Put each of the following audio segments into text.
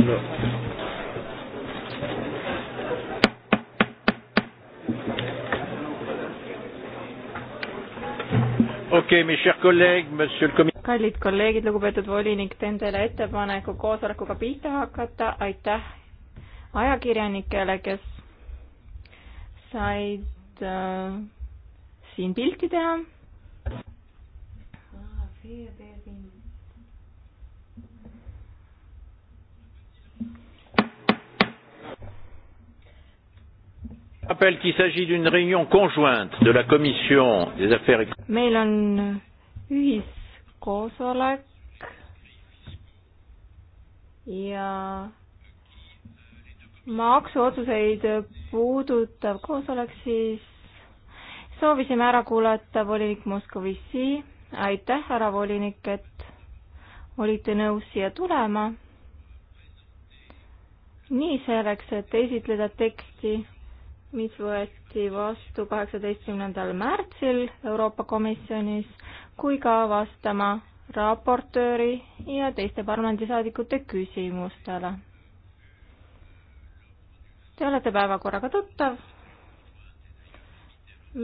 No. okei okay,, mis head kolleeg, monsieur komi-. kallid kolleegid, lugupeetud volinik, teen teile ettepaneku koosolekuga pihta hakata, aitäh ajakirjanikele, kes said äh, siin pilti teha. aa, ah, see peab nii. meil on ühiskoosolek ja maksuotsuseid puudutav koosolek, siis soovisime ära kuulata volinik Moskovitši. aitäh, härra volinik, et olite nõus siia tulema. nii selleks, et esitleda teksti mis võeti vastu kaheksateistkümnendal märtsil Euroopa Komisjonis, kui ka vastama raportööri ja teiste parlamendisaadikute küsimustele. Te olete päevakorraga tuttav.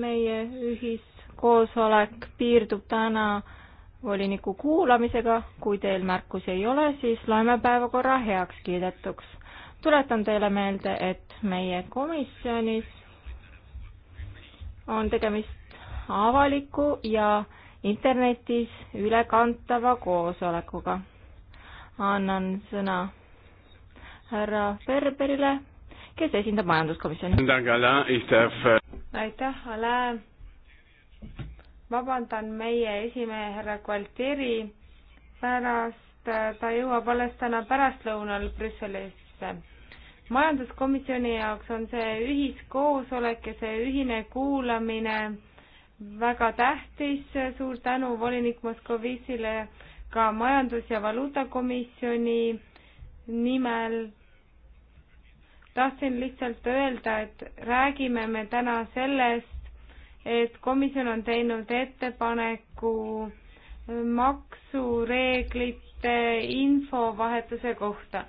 meie ühiskoosolek piirdub täna voliniku kuulamisega, kui teil märkusi ei ole, siis loeme päevakorra heaks kiidetuks tuletan teile meelde, et meie komisjonis on tegemist avaliku ja internetis ülekantava koosolekuga. annan sõna härra Ferberile, kes esindab majanduskomisjoni. Äh, aitäh, Alain. vabandan meie esimehe härra Gualtieri pärast äh, ta jõuab alles täna pärastlõunal Brüsselisse majanduskomisjoni jaoks on see ühiskoosolek ja see ühine kuulamine väga tähtis, suur tänu volinik Moskovitšile ka Majandus- ja Valuutakomisjoni nimel. tahtsin lihtsalt öelda, et räägime me täna sellest, et komisjon on teinud ettepaneku maksureeglite infovahetuse kohta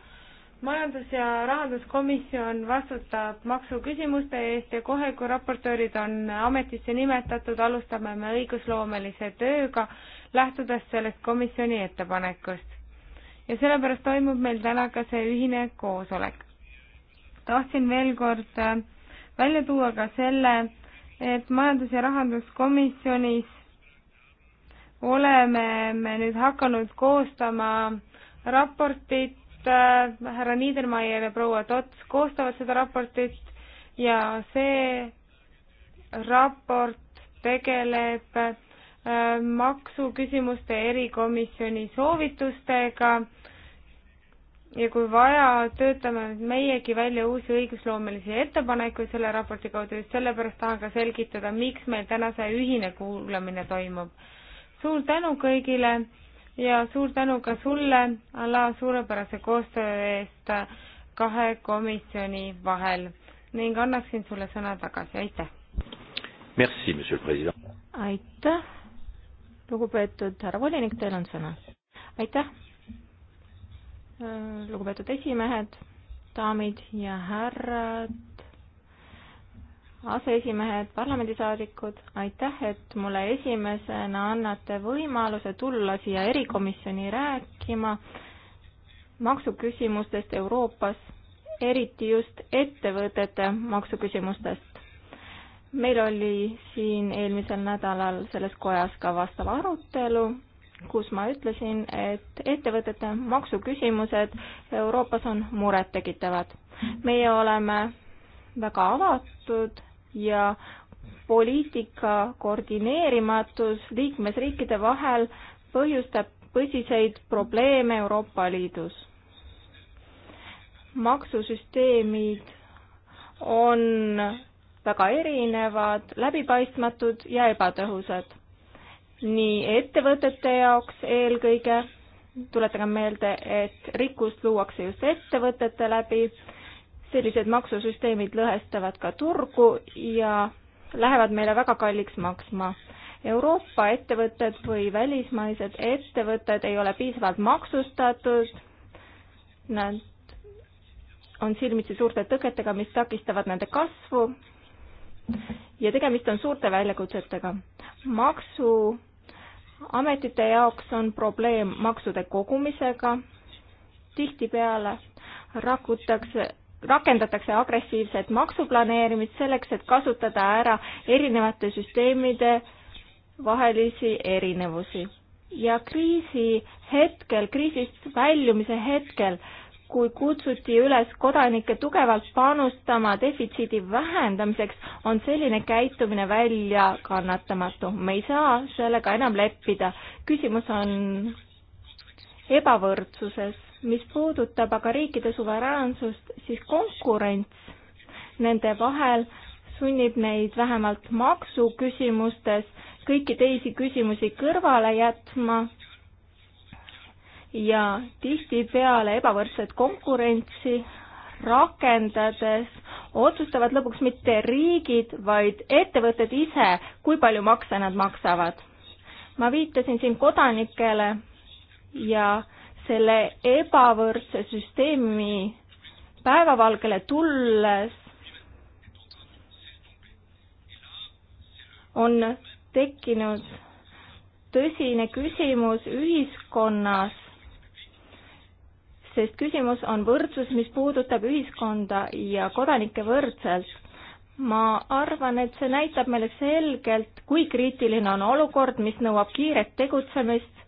majandus- ja rahanduskomisjon vastutab maksuküsimuste eest ja kohe, kui raportöörid on ametisse nimetatud, alustame me õigusloomelise tööga, lähtudes sellest komisjoni ettepanekust. ja sellepärast toimub meil täna ka see ühine koosolek. tahtsin veel kord äh, välja tuua ka selle, et majandus- ja rahanduskomisjonis oleme me nüüd hakanud koostama raportit Äh, härra Niedermaier ja proua Tots koostavad seda raportit ja see raport tegeleb äh, maksuküsimuste erikomisjoni soovitustega ja kui vaja, töötame meiegi välja uusi õigusloomelisi ettepanekuid selle raporti kaudu, just sellepärast tahan ka selgitada, miks meil täna see ühine kuulamine toimub. suur tänu kõigile ja suur tänu ka sulle, Ala, suurepärase koostöö eest kahe komisjoni vahel ning annaksin sulle sõna tagasi, aitäh! Merci, monsieur president! aitäh, lugupeetud härra volinik, teil on sõna. aitäh, lugupeetud esimehed, daamid ja härrad, aseesimehed, parlamendisaadikud, aitäh, et mulle esimesena annate võimaluse tulla siia erikomisjoni rääkima maksuküsimustest Euroopas, eriti just ettevõtete maksuküsimustest. meil oli siin eelmisel nädalal selles kojas ka vastav arutelu, kus ma ütlesin, et ettevõtete maksuküsimused Euroopas on murettekitavad. meie oleme väga avatud ja poliitika koordineerimatus liikmesriikide vahel põhjustab tõsiseid probleeme Euroopa Liidus. maksusüsteemid on väga erinevad, läbipaistmatud ja ebatõhusad. nii ettevõtete jaoks eelkõige, tuletagem meelde, et rikkust luuakse just ettevõtete läbi, sellised maksusüsteemid lõhestavad ka turgu ja lähevad meile väga kalliks maksma. Euroopa ettevõtted või välismaised ettevõtted ei ole piisavalt maksustatud, nad on silmitsi suurte tõketega, mis takistavad nende kasvu ja tegemist on suurte väljakutsetega. maksuametite jaoks on probleem maksude kogumisega, tihtipeale rakutakse rakendatakse agressiivset maksuplaneerimist selleks, et kasutada ära erinevate süsteemide vahelisi erinevusi. ja kriisi hetkel, kriisist väljumise hetkel, kui kutsuti üles kodanikke tugevalt panustama defitsiidi vähendamiseks, on selline käitumine väljakannatamatu. me ei saa sellega enam leppida. küsimus on ebavõrdsuses mis puudutab aga riikide suveräänsust, siis konkurents nende vahel sunnib neid vähemalt maksuküsimustes kõiki teisi küsimusi kõrvale jätma ja tihtipeale ebavõrdset konkurentsi rakendades otsustavad lõpuks mitte riigid, vaid ettevõtted ise, kui palju makse nad maksavad. ma viitasin siin kodanikele ja äh, selle ebavõrdse süsteemi päevavalgele tulles on tekkinud tõsine küsimus ühiskonnas, sest küsimus on võrdsus, mis puudutab ühiskonda ja kodanikke võrdselt. ma arvan, et see näitab meile selgelt, kui kriitiline on olukord, mis nõuab kiiret tegutsemist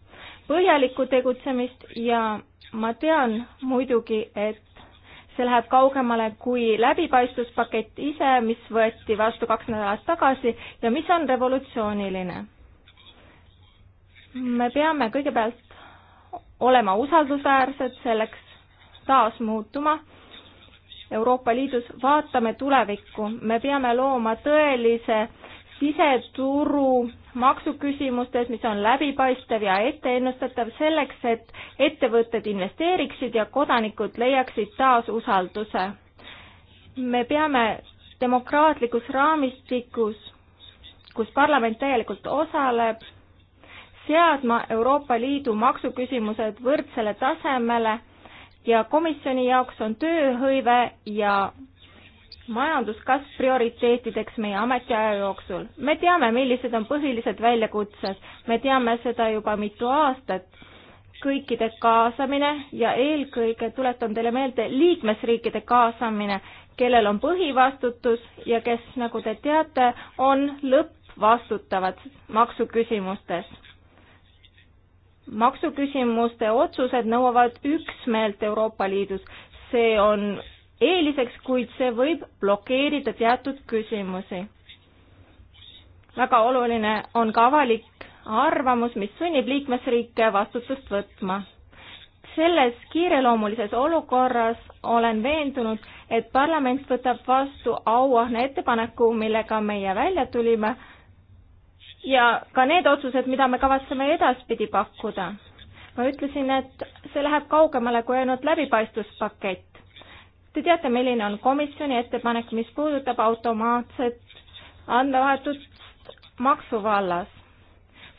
põhjalikku tegutsemist ja ma tean muidugi, et see läheb kaugemale kui läbipaistvuspakett ise, mis võeti vastu kaks nädalat tagasi ja mis on revolutsiooniline. me peame kõigepealt olema usaldusväärsed, selleks taas muutuma Euroopa Liidus, vaatame tulevikku, me peame looma tõelise siseturu maksuküsimustes, mis on läbipaistev ja etteennustatav selleks, et ettevõtted investeeriksid ja kodanikud leiaksid taas usalduse. me peame demokraatlikus raamistikus, kus parlament täielikult osaleb, seadma Euroopa Liidu maksuküsimused võrdsele tasemele ja komisjoni jaoks on tööhõive ja majanduskasv prioriteetideks meie ametiaja jooksul. me teame, millised on põhilised väljakutsed, me teame seda juba mitu aastat, kõikide kaasamine ja eelkõige tuletan teile meelde liikmesriikide kaasamine, kellel on põhivastutus ja kes, nagu te teate, on lõppvastutavad maksuküsimustes. maksuküsimuste otsused nõuavad üksmeelt Euroopa Liidus, see on eeliseks, kuid see võib blokeerida teatud küsimusi. väga oluline on ka avalik arvamus, mis sunnib liikmesriike vastutust võtma. selles kiireloomulises olukorras olen veendunud, et parlament võtab vastu auahne ettepaneku, millega meie välja tulime ja ka need otsused, mida me kavatseme edaspidi pakkuda. ma ütlesin, et see läheb kaugemale kui ainult läbipaistvuspakett. Te teate, milline on komisjoni ettepanek, mis puudutab automaatset andmevahetust maksuvallas.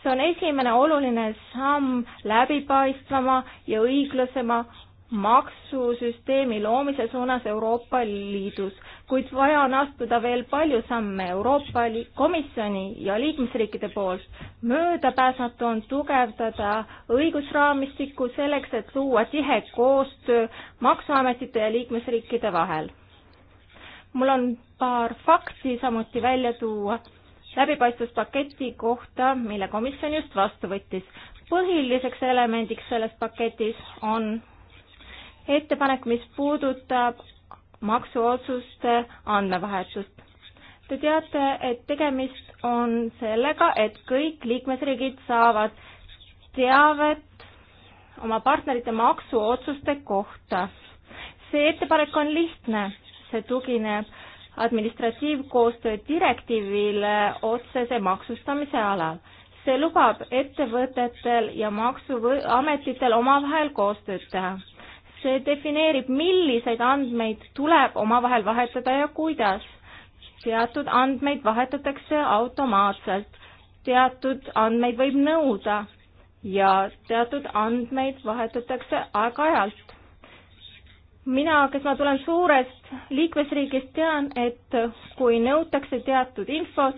see on esimene oluline samm läbipaistvama ja õiglasema maksusüsteemi loomise suunas Euroopa Liidus, kuid vaja on astuda veel palju samme Euroopa Komisjoni ja liikmesriikide poolt. möödapääsmatu on tugevdada õigusraamistikku selleks, et luua tihe koostöö Maksuametite ja liikmesriikide vahel. mul on paar fakti samuti välja tuua läbipaistvuspaketi kohta, mille komisjon just vastu võttis. põhiliseks elemendiks selles paketis on ettepanek, mis puudutab maksuotsuste andmevahetust. Te teate, et tegemist on sellega, et kõik liikmesriigid saavad teavet oma partnerite maksuotsuste kohta. see ettepanek on lihtne, see tugineb administratiivkoostöö direktiivile otsese maksustamise alal. see lubab ettevõtetel ja maksuametitel omavahel koostööd teha see defineerib, milliseid andmeid tuleb omavahel vahetada ja kuidas. teatud andmeid vahetatakse automaatselt, teatud andmeid võib nõuda ja teatud andmeid vahetatakse aeg-ajalt. mina, kes ma tulen suurest liikmesriigist, tean, et kui nõutakse teatud infot,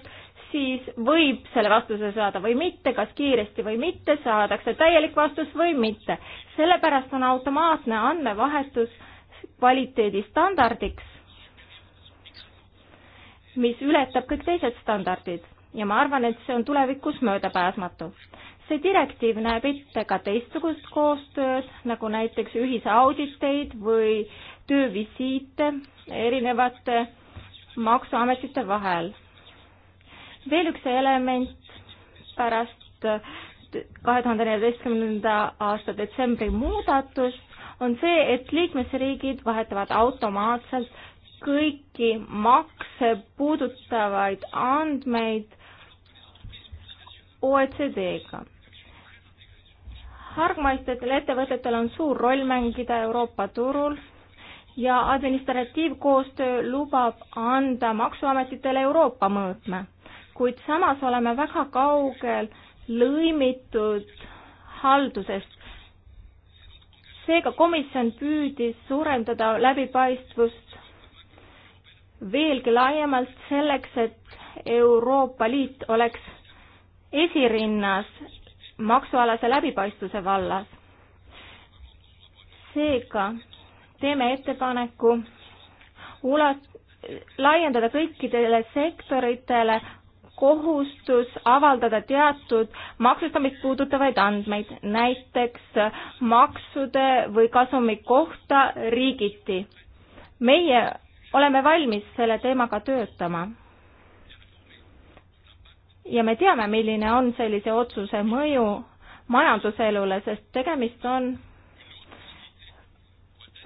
siis võib selle vastuse saada või mitte, kas kiiresti või mitte, saadakse täielik vastus või mitte. sellepärast on automaatne andmevahetus kvaliteedistandardiks, mis ületab kõik teised standardid ja ma arvan, et see on tulevikus möödapääsmatu. see direktiiv näeb ette ka teistsugust koostööd, nagu näiteks ühisauditeid või töövisiite erinevate maksuametite vahel veel üks element pärast kahe tuhande neljateistkümnenda aasta detsembri muudatust on see, et liikmesriigid vahetavad automaatselt kõiki makse puudutavaid andmeid OECD-ga. hargmaistetel ettevõtetel on suur roll mängida Euroopa turul ja administratiivkoostöö lubab anda Maksuametitele Euroopa mõõtme kuid samas oleme väga kaugel lõimitud haldusest. seega komisjon püüdis suurendada läbipaistvust veelgi laiemalt selleks, et Euroopa Liit oleks esirinnas maksualase läbipaistvuse vallas. seega teeme ettepaneku ulat-, laiendada kõikidele sektoritele kohustus avaldada teatud maksustamist puudutavaid andmeid, näiteks maksude või kasumi kohta riigiti. meie oleme valmis selle teemaga töötama. ja me teame, milline on sellise otsuse mõju majanduselule, sest tegemist on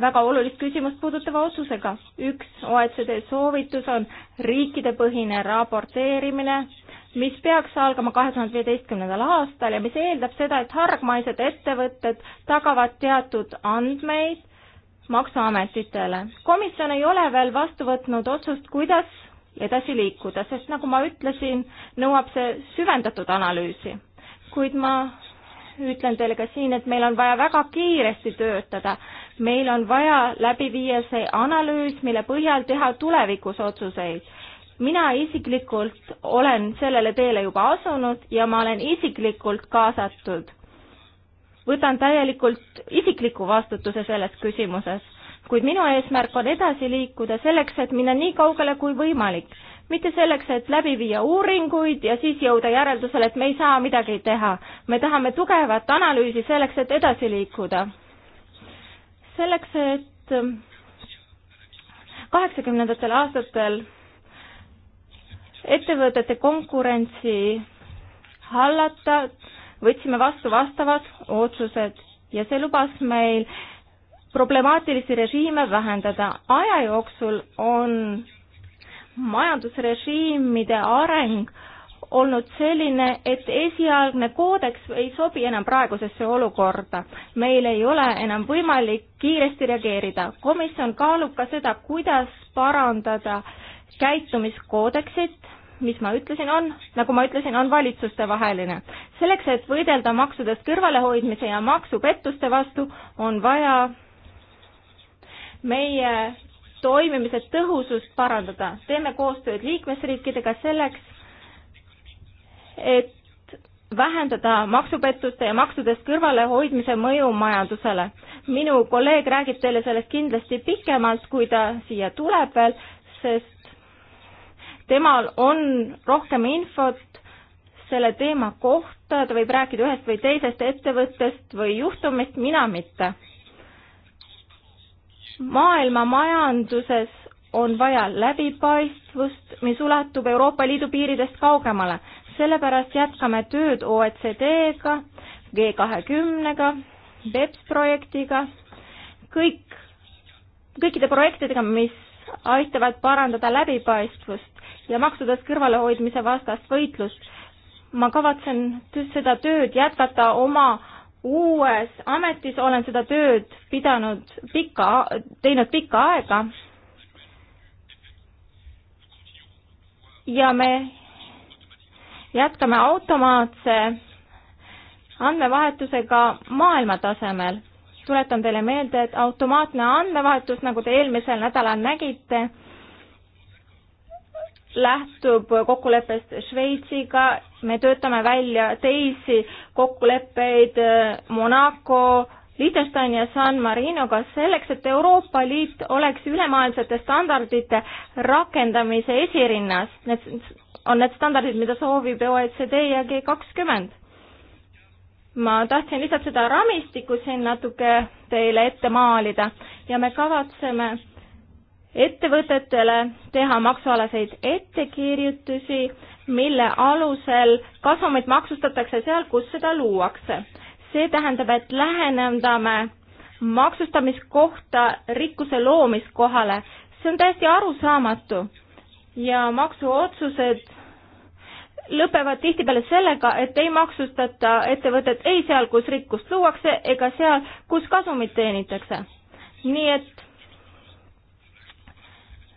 väga olulist küsimust puudutava otsusega. üks OECD soovitus on riikidepõhine raporteerimine, mis peaks algama kahe tuhande viieteistkümnendal aastal ja mis eeldab seda, et hargmaised ettevõtted tagavad teatud andmeid maksuametitele. komisjon ei ole veel vastu võtnud otsust, kuidas edasi liikuda, sest nagu ma ütlesin, nõuab see süvendatud analüüsi. kuid ma ütlen teile ka siin, et meil on vaja väga kiiresti töötada. meil on vaja läbi viia see analüüs, mille põhjal teha tulevikus otsuseid. mina isiklikult olen sellele teele juba asunud ja ma olen isiklikult kaasatud. võtan täielikult isikliku vastutuse selles küsimuses, kuid minu eesmärk on edasi liikuda selleks, et minna nii kaugele kui võimalik mitte selleks, et läbi viia uuringuid ja siis jõuda järeldusele, et me ei saa midagi teha. me tahame tugevat analüüsi selleks, et edasi liikuda. selleks, et ähm, kaheksakümnendatel aastatel ettevõtete konkurentsi hallata, võtsime vastu vastavad otsused ja see lubas meil problemaatilisi režiime vähendada. aja jooksul on majandusrežiimide areng olnud selline, et esialgne koodeks ei sobi enam praegusesse olukorda. meil ei ole enam võimalik kiiresti reageerida. komisjon kaalub ka seda, kuidas parandada käitumiskoodeksit, mis ma ütlesin, on, nagu ma ütlesin, on valitsustevaheline. selleks, et võidelda maksudest kõrvalehoidmise ja maksupettuste vastu, on vaja meie toimimise tõhusust parandada. teeme koostööd liikmesriikidega selleks, et vähendada maksupettuste ja maksudest kõrvalehoidmise mõju majandusele. minu kolleeg räägib teile sellest kindlasti pikemalt, kui ta siia tuleb veel, sest temal on rohkem infot selle teema kohta, ta võib rääkida ühest või teisest ettevõttest või juhtumist, mina mitte maailma majanduses on vaja läbipaistvust, mis ulatub Euroopa Liidu piiridest kaugemale. sellepärast jätkame tööd OECD-ga, G kahekümnega, BEPS projektiga, kõik, kõikide projektidega, mis aitavad parandada läbipaistvust ja maksudest kõrvalehoidmise vastast võitlust. ma kavatsen seda tööd jätkata oma uues ametis, olen seda tööd pidanud pika, teinud pikka aega. ja me jätkame automaatse andmevahetusega maailma tasemel. tuletan teile meelde, et automaatne andmevahetus, nagu te eelmisel nädalal nägite, lähtub kokkuleppest Šveitsiga, me töötame välja teisi kokkuleppeid äh, Monaco, Liechtenstein ja San Marinoga selleks, et Euroopa Liit oleks ülemaailmsete standardite rakendamise esirinnas. Need on need standardid, mida soovib OECD ja G kakskümmend. ma tahtsin lihtsalt seda raamistikku siin natuke teile ette maalida ja me kavatseme ettevõtetele teha maksualaseid ettekirjutusi, mille alusel kasumeid maksustatakse seal, kus seda luuakse. see tähendab, et lähenendame maksustamiskohta rikkuse loomiskohale. see on täiesti arusaamatu ja maksuotsused lõpevad tihtipeale sellega, et ei maksustata ettevõtet ei seal, kus rikkust luuakse, ega seal, kus kasumit teenitakse. nii et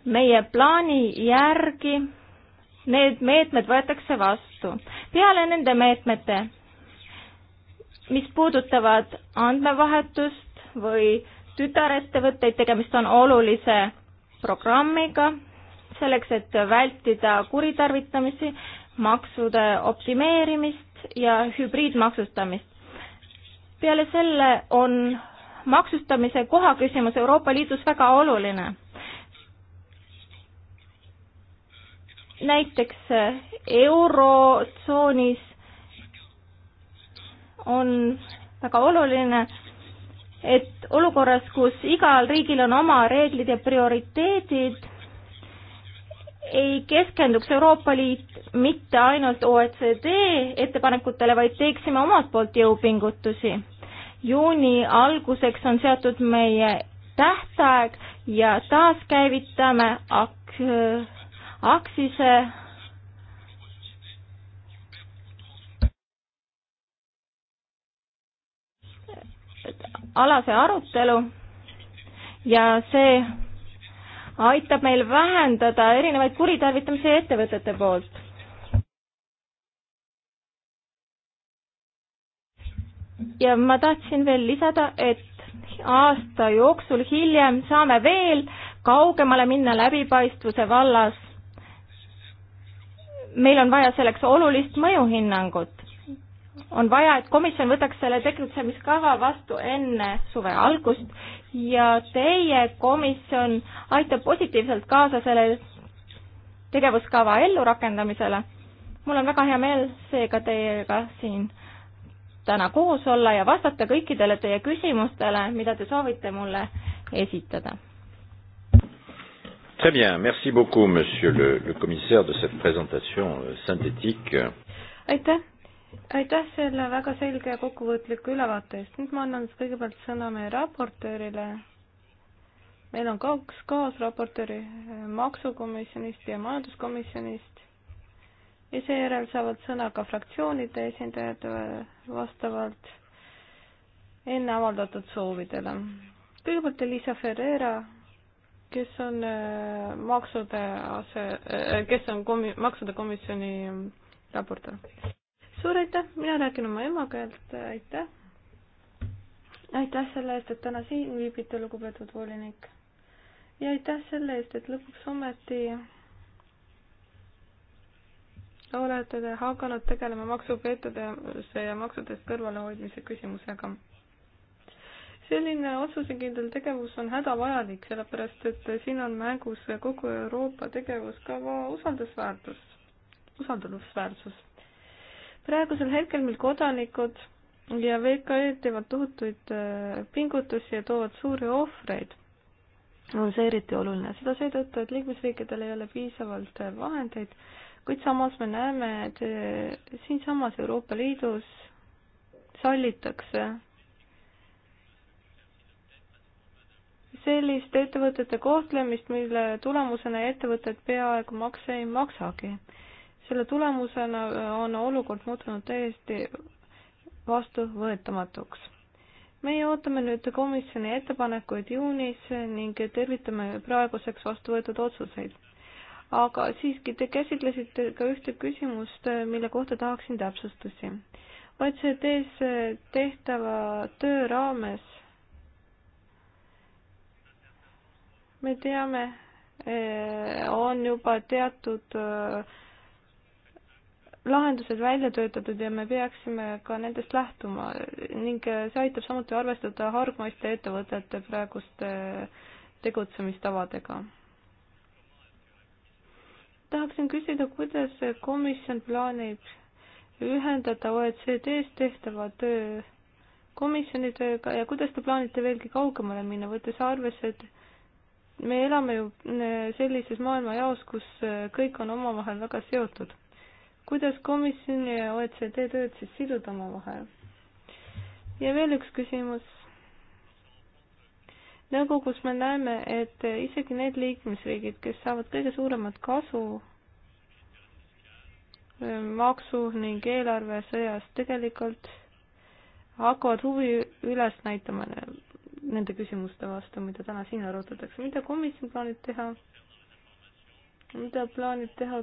meie plaani järgi need meetmed võetakse vastu. peale nende meetmete, mis puudutavad andmevahetust või tütarettevõtteid, tegemist on olulise programmiga, selleks et vältida kuritarvitamisi, maksude optimeerimist ja hübriidmaksustamist. peale selle on maksustamise kohaküsimus Euroopa Liidus väga oluline näiteks eh, eurotsoonis on väga oluline, et olukorras, kus igal riigil on oma reeglid ja prioriteedid, ei keskenduks Euroopa Liit mitte ainult OECD ettepanekutele, vaid teeksime omalt poolt jõupingutusi. juuni alguseks on seatud meie tähtaeg ja taaskäivitame ak-, Aksise alase arutelu ja see aitab meil vähendada erinevaid kuritarvitamisi ettevõtete poolt. ja ma tahtsin veel lisada, et aasta jooksul hiljem saame veel kaugemale minna läbipaistvuse vallas meil on vaja selleks olulist mõjuhinnangut. on vaja, et komisjon võtaks selle tegutsemiskava vastu enne suve algust ja teie komisjon aitab positiivselt kaasa selle tegevuskava ellurakendamisele. mul on väga hea meel seega teiega siin täna koos olla ja vastata kõikidele teie küsimustele, mida te soovite mulle esitada Très bien, merci beaucoup, monsieur le, le commissaire, de cette présentation euh, synthétique. aitäh, aitäh selle väga selge ja kokkuvõtliku ülevaate eest. nüüd ma annan siis kõigepealt sõna meie raportöörile. meil on kaks kaasraportööri äh, Maksukomisjonist ja Majanduskomisjonist ja seejärel saavad sõna ka fraktsioonide esindajad äh, vastavalt enne avaldatud soovidele. kõigepealt Elisa Ferreira kes on äh, maksude ase, äh, kes on komi-, maksude komisjoni mm, raportöör. suur aitäh, mina räägin oma emakeelt, aitäh. aitäh selle eest, et täna siin viibite, lugupeetud volinik. ja aitäh selle eest, et lõpuks ometi olete te hakanud tegelema maksupettude ja maksudest kõrvalehoidmise küsimusega selline otsusekindel tegevus on hädavajalik, sellepärast et siin on mängus kogu Euroopa tegevuskava usaldusväärtus, usaldusväärsus. praegusel hetkel meil kodanikud ja VKE-d teevad tohutuid äh, pingutusi ja toovad suuri ohvreid, on see eriti oluline, seda seetõttu, et liikmesriikidel ei ole piisavalt äh, vahendeid, kuid samas me näeme, et äh, siinsamas Euroopa Liidus sallitakse sellist ettevõtete kohtlemist, mille tulemusena ettevõtted peaaegu makse ei maksagi. selle tulemusena äh, on olukord muutunud täiesti vastuvõetamatuks. meie ootame nüüd komisjoni ettepanekuid juunis ning tervitame praeguseks vastu võetud otsuseid. aga siiski, te käsitlesite ka ühte küsimust, äh, mille kohta tahaksin täpsustusi. OECD-s äh, tehtava töö raames me teame, e, on juba teatud e, lahendused välja töötatud ja me peaksime ka nendest lähtuma ning e, see aitab samuti arvestada hargmaiste ettevõtete praeguste tegutsemistavadega. tahaksin küsida, kuidas komisjon plaanib ühendada OECD-s tehtava töö komisjoni tööga ja kuidas te plaanite veelgi kaugemale minna, võttes arvesse, et me elame ju äh, sellises maailmajaos, kus äh, kõik on omavahel väga seotud. kuidas komisjon ja OECD tööd siis siduda omavahel? ja veel üks küsimus. nõukogus nagu, me näeme, et äh, isegi need liikmesriigid, kes saavad kõige suuremat kasu maksu ning eelarvesõjast, tegelikult hakkavad huvi üles näitama nende küsimuste vastu, mida täna siin arutatakse. mida komisjon plaanib teha? mida plaanib teha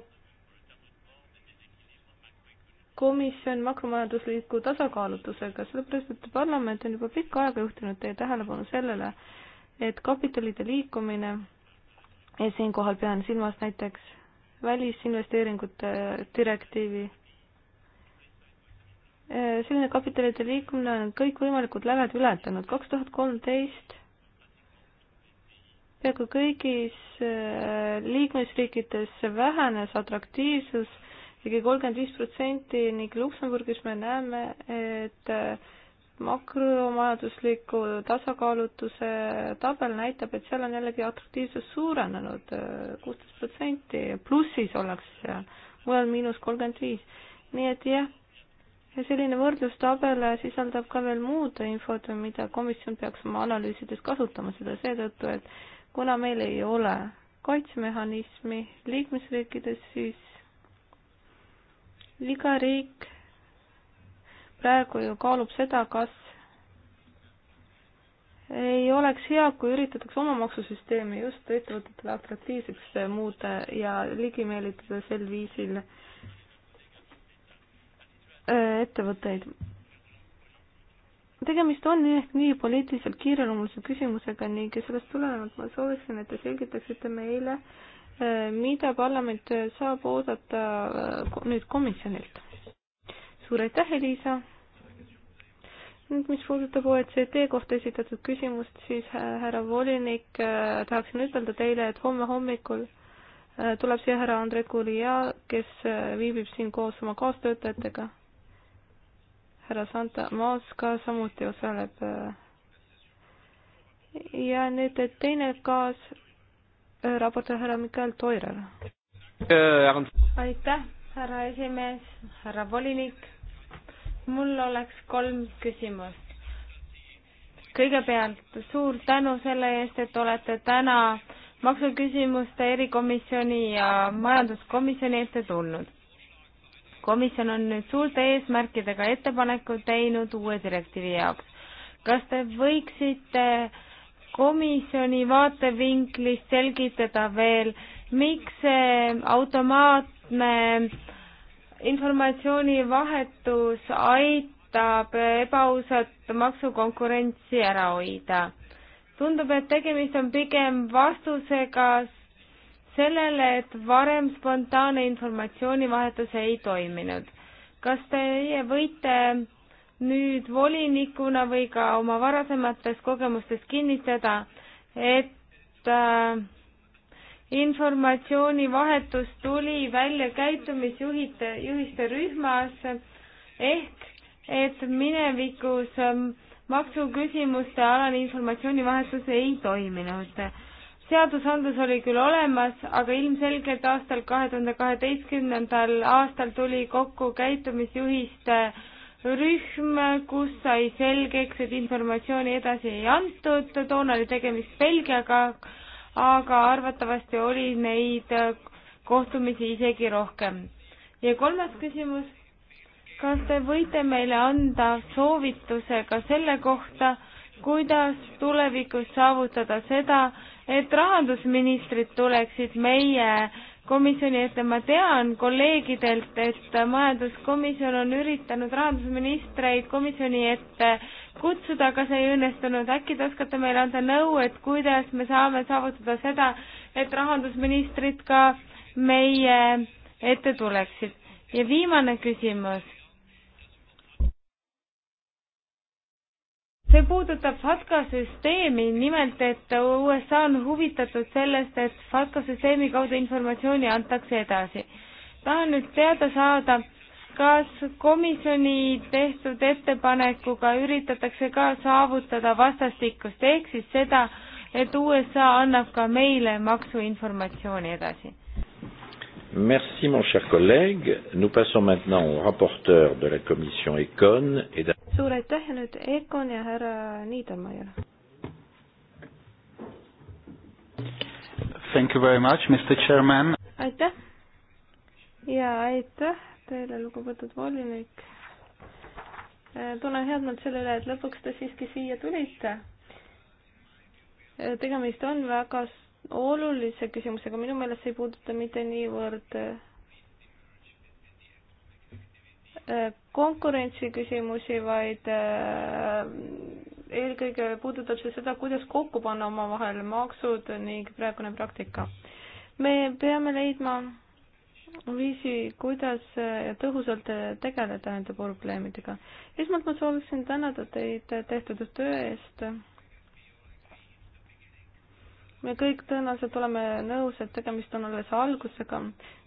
komisjon makromajandusliku tasakaalutusega, sellepärast et parlament on juba pikka aega juhtinud teie tähelepanu sellele, et kapitalide liikumine ja siinkohal pean silmas näiteks välisinvesteeringute direktiivi Äh, selline kapitalide liikumine on kõikvõimalikud läved ületanud. kaks tuhat kolmteist peaaegu kõigis äh, liikmesriikides vähenes atraktiivsus ligi kolmkümmend viis protsenti ning Luksemburgis me näeme, et äh, makromajandusliku tasakaalutuse tabel näitab, et seal on jällegi atraktiivsus suurenenud kuusteist protsenti, plussis ollakse seal, mujal miinus kolmkümmend viis. nii et jah selline võrdlustabel sisaldab ka veel muud infot, mida komisjon peaks oma analüüsides kasutama, seda seetõttu, et kuna meil ei ole kaitsemehhanismi liikmesriikides, siis iga riik praegu ju kaalub seda, kas ei oleks hea, kui üritatakse oma maksusüsteemi just ettevõtetele atraktiivseks muuta ja ligi meelitada sel viisil ettevõtteid. tegemist on nii ehk nii poliitiliselt kiireloomulise küsimusega ning sellest tulenevalt ma sooviksin, et te selgitaksite meile, eh, mida parlament saab oodata eh, nüüd komisjonilt. suur aitäh, Elisa! nüüd, mis puudutab OECD kohta esitatud küsimust, siis eh, härra volinik, tahaksin ütelda teile, et homme hommikul tuleb siia härra Andrei Kulija, kes viibib siin koos oma kaastöötajatega härra Santa Maas ka samuti osaleb. Äh, ja nüüd teine kaas, äh, raportöör härra Mikael Toiral. aitäh, härra esimees, härra volinik. mul oleks kolm küsimust. kõigepealt suur tänu selle eest, et olete täna maksuküsimuste erikomisjoni ja majanduskomisjoni ette tulnud komisjon on nüüd suurte eesmärkidega ettepaneku teinud uue direktiivi jaoks. kas te võiksite komisjoni vaatevinklist selgitada veel, miks see automaatne informatsioonivahetus aitab ebaausat maksukonkurentsi ära hoida? tundub, et tegemist on pigem vastusega sellele, et varem spontaanne informatsioonivahetus ei toiminud. kas teie võite nüüd volinikuna või ka oma varasemates kogemustes kinnitada, et äh, informatsioonivahetus tuli välja käitumisjuhite, juhiste rühmas ehk et minevikus ähm, maksuküsimuste alane informatsioonivahetus ei toiminud seadusandlus oli küll olemas, aga ilmselgelt aastal kahe tuhande kaheteistkümnendal aastal tuli kokku käitumisjuhiste rühm, kus sai selgeks, et informatsiooni edasi ei antud, toona oli tegemist Belgiaga, aga arvatavasti oli neid kohtumisi isegi rohkem. ja kolmas küsimus, kas te võite meile anda soovituse ka selle kohta, kuidas tulevikus saavutada seda, et rahandusministrid tuleksid meie komisjoni ette, ma tean kolleegidelt, et majanduskomisjon on üritanud rahandusministreid komisjoni ette kutsuda, aga see ei õnnestunud. äkki te oskate meile anda nõu, et kuidas me saame saavutada seda, et rahandusministrid ka meie ette tuleksid? ja viimane küsimus see puudutab FATCA süsteemi, nimelt et USA on huvitatud sellest, et FATCA süsteemi kaudu informatsiooni antakse edasi. tahan nüüd teada saada, kas komisjoni tehtud ettepanekuga üritatakse ka saavutada vastastikust, ehk siis seda, et USA annab ka meile maksuinformatsiooni edasi Merci, mon cher collègue. Nous passons maintenant au rapporteur de la commission Econ et de... suur aitäh nüüd Econ ja härra Niedermayer. Thank you very much, Mr Chairman. aitäh ja aitäh teile, lugupeetud volinik. Eh, tunnen head meelt selle üle, et lõpuks te siiski siia tulite. Eh, tegemist on väga olulise küsimusega, minu meelest see ei puuduta mitte niivõrd äh, konkurentsi küsimusi, vaid äh, eelkõige puudutab see seda, kuidas kokku panna omavahel maksud ning praegune praktika. me peame leidma viisi, kuidas äh, tõhusalt tegeleda nende probleemidega. esmalt ma sooviksin tänada teid tehtud töö eest me kõik tõenäoliselt oleme nõus, et tegemist on alles algusega.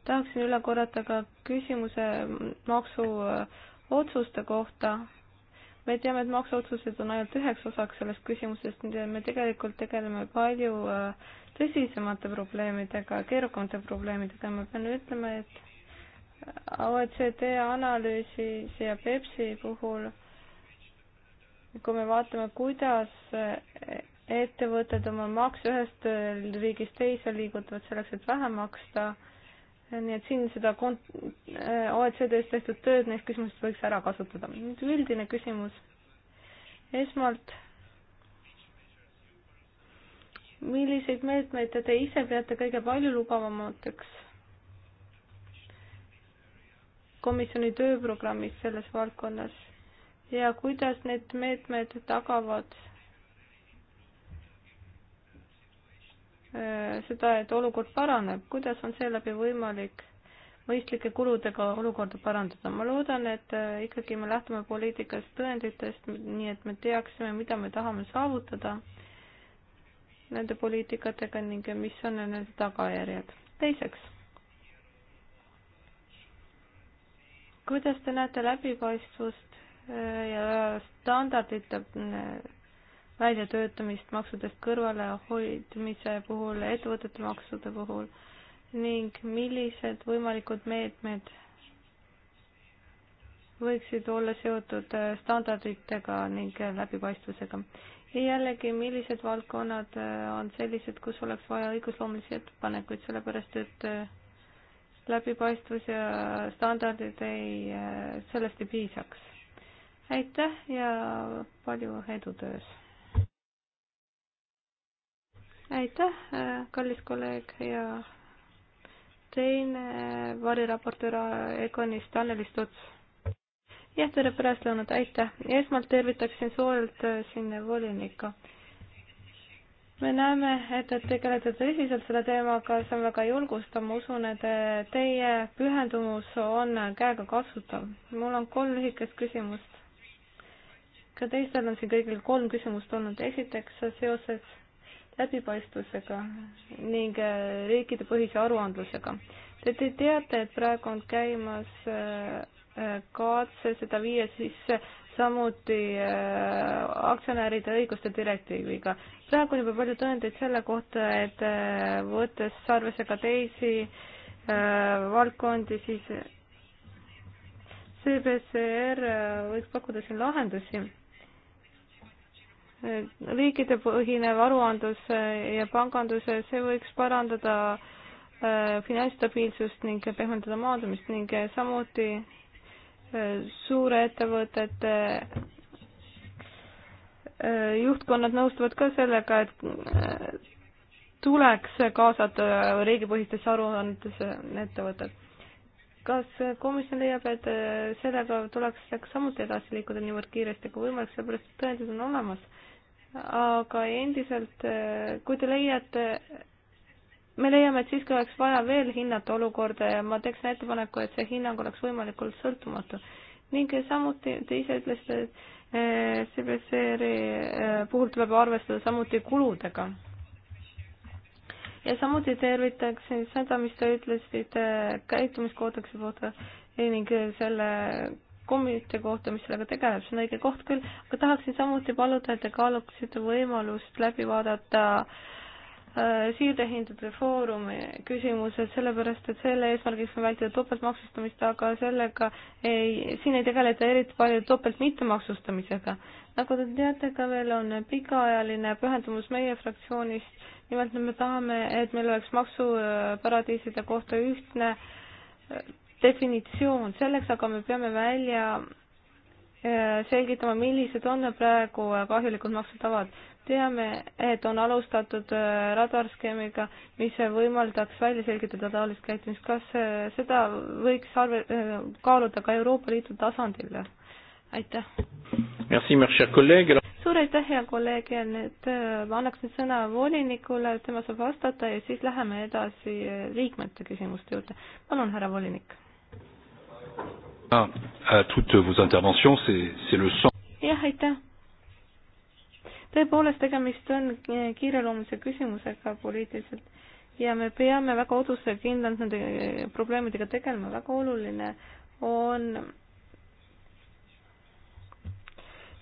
tahaksin üle korrata ka küsimuse maksuotsuste äh, kohta. me teame, et maksuotsused on ainult üheks osaks sellest küsimusest, me tegelikult tegeleme palju äh, tõsisemate probleemidega, keerukamate probleemidega, ma pean ütlema, et OECD äh, analüüsis ja Pepsi puhul kui me vaatame, kuidas ettevõtted oma makse ühest riigist teise liigutavad selleks, et vähe maksta. nii et siin seda kont-, äh, OECD-s tehtud tööd neist küsimustest võiks ära kasutada. nüüd üldine küsimus. esmalt, milliseid meetmeid te ise peate kõige paljulubavamateks komisjoni tööprogrammis selles valdkonnas ja kuidas need meetmed tagavad Äh, seda, et olukord paraneb, kuidas on seeläbi võimalik mõistlike kuludega olukorda parandada. ma loodan, et äh, ikkagi me lähtume poliitikast tõenditest, nii et me teaksime, mida me tahame saavutada nende poliitikatega ning mis on nende tagajärjed. teiseks, kuidas te näete läbipaistvust äh, ja standardite väljatöötamist maksudest kõrvalehoidmise puhul, ettevõtete maksude puhul ning millised võimalikud meetmed võiksid olla seotud äh, standarditega ning äh, läbipaistvusega. ja jällegi, millised valdkonnad äh, on sellised, kus oleks vaja õigusloomulisi ettepanekuid, sellepärast et läbipaistvus ja standardid ei, sellest ei piisaks. aitäh ja palju edu töös! aitäh, kallis kolleeg ja teine variraportöör Egonist Anneli Stuts. jah, tere pärastlõunat, aitäh. esmalt tervitaksin soojalt äh, siin volinikku me näeme, et te tegelete tõsiselt selle teemaga, see on väga julgustav, ma usun, et äh, teie pühendumus on käegakasutav. mul on kolm lühikest küsimust. ka teistel on siin kõigil kolm küsimust olnud. esiteks seoses läbipaistvusega ning äh, riikidepõhise aruandlusega. Te, te teate, et praegu on käimas äh, äh, katse seda viia sisse samuti aktsionäride õiguste direktiiviga. praegu on juba palju tõendeid selle kohta, et võttes arvesse ka teisi valdkondi, siis CBCR võiks pakkuda siin lahendusi riikide põhinev aruandlus ja pangandus, see võiks parandada äh, finantsstabiilsust ning pehmendada maandumist ning samuti äh, suurettevõtete äh, juhtkonnad nõustuvad ka sellega, et tuleks kaasata riigipõhistesse aruannetesse ettevõtted. kas komisjon leiab, et sellega tuleks samuti edasi liikuda niivõrd kiiresti kui võimalik, sellepärast et tõendid on olemas aga endiselt, eh, kui te leiate, me leiame, et siiski oleks vaja veel hinnata olukorda ja ma teeksin ettepaneku, et see hinnang oleks võimalikult sõltumatu. ning samuti te ise ütlesite, et eh, CBCR-i e, eh, puhul tuleb arvestada samuti kuludega. ja samuti tervitaksin seda, mis te ütlesite käitumiskoodeksi kohta ning selle komitee kohta, mis sellega tegeleb, see on õige koht küll, aga tahaksin samuti paluda, et te kaaluksite võimalust läbi vaadata äh, siirdehindade foorumi küsimused, sellepärast et selle eesmärgiks on vältida topeltmaksustamist, aga sellega ei, siin ei tegeleta eriti palju topelt mittemaksustamisega. nagu te teate, ka meil on pikaajaline pühendumus meie fraktsioonist, nimelt me tahame, et meil oleks maksuparadiiside kohta ühtne äh, definitsioon, selleks aga me peame välja äh, selgitama, millised on praegu äh, kahjulikud maksutavad. teame, et on alustatud äh, radarskeemiga, mis võimaldaks välja selgitada taolist käitumist. kas seda võiks arve, kaaluda ka Euroopa Liidu tasandil? aitäh. suur aitäh, hea kolleeg ja nüüd ma annaks nüüd sõna volinikule, tema saab vastata ja siis läheme edasi liikmete küsimuste juurde. palun, härra volinik Ah, jah, aitäh. tõepoolest, tegemist on kiireloomulise küsimusega poliitiliselt ja me peame väga otsuselt kindlalt nende eh, probleemidega tegelema, väga oluline on,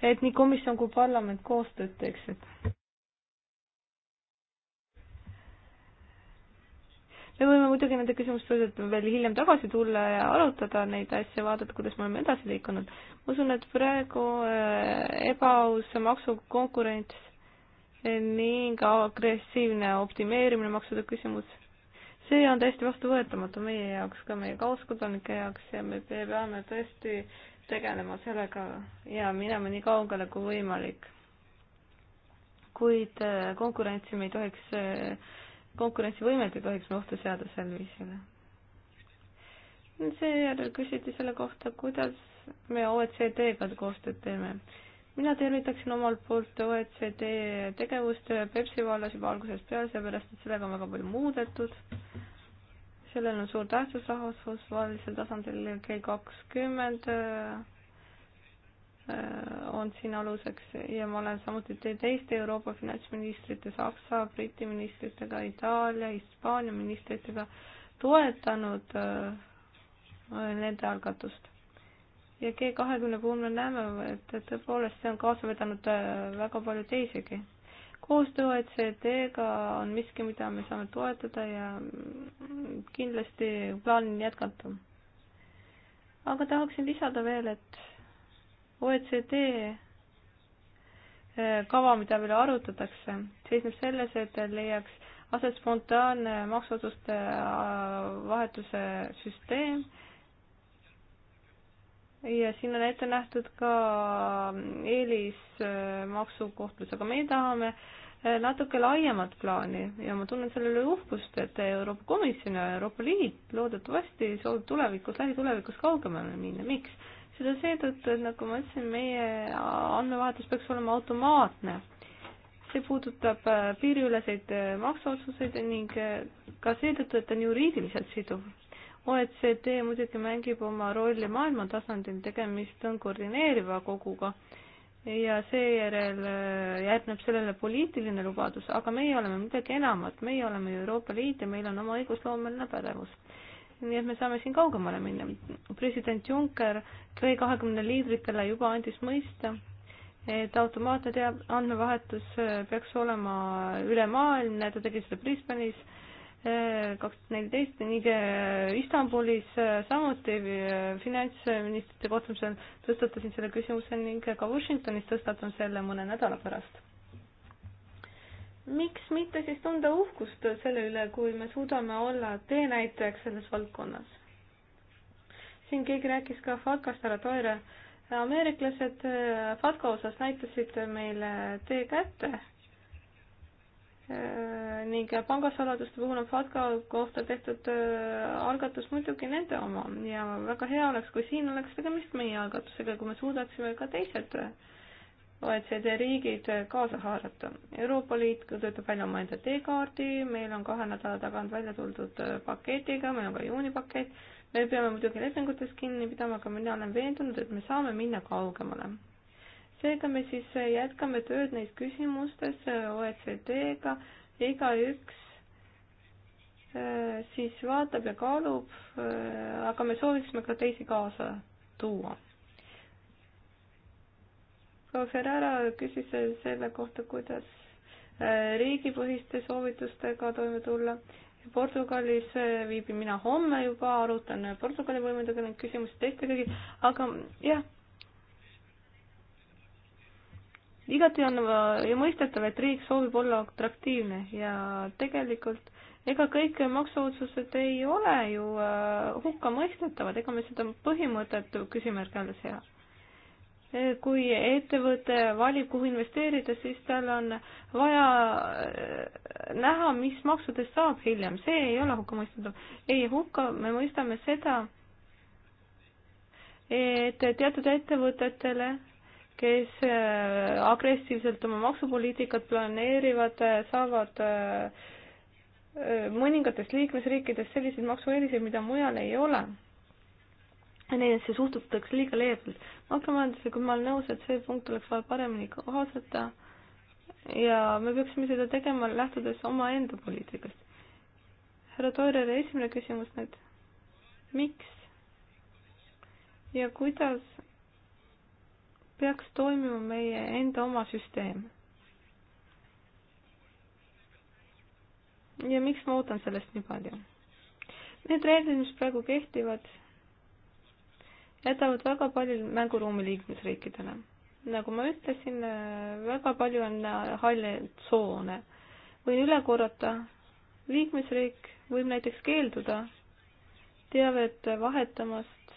et nii komisjon kui parlament koostööd teeksid. me võime muidugi nende küsimuste juurde veel hiljem tagasi tulla ja arutada neid asju, vaadata, kuidas me oleme edasi liikunud. ma usun, et praegu äh, ebaaus maksukonkurents äh, ning agressiivne optimeerimine maksude küsimus, see on täiesti vastuvõetamatu meie jaoks, ka meie kaaskodanike jaoks ja me peame tõesti tegelema sellega ja minema nii kaugele kui võimalik. kuid äh, konkurentsi me ei tohiks konkurentsivõimet ei tohiks me ohtu seada sel viisil. seejärel küsiti selle kohta, kuidas me OECD-ga koostööd teeme. mina tervitaksin omalt poolt OECD tegevust Pepsi vallas juba algusest peale, sellepärast et sellega on väga palju muudetud. sellel on suur tähtsus rahvusvahelisel tasandil G kakskümmend 20 Äh, on siin aluseks ja ma olen samuti teiste Euroopa finantsministrite, Saksa, Briti ministritega, Itaalia, Hispaania ministritega toetanud äh, nende algatust. ja G kahekümne puhul me näeme, et tõepoolest see on kaasa vedanud äh, väga palju teisigi. koostöö OECD-ga on miski, mida me saame toetada ja mm, kindlasti plaanin jätkata. aga tahaksin lisada veel, et OECD äh, kava, mida veel arutatakse, seisneb selles, et leiaks aset spontaanne maksuotsuste äh, vahetuse süsteem ja siin on ette nähtud ka eelismaksukohtlus, äh, aga meie tahame natuke laiemat plaani ja ma tunnen selle üle uhkust, et Euroopa Komisjon ja Euroopa Liit loodetavasti soovib tulevikus, lähitulevikus kaugemale minna, miks? seda seetõttu, et nagu ma ütlesin, meie andmevahetus peaks olema automaatne. see puudutab äh, piiriüleseid äh, maksuotsuseid ning äh, ka seetõttu, et ta on juriidiliselt siduv. OECD muidugi mängib oma rolli maailma tasandil, tegemist on koordineeriva koguga ja seejärel järgneb sellele poliitiline lubadus, aga meie oleme midagi enamat, meie oleme Euroopa Liit ja meil on oma õigusloomeline pädevus nii et me saame siin kaugemale minna. president Juncker G kahekümne liidritele juba andis mõista, et automaatne teab-, andmevahetus äh, peaks olema ülemaailmne, ta tegi seda Brisbane'is äh, kaks tuhat neliteist ning Istanbulis äh, samuti finantsministrite kohtumisel tõstatasin selle küsimuse ning ka Washingtonis tõstatan selle mõne nädala pärast miks mitte siis tunda uhkust selle üle, kui me suudame olla teenäitajaks selles valdkonnas? siin keegi rääkis ka FATCast, härra Toire. ameeriklased äh, FATCA osas näitasid meile tee kätte äh, ning pangasaladuste puhul on FATCA kohta tehtud äh, algatus muidugi nende oma ja väga hea oleks, kui siin oleks tegemist meie algatusega, kui me suudaksime ka teised äh, OECD riigid kaasa haarata. Euroopa Liit töötab välja omaenda teekaardi, meil on kahe nädala tagant välja tuldud paketiga, meil on ka juunipakett, me peame muidugi lepingutest kinni pidama, aga mina olen veendunud, et me saame minna kaugemale. seega me siis jätkame tööd neis küsimustes OECD-ga, igaüks äh, siis vaatab ja kaalub, äh, aga me sooviksime ka teisi kaasa tuua proua Ferrara küsis selle kohta, kuidas äh, riigipõhiste soovitustega toime tulla. Portugalis äh, viibin mina homme juba, arutan äh, Portugali võimudega neid küsimusi teistegagi, aga jah. igati on ja mõistetav, et riik soovib olla atraktiivne ja tegelikult ega kõik maksuotsused ei ole ju hukkamõistetavad, ega me seda põhimõtet küsimärgi alla sea kui ettevõte valib, kuhu investeerida, siis tal on vaja äh, näha, mis maksudest saab hiljem, see ei ole hukkamõistetav. ei, hukka me mõistame seda, et teatud ettevõtetele, kes äh, agressiivselt oma maksupoliitikat planeerivad, äh, saavad mõningates liikmesriikides selliseid maksueeliseid, mida mujal ei ole neisse suhtutakse liiga leebelt. makromajandusega ma olen nõus, et see punkt tuleks vaja paremini kaasata ja me peaksime seda tegema lähtudes omaenda poliitikast. härra Toirele esimene küsimus nüüd. miks ja kuidas peaks toimima meie enda oma süsteem? ja miks ma ootan sellest nii palju? Need reeglid, mis praegu kehtivad jätavad väga palju mänguruumi liikmesriikidele. nagu ma ütlesin, väga palju on halle tsoone. võin üle korrata, liikmesriik võib näiteks keelduda teavet vahetamast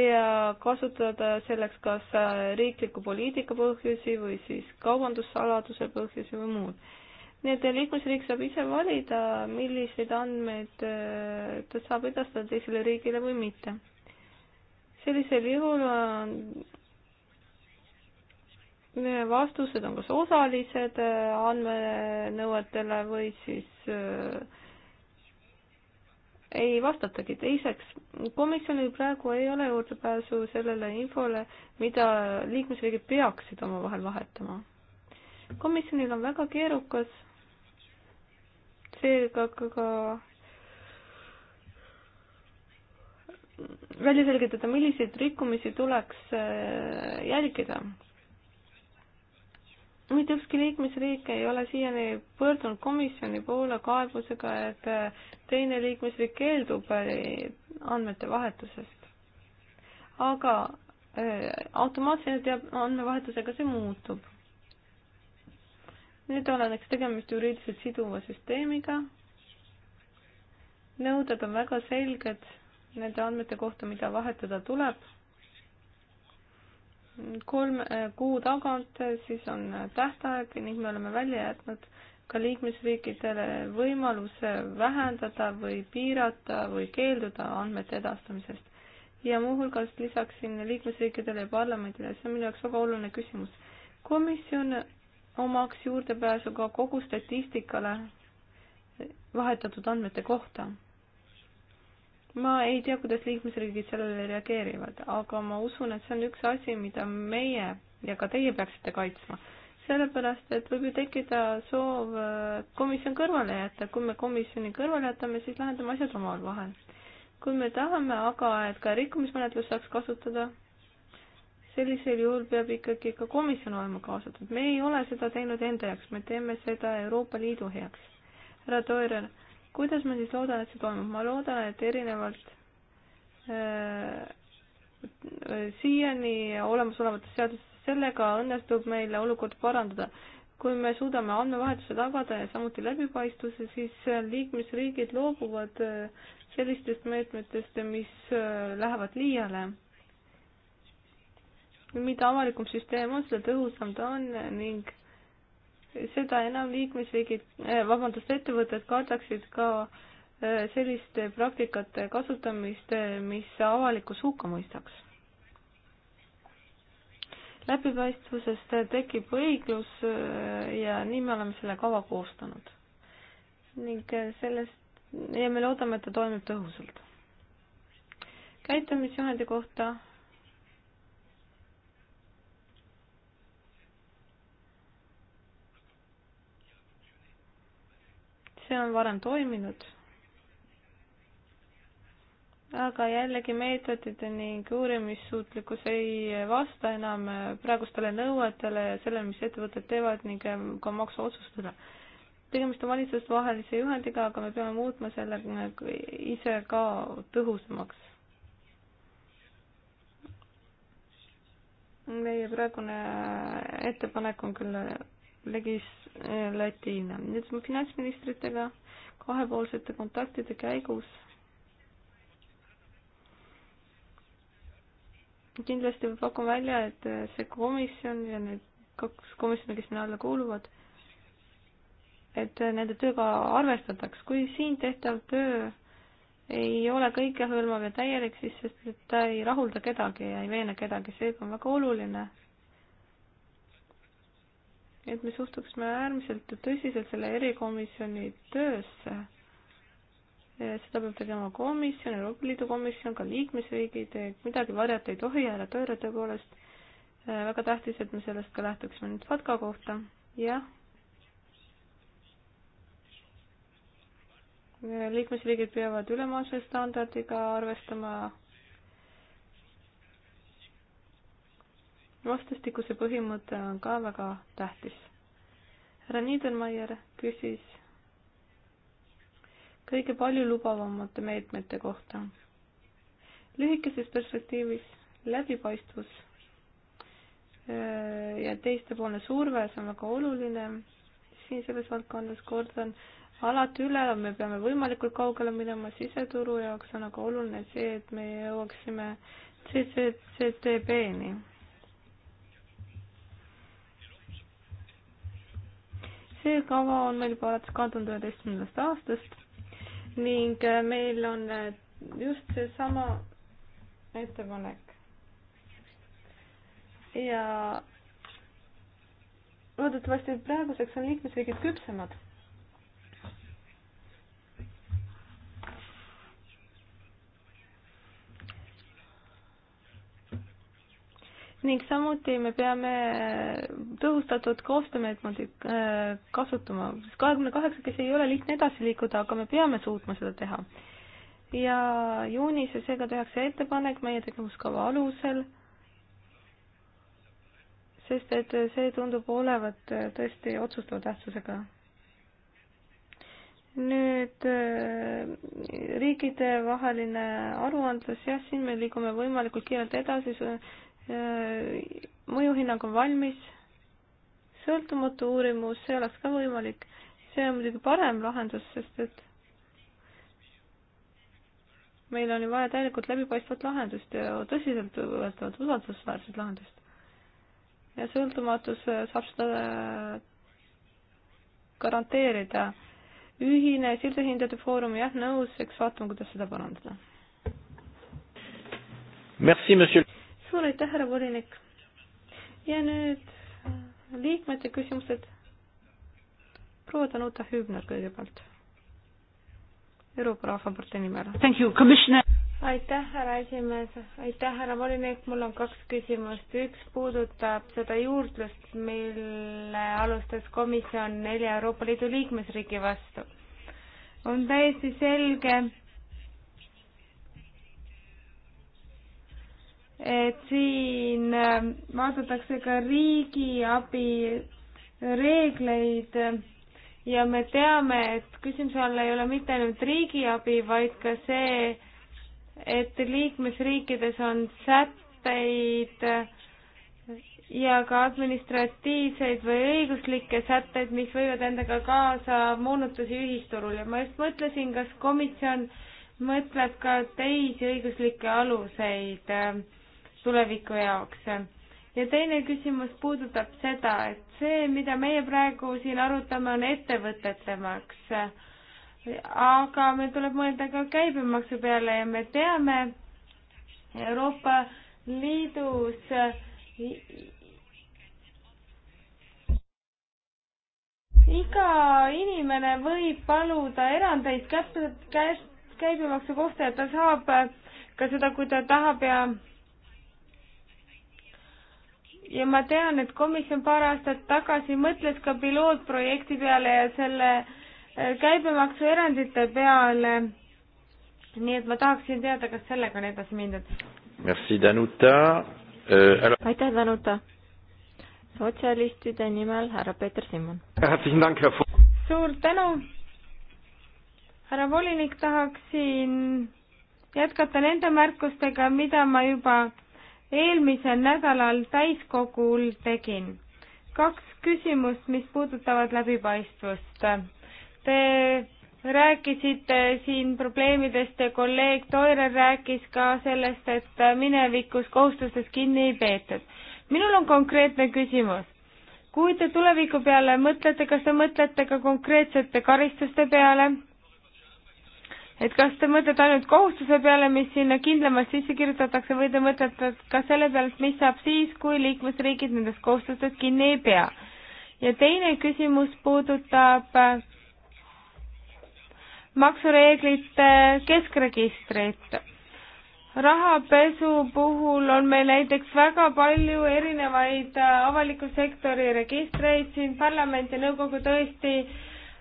ja kasutada selleks kas riikliku poliitika põhjusi või siis kaubandussaladuse põhjusi või muud. nii et liikmesriik saab ise valida, milliseid andmeid ta saab edastada teisele riigile või mitte sellisel juhul on äh, vastused on kas osalised äh, andmenõuetele või siis äh, ei vastatagi. teiseks, komisjonil praegu ei ole juurdepääsu sellele infole, mida liikmesriigid peaksid omavahel vahetama. komisjonil on väga keerukas seega ka, ka välja selgitada, milliseid rikkumisi tuleks äh, jälgida. mitte ükski liikmesriik ei ole siiani pöördunud komisjoni poole kaebusega, et äh, teine liikmesriik keeldub äh, andmete vahetusest. aga automaatselt teab andmevahetusega see muutub. nüüd oleneks tegemist juriidiliselt siduva süsteemiga. nõuded on väga selged nende andmete kohta, mida vahetada tuleb. kolm eh, kuu tagant eh, siis on eh, tähtaeg ning me oleme välja jätnud ka liikmesriikidele võimaluse vähendada või piirata või keelduda andmete edastamisest. ja muuhulgas lisaksin liikmesriikidele ja parlamendile, see on minu jaoks väga oluline küsimus. komisjon omaks juurdepääsu ka kogu statistikale vahetatud andmete kohta ma ei tea, kuidas liikmesriigid sellele reageerivad, aga ma usun, et see on üks asi, mida meie ja ka teie peaksite kaitsma. sellepärast, et võib ju tekkida soov äh, komisjon kõrvale jätta, kui me komisjoni kõrvale jätame, siis lahendame asjad omavahel. kui me tahame aga, et ka rikkumismenetlust saaks kasutada, sellisel juhul peab ikkagi ka komisjon olema kaasatud. me ei ole seda teinud enda jaoks, me teeme seda Euroopa Liidu heaks. härra Toirer kuidas ma siis loodan, et see toimub, ma loodan, et erinevalt äh, siiani olemasolevatest seadustest sellega õnnestub meil olukord parandada. kui me suudame andmevahetuse tagada ja samuti läbipaistvuse, siis liikmesriigid loobuvad äh, sellistest meetmetest, mis äh, lähevad liiale. mida avalikum süsteem on, seda tõhusam ta on ning seda enam liikmesriigid, eh, vabandust, ettevõtted kardaksid ka eh, selliste praktikate kasutamist, eh, mis avalikkus hukka mõistaks. läbipaistvusest tekib õiglus ja nii me oleme selle kava koostanud. ning sellest ja me loodame, et ta toimib tõhusalt. käitumisjuhendi kohta see on varem toiminud. aga jällegi meetodid ning uurimissuutlikkus ei vasta enam praegustele nõuetele ja sellele, mis ettevõtted teevad ning ka maksuotsustele. tegemist on valitsustevahelise juhendiga, aga me peame muutma selle ise ka tõhusamaks meie praegune ettepanek on küll legislatiivne. Eh, nüüd finantsministritega kahepoolsete kontaktide käigus kindlasti ma pakun välja, et eh, see komisjon ja need kaks komisjoni, kes sinna alla kuuluvad, et eh, nende tööga arvestataks, kui siin tehtav töö ei ole kõikehõlmav ja täielik, siis sest ta ei rahulda kedagi ja ei veena kedagi, seega on väga oluline et me suhtuksime äärmiselt tõsiselt selle erikomisjoni töösse. seda peab tegema komisjon, Euroopa Liidu komisjon, ka liikmesriigid, midagi varjata ei tohi, härra Tööre tõepoolest, väga tähtis, et me sellest ka lähtuksime nüüd FATKA kohta, jah. liikmesriigid peavad ülemaailmse standardiga arvestama vastastikuse põhimõte on ka väga tähtis. härra Niedermayer küsis kõige paljulubavamate meetmete kohta. lühikeses perspektiivis läbipaistvus äh, ja teistepoolne surve, see on väga oluline siin selles valdkonnas, kordan alati üle, me peame võimalikult kaugele minema, siseturu jaoks on aga oluline see, et me jõuaksime CCCTB-ni see kava on meil juba alates kahe tuhande üheteistkümnendast aastast ning äh, meil on äh, just seesama ettepanek. ja loodetavasti praeguseks on liikmesriigid küpsemad ning samuti me peame tõhustatud koostöömeetmeid äh, kasutama, sest kahekümne kaheksakesi ei ole lihtne edasi liikuda, aga me peame suutma seda teha. ja juunis ja seega tehakse ettepanek meie tegevuskava alusel, sest et see tundub olevat tõesti otsustava tähtsusega. nüüd äh, riikidevaheline aruandlus, jah, siin me liigume võimalikult kiirelt edasi, Äh, mõjuhinnang on valmis, sõltumatu uurimus, see oleks ka võimalik. see on muidugi parem lahendus, sest et meil on ju vaja täielikult läbipaistvat lahendust ja tõsiseltvõetavat usaldusväärset lahendust. ja sõltumatus äh, saab seda äh, garanteerida. ühine sildahindade foorum, jah, nõus, eks vaatame, kuidas seda parandada. Merci, monsieur suur aitäh, härra volinik. ja nüüd äh, liikmete küsimused. proua Danuta Hübner kõigepealt. Euroopa Rahvapartei nimel. aitäh, härra esimees, aitäh, härra volinik, mul on kaks küsimust, üks puudutab seda juurdlust, mille alustas komisjon nelja Euroopa Liidu liikmesriigi vastu. on täiesti selge, et siin ähm, vaadatakse ka riigiabi reegleid ja me teame, et küsimuse all ei ole mitte ainult riigiabi, vaid ka see, et liikmesriikides on sätteid ja ka administratiivseid või õiguslikke sätteid, mis võivad endaga kaasa moonutusi ühisturul ja ma just mõtlesin, kas komisjon mõtleb ka teisi õiguslikke aluseid äh, tuleviku jaoks. ja teine küsimus puudutab seda, et see, mida meie praegu siin arutame, on ettevõtete maks. aga meil tuleb mõelda ka käibemaksu peale ja me teame Euroopa Liidus iga inimene võib paluda erandeid käibemaksu kohta ja ta saab ka seda, kui ta tahab ja ja ma tean, et komisjon paar aastat tagasi mõtles ka pilootprojekti peale ja selle äh, käibemaksuerandite peale. nii et ma tahaksin teada, kas sellega on edasi mindud. Merci Danuta äh,. Alors... aitäh, Danuta. sotsialistide nimel härra Peeter Simon. suur tänu. härra volinik, tahaksin jätkata nende märkustega, mida ma juba eelmisel nädalal täiskogul tegin. kaks küsimust, mis puudutavad läbipaistvust. Te rääkisite siin probleemidest ja kolleeg Toiler rääkis ka sellest, et minevikus kohustustest kinni ei peetud. minul on konkreetne küsimus. kui te tuleviku peale mõtlete, kas te mõtlete ka konkreetsete karistuste peale? et kas te mõtlete ainult kohustuse peale, mis sinna kindlamalt sisse kirjutatakse või te mõtlete ka selle pealt, mis saab siis, kui liikmesriigid nendest kohustustest kinni ei pea? ja teine küsimus puudutab äh, maksureeglite keskregistrit. rahapesu puhul on meil näiteks väga palju erinevaid äh, avaliku sektori registreid, siin parlament ja nõukogu tõesti äh,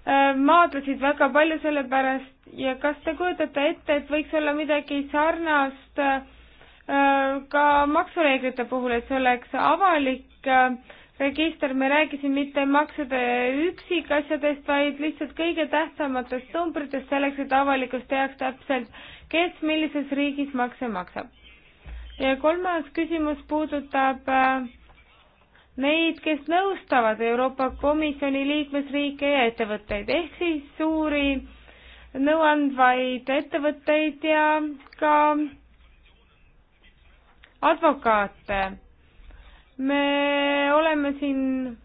Äh, maadlesid väga palju selle pärast ja kas te kujutate ette, et võiks olla midagi sarnast äh, ka maksureeglite puhul, et see oleks avalik äh, register, me rääkisime mitte maksude üksikasjadest, vaid lihtsalt kõige tähtsamatest numbritest selleks, et avalikkus teaks täpselt, kes millises riigis makse maksab. ja kolmas küsimus puudutab äh, neid, kes nõustavad Euroopa Komisjoni liikmesriike ja ettevõtteid, ehk siis suuri nõuandvaid ettevõtteid ja ka advokaate. me oleme siin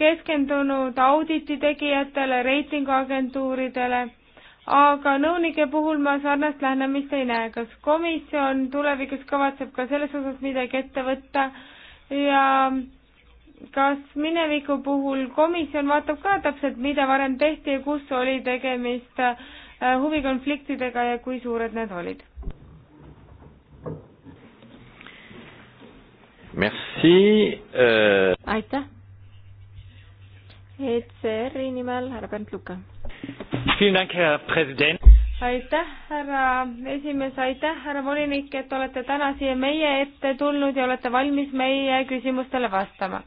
keskendunud auditi tegijatele, reitinguagentuuridele, aga nõunike puhul ma sarnast lähenemist ei näe. kas komisjon tulevikus kavatseb ka selles osas midagi ette võtta ja kas mineviku puhul komisjon vaatab ka täpselt, mida varem tehti ja kus oli tegemist äh, huvikonfliktidega ja kui suured need olid? Merci euh.... aitäh. ECR-i nimel härra Bernt Luka. aitäh, härra esimees, aitäh, härra volinik, et olete täna siia meie ette tulnud ja olete valmis meie küsimustele vastama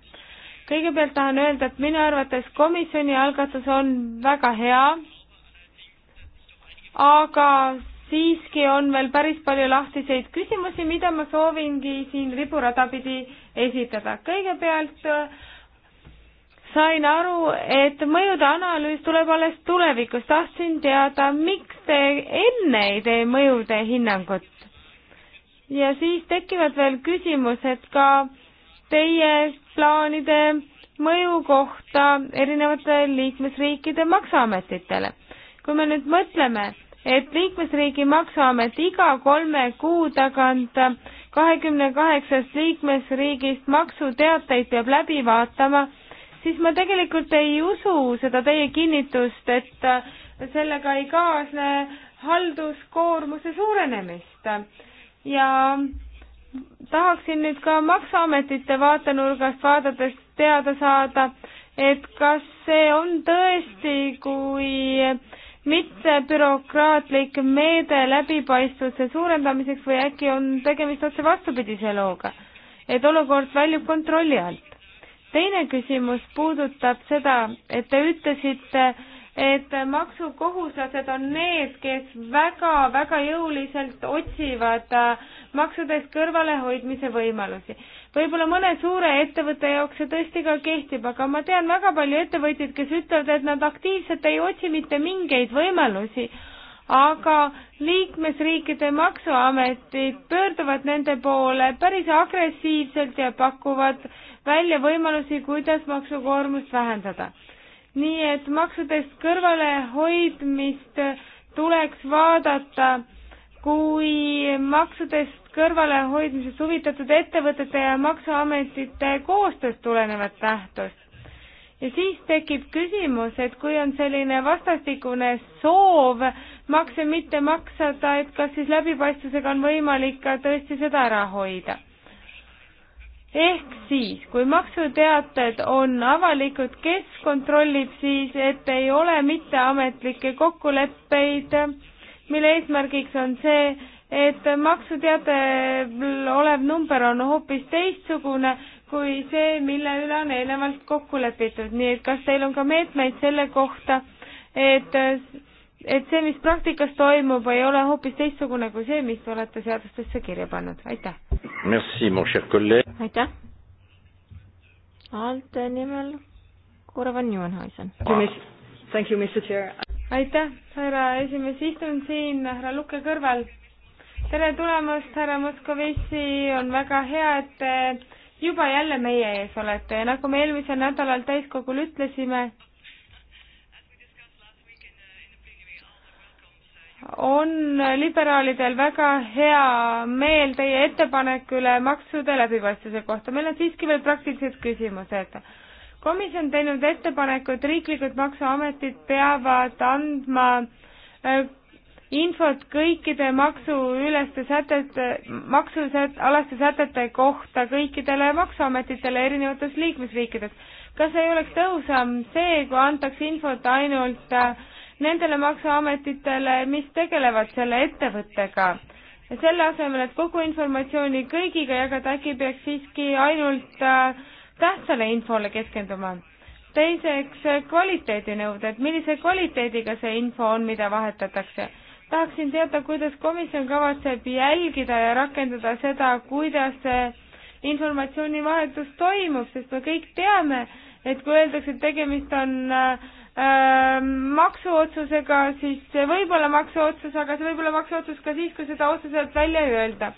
kõigepealt tahan öelda, et minu arvates komisjoni algatus on väga hea, aga siiski on veel päris palju lahtiseid küsimusi, mida ma soovingi siin riburadapidi esitada. kõigepealt äh, sain aru, et mõjude analüüs tuleb alles tulevikus. tahtsin teada, miks te enne ei tee mõjude hinnangut? ja siis tekivad veel küsimused ka teie plaanide mõju kohta erinevate liikmesriikide maksuametitele. kui me nüüd mõtleme, et liikmesriigi maksuamet iga kolme kuu tagant kahekümne kaheksast liikmesriigist maksuteateid peab läbi vaatama, siis ma tegelikult ei usu seda teie kinnitust, et sellega ei kaasne halduskoormuse suurenemist ja tahaksin nüüd ka Maksuametite vaatenurgast vaadates teada saada, et kas see on tõesti kui mittebürokraatlik meede läbipaistvuse suurendamiseks või äkki on tegemist otse vastupidise looga, et olukord väljub kontrolli alt? teine küsimus puudutab seda, et te ütlesite, et maksukohuslased on need, kes väga-väga jõuliselt otsivad äh, maksudest kõrvalehoidmise võimalusi. võib-olla mõne suure ettevõtte jaoks see tõesti ka kehtib, aga ma tean väga palju ettevõtjaid, kes ütlevad, et nad aktiivselt ei otsi mitte mingeid võimalusi, aga liikmesriikide maksuametid pöörduvad nende poole päris agressiivselt ja pakuvad välja võimalusi, kuidas maksukoormust vähendada nii et maksudest kõrvalehoidmist tuleks vaadata kui maksudest kõrvalehoidmisest huvitatud ettevõtete ja maksuametite koostööst tulenevat nähtust. ja siis tekib küsimus, et kui on selline vastastikune soov makse mitte maksada, et kas siis läbipaistvusega on võimalik ka tõesti seda ära hoida ehk siis, kui maksuteated on avalikud, kes kontrollib siis, et ei ole mitteametlikke kokkuleppeid, mille eesmärgiks on see, et maksuteatel olev number on hoopis teistsugune kui see, mille üle on eelnevalt kokku lepitud, nii et kas teil on ka meetmeid selle kohta, et et see, mis praktikas toimub, ei ole hoopis teistsugune kui see, mis te olete seadustesse kirja pannud, aitäh. aitäh. Alte nimel Kurvan Juhenhaisen. aitäh, härra esimees, istun siin härra Luke kõrval. tere tulemast, härra Moskovitši, on väga hea, et te juba jälle meie ees olete ja nagu me eelmisel nädalal täiskogul ütlesime, on liberaalidel väga hea meel teie ettepaneku üle maksude läbipaistvuse kohta. meil on siiski veel praktilised küsimused. komisjon teinud ettepaneku, et riiklikud maksuametid peavad andma äh, infot kõikide maksuüleste sätete, maksualaste sätete kohta kõikidele maksuametitele erinevates liikmesriikides. kas ei oleks tõhusam see, kui antaks infot ainult äh, nendele maksuametitele, mis tegelevad selle ettevõttega. selle asemel, et kogu informatsiooni kõigiga jagada, äkki peaks siiski ainult äh, tähtsale infole keskenduma. teiseks, äh, kvaliteedinõuded, millise kvaliteediga see info on, mida vahetatakse tahaksin teada, kuidas komisjon kavatseb jälgida ja rakendada seda, kuidas see informatsioonivahetus toimub, sest me kõik teame, et kui öeldakse, et tegemist on äh, maksuotsusega, siis see võib olla maksuotsus, aga see võib olla maksuotsus ka siis, kui seda otseselt välja ei öelda.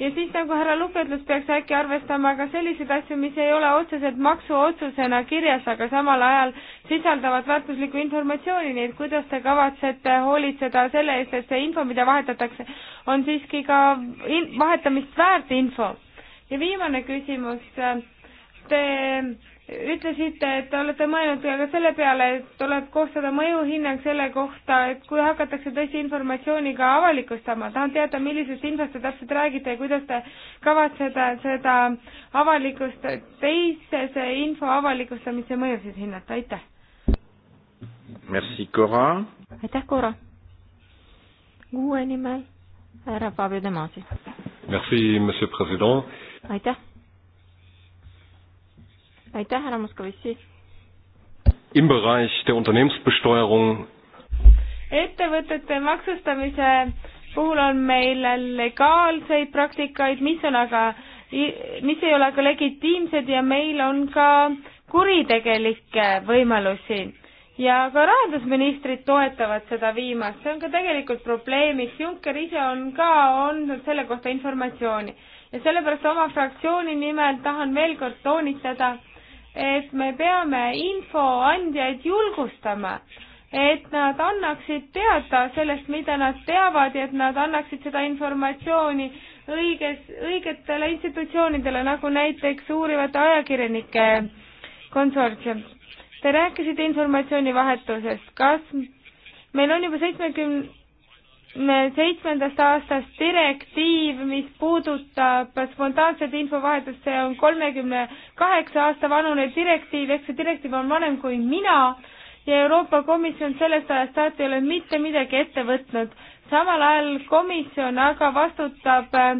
ja siis, nagu härra Lukk ütles, peaks äkki arvestama ka selliseid asju, mis ei ole otseselt maksuotsusena kirjas, aga samal ajal sisaldavad väärtuslikku informatsiooni, nii et kuidas te kavatsete hoolitseda selle eest, et see info, mida vahetatakse, on siiski ka in-, vahetamist väärt info? ja viimane küsimus, te ütlesite, et te olete mõelnud ka selle peale, et tuleb koostada mõjuhinnang selle kohta, et kui hakatakse tõesti informatsiooni ka avalikustama. tahan teada, millisest infost te täpselt räägite ja kuidas te kavatsete seda avalikust, teise see info avalikustamise mõju siis hinnata, aitäh! Merci, Cora! aitäh, Cora! uue nimel härra Fabio De Masi. Merci, monsieur president! aitäh! aitäh, härra Moskovitši. Im Bereich der Unternehmensbesteuerung. ettevõtete maksustamise puhul on meil legaalseid praktikaid, mis on aga, mis ei ole aga legitiimsed ja meil on ka kuritegelikke võimalusi ja ka rahandusministrid toetavad seda viimast, see on ka tegelikult probleemiks, Juncker ise on ka andnud selle kohta informatsiooni. ja sellepärast oma fraktsiooni nimel tahan veel kord toonitada, et me peame infoandjaid julgustama, et nad annaksid teada sellest, mida nad teavad ja et nad annaksid seda informatsiooni õiges, õigetele institutsioonidele, nagu näiteks uurivate ajakirjanike konsortsium. Te rääkisite informatsioonivahetusest, kas meil on juba seitsmekümne 70 seitsmendast aastast direktiiv, mis puudutab spontaanset infovahetust, see on kolmekümne kaheksa aasta vanune direktiiv, eks see direktiiv on vanem kui mina ja Euroopa Komisjon sellest ajast saati ei ole mitte midagi ette võtnud. samal ajal komisjon aga vastutab äh,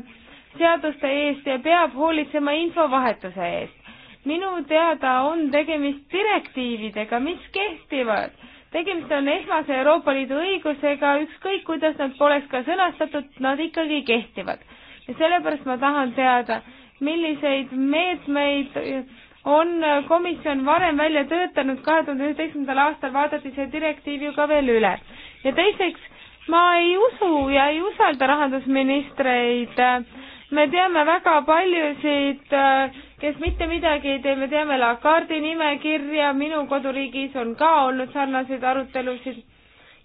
seaduste eest ja peab hoolitsema infovahetuse eest. minu teada on tegemist direktiividega, mis kehtivad tegemist on esmase Euroopa Liidu õigusega, ükskõik kuidas nad poleks ka sõnastatud, nad ikkagi kehtivad. ja sellepärast ma tahan teada, milliseid meetmeid on komisjon varem välja töötanud, kahe tuhande üheteistkümnendal aastal vaadati see direktiiv ju ka veel üle. ja teiseks, ma ei usu ja ei usalda rahandusministreid. me teame väga paljusid äh, kes mitte midagi ei tee, me teame Lagardi nimekirja, minu koduriigis on ka olnud sarnaseid arutelusid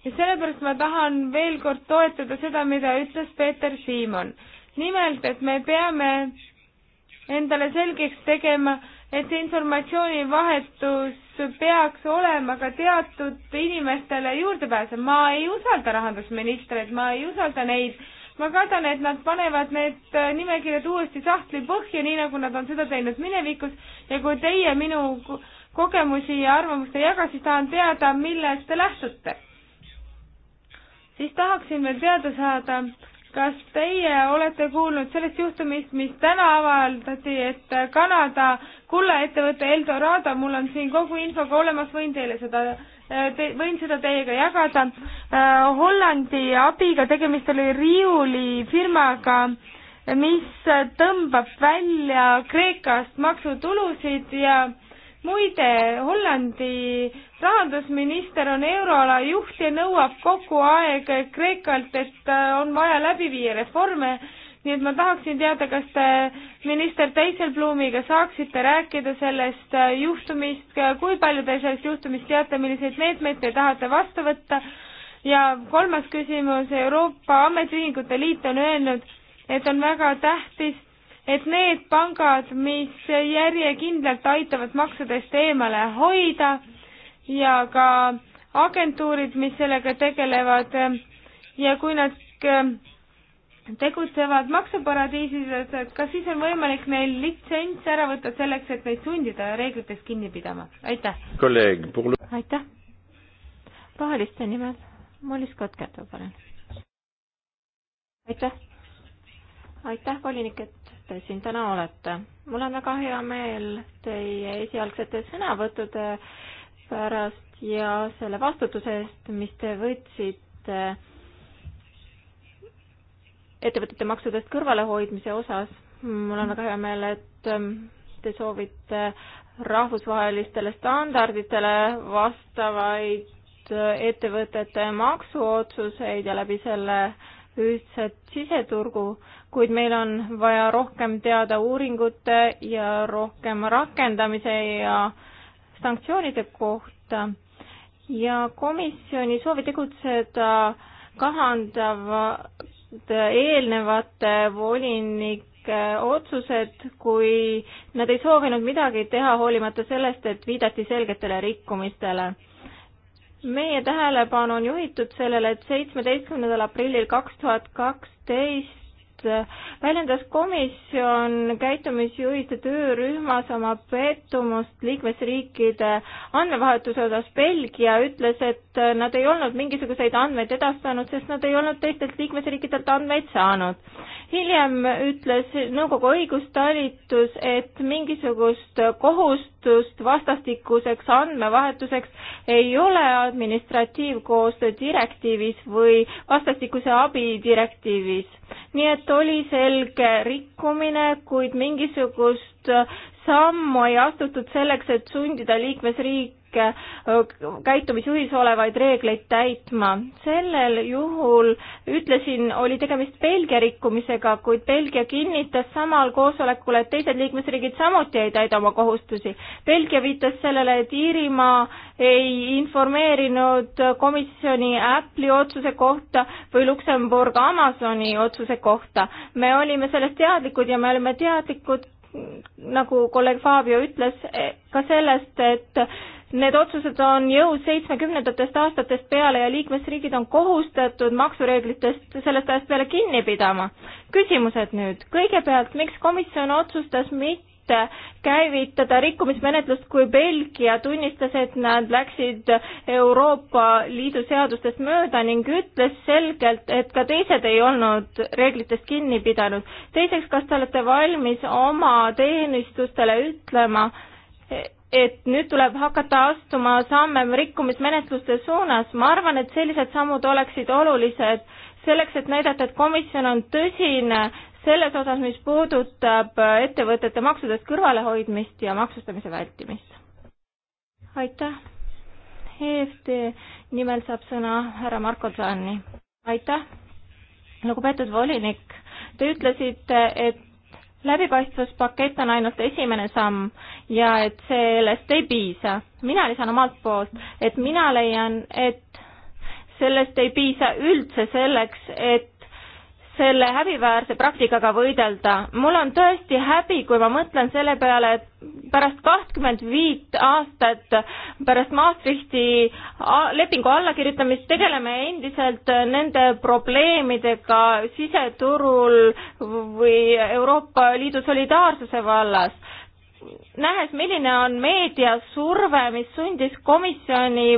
ja sellepärast ma tahan veel kord toetada seda, mida ütles Peeter Siimon. nimelt, et me peame endale selgeks tegema, et see informatsioonivahetus peaks olema ka teatud inimestele juurdepääsem. ma ei usalda rahandusministreid, ma ei usalda neid ma kardan, et nad panevad need äh, nimekirjad uuesti sahtli põhja, nii nagu nad on seda teinud minevikus ja kui teie minu kogemusi ja arvamust ei jaga, siis tahan teada, millest te lähtute. siis tahaksin veel teada saada, kas teie olete kuulnud sellest juhtumist, mis täna avaldati, et Kanada kullaettevõte Eldorado, mul on siin kogu infoga olemas, võin teile seda äh, te,, võin seda teiega jagada äh,. Hollandi abiga tegemist oli riiulifirmaga, mis tõmbab välja Kreekast maksutulusid ja muide, Hollandi rahandusminister on euroala juht ja nõuab kogu aeg Kreekalt, et äh, on vaja läbi viia reforme nii et ma tahaksin teada, kas te minister Teiselblumiga saaksite rääkida sellest äh, juhtumist, äh, kui palju te sellest juhtumist teate, milliseid meetmeid te tahate vastu võtta ja kolmas küsimus, Euroopa Ametiühingute Liit on öelnud, et on väga tähtis, et need pangad, mis järjekindlalt aitavad maksudest eemale hoida ja ka agentuurid, mis sellega tegelevad ja kui nad äh, tegutsevad maksuparadiisides, et kas siis on võimalik neil litsents ära võtta selleks, et neid sundida reeglitest kinni pidama? aitäh! Pour... aitäh! roheliste nimel Mollis Kotketu, palun! aitäh! aitäh, volinik, et te siin täna olete. mul on väga hea meel teie esialgsete sõnavõttude pärast ja selle vastutuse eest, mis te võtsite ettevõtete maksudest kõrvalehoidmise osas. mul on väga hea meel, et ähm, te soovite rahvusvahelistele standarditele vastavaid äh, ettevõtete maksuotsuseid ja läbi selle ühtset siseturgu, kuid meil on vaja rohkem teada uuringute ja rohkem rakendamise ja sanktsioonide kohta. ja komisjoni soovi tegutseda kahandava eelnevate volinike otsused, kui nad ei soovinud midagi teha, hoolimata sellest, et viidati selgetele rikkumistele meie tähelepanu on juhitud sellele, et seitsmeteistkümnendal aprillil kaks tuhat kaksteist Äh, väljendas komisjon käitumisjuhiste töörühmas oma pettumust liikmesriikide andmevahetuse osas. Belgia ütles, et äh, nad ei olnud mingisuguseid andmeid edastanud, sest nad ei olnud teistelt liikmesriikidelt andmeid saanud hiljem ütles nõukogu õigustalitus, et mingisugust kohustust vastastikuseks andmevahetuseks ei ole administratiivkoostöö direktiivis või vastastikuse abi direktiivis. nii et oli selge rikkumine, kuid mingisugust sammu ei astutud selleks, et sundida liikmesriik Äh, käitumisjuhis olevaid reegleid täitma. sellel juhul ütlesin, oli tegemist Belgia rikkumisega, kuid Belgia kinnitas samal koosolekul, et teised liikmesriigid samuti ei täida oma kohustusi. Belgia viitas sellele, et Iirimaa ei informeerinud komisjoni Apple'i otsuse kohta või Luksemburg Amazoni otsuse kohta. me olime sellest teadlikud ja me olime teadlikud nagu kolleeg Fabio ütles, e, ka sellest, et Need otsused on jõus seitsmekümnendatest aastatest peale ja liikmesriigid on kohustatud maksureeglitest sellest ajast peale kinni pidama. küsimused nüüd. kõigepealt, miks komisjon otsustas mitte käivitada rikkumismenetlust, kui Belgia tunnistas, et nad läksid Euroopa Liidu seadustest mööda ning ütles selgelt, et ka teised ei olnud reeglitest kinni pidanud. teiseks, kas te olete valmis oma teenistustele ütlema, et nüüd tuleb hakata astuma samme rikkumismenetluste suunas, ma arvan, et sellised sammud oleksid olulised selleks, et näidata, et komisjon on tõsine selles osas, mis puudutab ettevõtete maksudest kõrvalehoidmist ja maksustamise vältimist. aitäh. EFT nimel saab sõna härra Marko Tsanni. aitäh. lugupeetud volinik, te ütlesite, et läbipaistvuspakett on ainult esimene samm ja et sellest ei piisa. mina lisan omalt poolt, et mina leian, et sellest ei piisa üldse selleks, et selle häbiväärse praktikaga võidelda. mul on tõesti häbi, kui ma mõtlen selle peale, et pärast kahtkümmend viit aastat pärast Maastrichti lepingu allakirjutamist tegeleme endiselt nende probleemidega siseturul või Euroopa Liidu solidaarsuse vallas nähes, milline on meedia surve, mis sundis komisjoni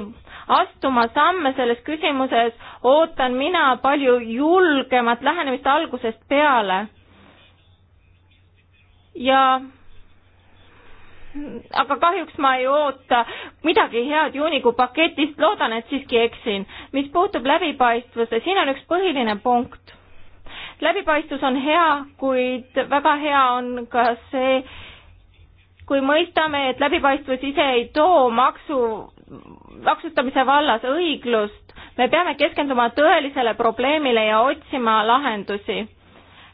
astuma samme selles küsimuses, ootan mina palju julgemat lähenemist algusest peale. ja aga kahjuks ma ei oota midagi head juunikuu paketist, loodan, et siiski eksin. mis puutub läbipaistvuse, siin on üks põhiline punkt. läbipaistvus on hea, kuid väga hea on ka see, kui mõistame, et läbipaistvus ise ei too maksu maksustamise vallas õiglust. me peame keskenduma tõelisele probleemile ja otsima lahendusi.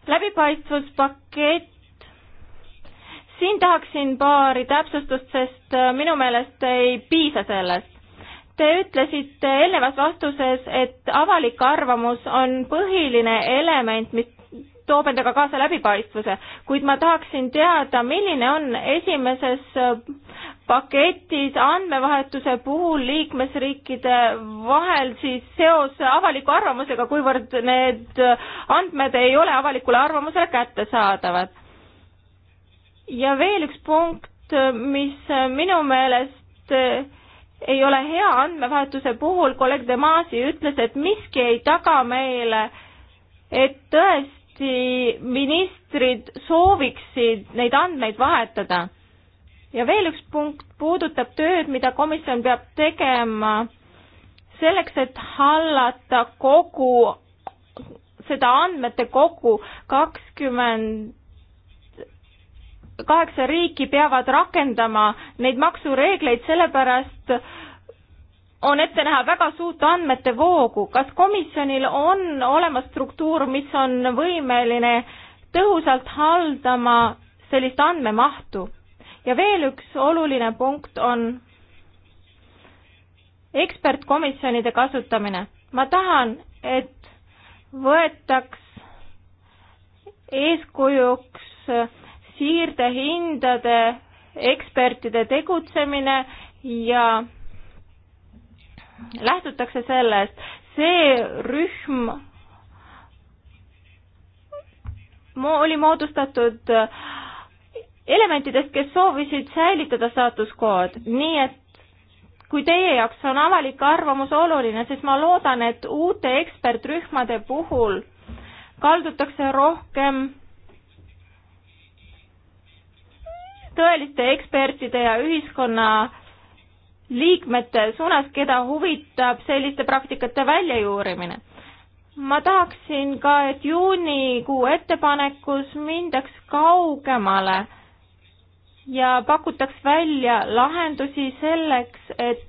läbipaistvuspakett siin tahaksin paari täpsustust, sest äh, minu meelest ei piisa sellest. Te ütlesite eelnevas vastuses, et avalik arvamus on põhiline element, mis toob endaga kaasa läbipaistvuse, kuid ma tahaksin teada, milline on esimeses äh, paketis andmevahetuse puhul liikmesriikide vahel siis seos avaliku arvamusega, kuivõrd need andmed ei ole avalikule arvamusele kättesaadavad. ja veel üks punkt, mis minu meelest ei ole hea andmevahetuse puhul, kolleeg Demasi ütles, et miski ei taga meile, et tõesti ministrid sooviksid neid andmeid vahetada ja veel üks punkt puudutab tööd, mida komisjon peab tegema selleks, et hallata kogu seda andmete kogu, kakskümmend kaheksa riiki peavad rakendama neid maksureegleid, sellepärast on ette näha väga suurt andmete voogu. kas komisjonil on olemas struktuur, mis on võimeline tõhusalt haldama sellist andmemahtu? ja veel üks oluline punkt on ekspertkomisjonide kasutamine. ma tahan, et võetaks eeskujuks siirdehindade ekspertide tegutsemine ja lähtutakse sellest, see rühm mo-, oli moodustatud äh, elementidest, kes soovisid säilitada staatuskood, nii et kui teie jaoks on avalik arvamus oluline, siis ma loodan, et uute ekspertrühmade puhul kaldutakse rohkem tõeliste ekspertide ja ühiskonna liikmete suunas, keda huvitab selliste praktikate väljajuurimine. ma tahaksin ka, et juunikuu ettepanekus mindaks kaugemale ja pakutaks välja lahendusi selleks, et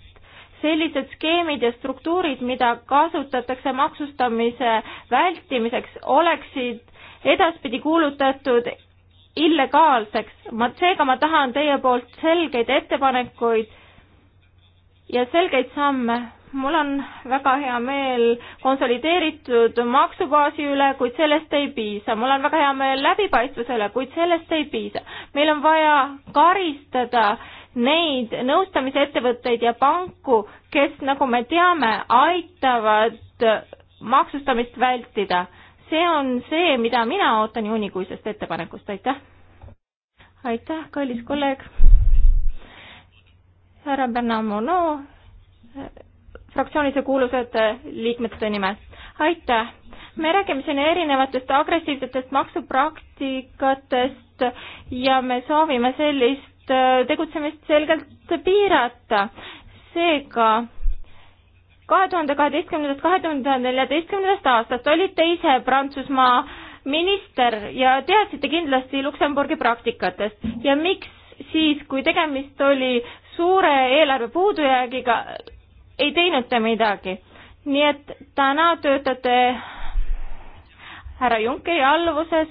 sellised skeemid ja struktuurid, mida kasutatakse maksustamise vältimiseks, oleksid edaspidi kuulutatud illegaalseks. ma, seega ma tahan teie poolt selgeid ettepanekuid ja selgeid samme mul on väga hea meel konsolideeritud maksubaasi üle, kuid sellest ei piisa. mul on väga hea meel läbipaistvusele, kuid sellest ei piisa. meil on vaja karistada neid nõustamisettevõtteid ja panku, kes, nagu me teame, aitavad maksustamist vältida. see on see, mida mina ootan juunikuisest ettepanekust, aitäh! aitäh, kallis kolleeg! härra Bernard Monod fraktsioonide kuulusad liikmete nimel. aitäh! me räägime siin erinevatest agressiivsetest maksupraktikatest ja me soovime sellist äh, tegutsemist selgelt piirata. seega kahe tuhande kaheteistkümnendast, kahe tuhande neljateistkümnendast aastast olite ise Prantsusmaa minister ja teadsite kindlasti Luksemburgi praktikatest ja miks siis, kui tegemist oli suure eelarve puudujäägiga, ei teinud te midagi. nii et täna töötate härra Junckeri alluvuses,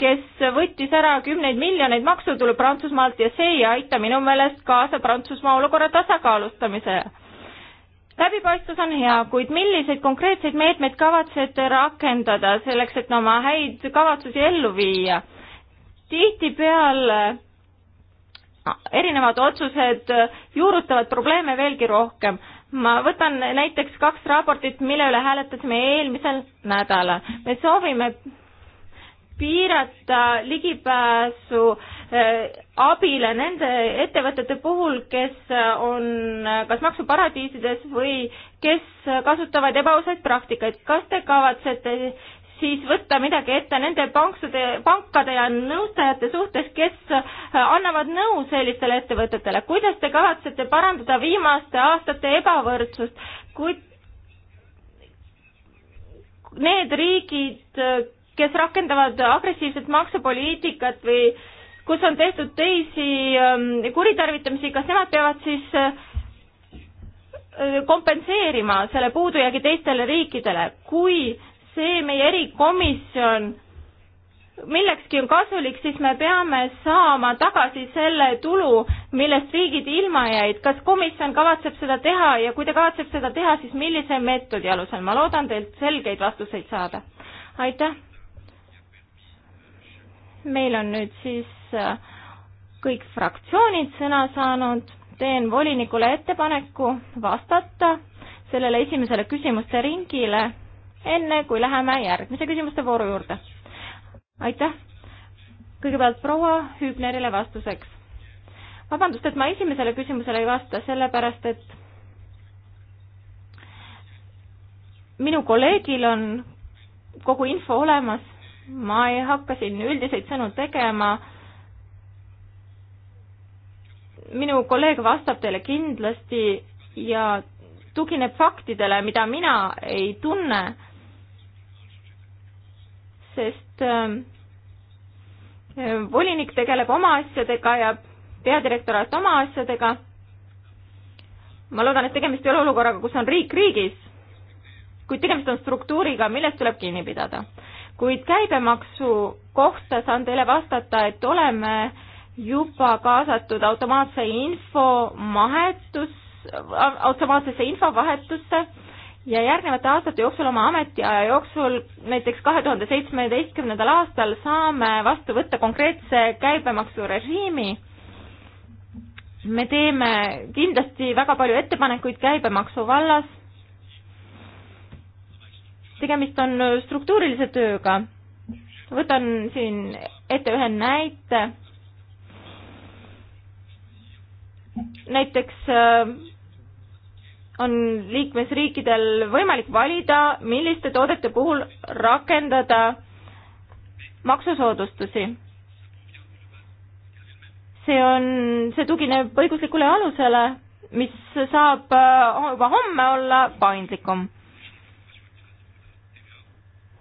kes võttis ära kümneid miljoneid maksutulu Prantsusmaalt ja see ei aita minu meelest kaasa Prantsusmaa olukorra tasakaalustamisele. läbipaistvus on hea, kuid milliseid konkreetseid meetmeid kavatsete rakendada selleks, et oma häid kavatsusi ellu viia? tihtipeale erinevad otsused juurutavad probleeme veelgi rohkem ma võtan näiteks kaks raportit, mille üle hääletasime eelmisel nädalal. me soovime piirata ligipääsu äh, abile nende ettevõtete puhul, kes äh, on kas maksuparadiisides või kes kasutavad ebaausaid praktikaid. kas te kavatsete siis võtta midagi ette nende panksade, pankade ja nõustajate suhtes, kes äh, annavad nõu sellistele ettevõtetele. kuidas te kavatsete parandada viimaste aastate ebavõrdsust, kui need riigid, äh, kes rakendavad agressiivset maksupoliitikat või kus on tehtud teisi ähm, kuritarvitamisi, kas nemad peavad siis äh, kompenseerima selle puudujäägi teistele riikidele, kui see meie erikomisjon millekski on kasulik, siis me peame saama tagasi selle tulu, millest riigid ilma jäid. kas komisjon kavatseb seda teha ja kui ta kavatseb seda teha, siis millise meetodi alusel? ma loodan teilt selgeid vastuseid saada. aitäh. meil on nüüd siis äh, kõik fraktsioonid sõna saanud. teen volinikule ettepaneku vastata sellele esimesele küsimuste ringile enne kui läheme järgmise küsimuste vooru juurde. aitäh. kõigepealt proua Hübnerile vastuseks. vabandust, et ma esimesele küsimusele ei vasta, sellepärast et minu kolleegil on kogu info olemas, ma ei hakka siin üldiseid sõnu tegema. minu kolleeg vastab teile kindlasti ja tugineb faktidele, mida mina ei tunne sest ähm, volinik tegeleb oma asjadega ja peadirektoraat oma asjadega. ma loodan, et tegemist ei ole olukorraga, kus on riik riigis, kuid tegemist on struktuuriga, millest tuleb kinni pidada. kuid käibemaksu kohta saan teile vastata, et oleme juba kaasatud automaatse info mahetus, automaatsesse infovahetusse ja järgnevate aastate jooksul, oma ametiaja jooksul, näiteks kahe tuhande seitsmeteistkümnendal aastal, saame vastu võtta konkreetse käibemaksurežiimi. me teeme kindlasti väga palju ettepanekuid käibemaksu vallas. tegemist on struktuurilise tööga. võtan siin ette ühe näite. näiteks äh, on liikmesriikidel võimalik valida, milliste toodete puhul rakendada maksusoodustusi. see on, see tugineb õiguslikule alusele, mis saab äh, juba homme olla paindlikum.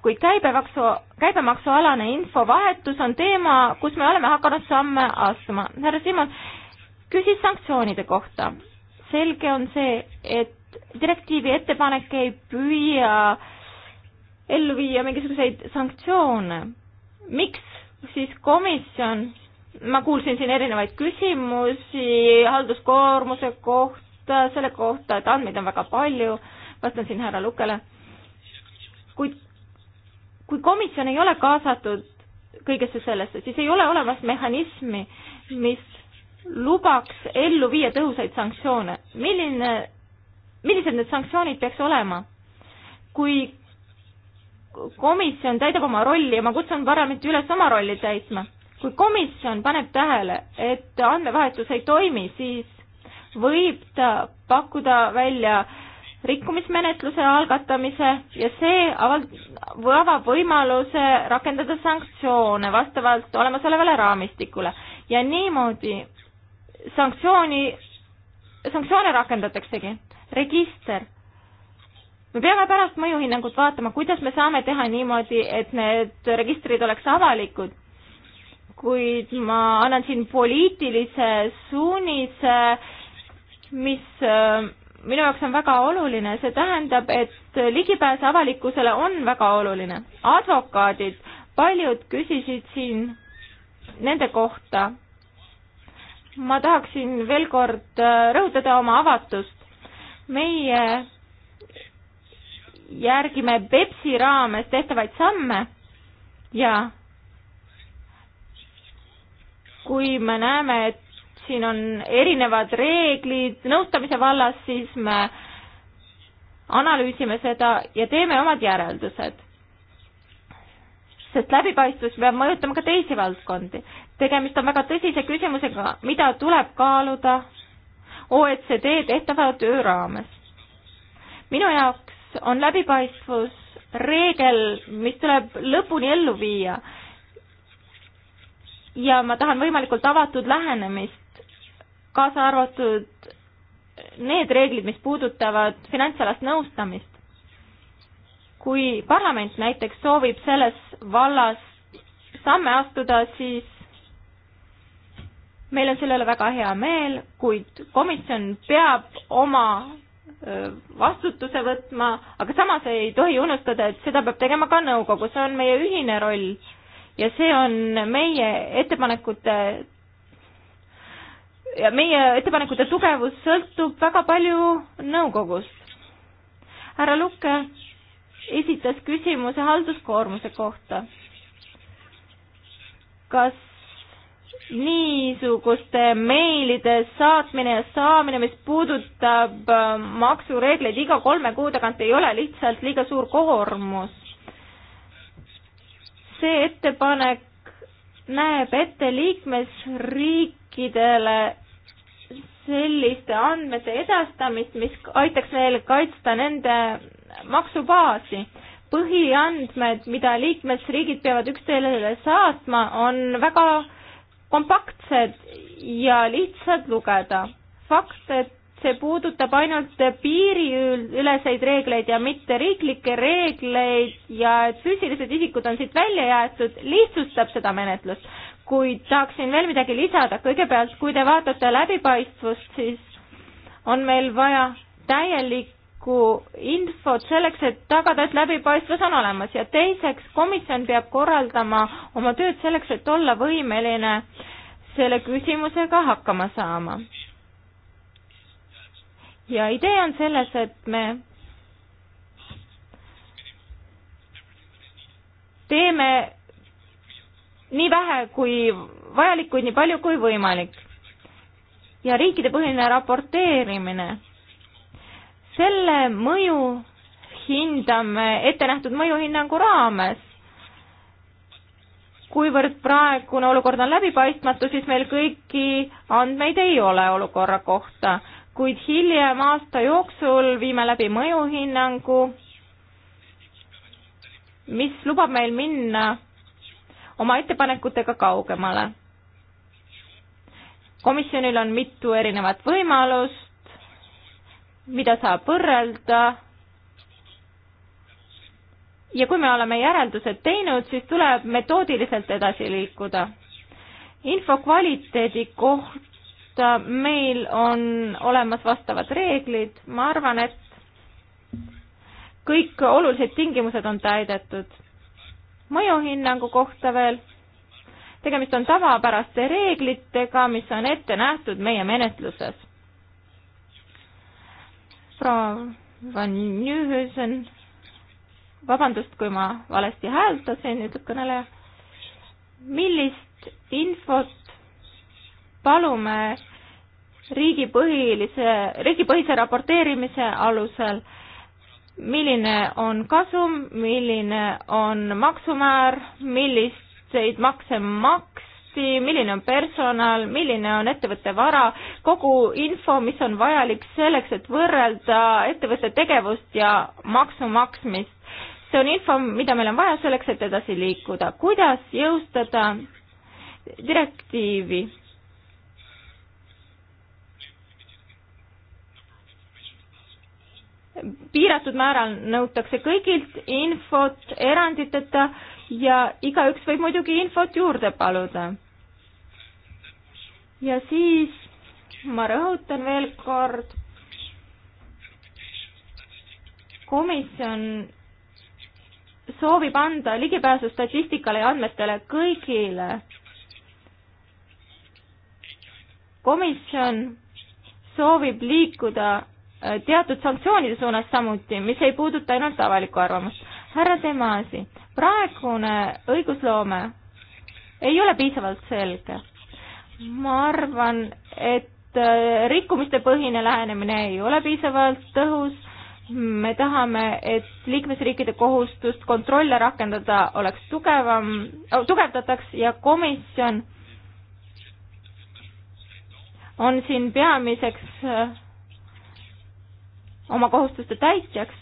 kuid käibemaksu, käibemaksualane infovahetus on teema, kus me oleme hakanud samme astuma. härra Simon küsis sanktsioonide kohta selge on see, et direktiivi ettepanek ei püüa ellu viia mingisuguseid sanktsioone. miks siis komisjon, ma kuulsin siin erinevaid küsimusi halduskoormuse kohta, selle kohta, et andmeid on väga palju, vastan siin härra Lukele, kuid kui komisjon ei ole kaasatud kõigesse sellesse, siis ei ole olemas mehhanismi, mis lubaks ellu viia tõhusaid sanktsioone. milline, millised need sanktsioonid peaks olema? kui komisjon täidab oma rolli ja ma kutsun parlamenti üles oma rolli täitma, kui komisjon paneb tähele, et andmevahetus ei toimi, siis võib ta pakkuda välja rikkumismenetluse algatamise ja see avald-, avab võimaluse rakendada sanktsioone vastavalt olemasolevale raamistikule ja niimoodi sanktsiooni, sanktsioone rakendataksegi. register. me peame pärast mõjuhinnangut vaatama, kuidas me saame teha niimoodi, et need registrid oleks avalikud. kuid ma annan siin poliitilise suunise, mis äh, minu jaoks on väga oluline, see tähendab, et ligipääs avalikkusele on väga oluline. advokaadid, paljud küsisid siin nende kohta ma tahaksin veel kord äh, rõhutada oma avatust. meie järgime Pepsi raames tehtavaid samme ja kui me näeme, et siin on erinevad reeglid nõustamise vallas, siis me analüüsime seda ja teeme omad järeldused. sest läbipaistvus peab mõjutama ka teisi valdkondi tegemist on väga tõsise küsimusega, mida tuleb kaaluda OECD tehtava töö raames. minu jaoks on läbipaistvus reegel, mis tuleb lõpuni ellu viia. ja ma tahan võimalikult avatud lähenemist, kaasa arvatud need reeglid, mis puudutavad finantsalast nõustamist. kui parlament näiteks soovib selles vallas samme astuda, siis meil on selle üle väga hea meel, kuid komisjon peab oma vastutuse võtma, aga samas ei tohi unustada, et seda peab tegema ka nõukogu, see on meie ühine roll ja see on meie ettepanekute ja meie ettepanekute tugevus sõltub väga palju nõukogust. härra Lukke esitas küsimuse halduskoormuse kohta. kas niisuguste meilide saatmine ja saamine, mis puudutab äh, maksureegleid iga kolme kuu tagant, ei ole lihtsalt liiga suur koormus. see ettepanek näeb ette liikmesriikidele selliste andmete edastamist, mis aitaks neil kaitsta nende maksubaasi põhiandmed, mida liikmesriigid peavad üksteisele saatma, on väga kompaktsed ja lihtsad lugeda. fakt, et see puudutab ainult piiriüleseid reegleid ja mitte riiklikke reegleid ja et füüsilised isikud on siit välja jäetud, lihtsustab seda menetlust. kuid tahaksin veel midagi lisada, kõigepealt kui te vaatate läbipaistvust, siis on meil vaja täielik avalikku infot selleks, et tagada, et läbipaistvus on olemas ja teiseks, komisjon peab korraldama oma tööd selleks, et olla võimeline selle küsimusega hakkama saama. ja idee on selles, et me teeme nii vähe kui vajalik, kuid nii palju kui võimalik. ja riikidepõhine raporteerimine selle mõju hindame ettenähtud mõjuhinnangu raames. kuivõrd praegune olukord on läbipaistmatu, siis meil kõiki andmeid ei ole olukorra kohta, kuid hiljem aasta jooksul viime läbi mõjuhinnangu, mis lubab meil minna oma ettepanekutega kaugemale. komisjonil on mitu erinevat võimalust, mida saab võrrelda. ja kui me oleme järeldused teinud, siis tuleb metoodiliselt edasi liikuda. info kvaliteedi kohta meil on olemas vastavad reeglid, ma arvan, et kõik olulised tingimused on täidetud. mõjuhinnangu kohta veel tegemist on tavapäraste reeglitega, mis on ette nähtud meie menetluses proua Van Nieuhusen, vabandust, kui ma valesti hääldasin, ütleb kõneleja. millist infot palume riigipõhilise, riigipõhise raporteerimise alusel? milline on kasum, milline on maksumäär, milliseid makse maks-, teksti, milline on personal, milline on ettevõtte vara, kogu info, mis on vajalik selleks, et võrrelda ettevõtte tegevust ja maksu maksmist. see on info, mida meil on vaja selleks, et edasi liikuda. kuidas jõustada direktiivi? piiratud määral nõutakse kõigilt infot eranditeta ja igaüks võib muidugi infot juurde paluda ja siis ma rõhutan veel kord, komisjon soovib anda ligipääsu statistikale ja andmetele kõigile. komisjon soovib liikuda äh, teatud sanktsioonide suunas samuti, mis ei puuduta ainult avalikku arvamust. härra Demasi, praegune õigusloome ei ole piisavalt selge ma arvan, et äh, rikkumiste põhine lähenemine ei ole piisavalt tõhus, me tahame, et liikmesriikide kohustust kontrolle rakendada oleks tugevam, tugevdataks ja komisjon on siin peamiseks äh, oma kohustuste täitjaks.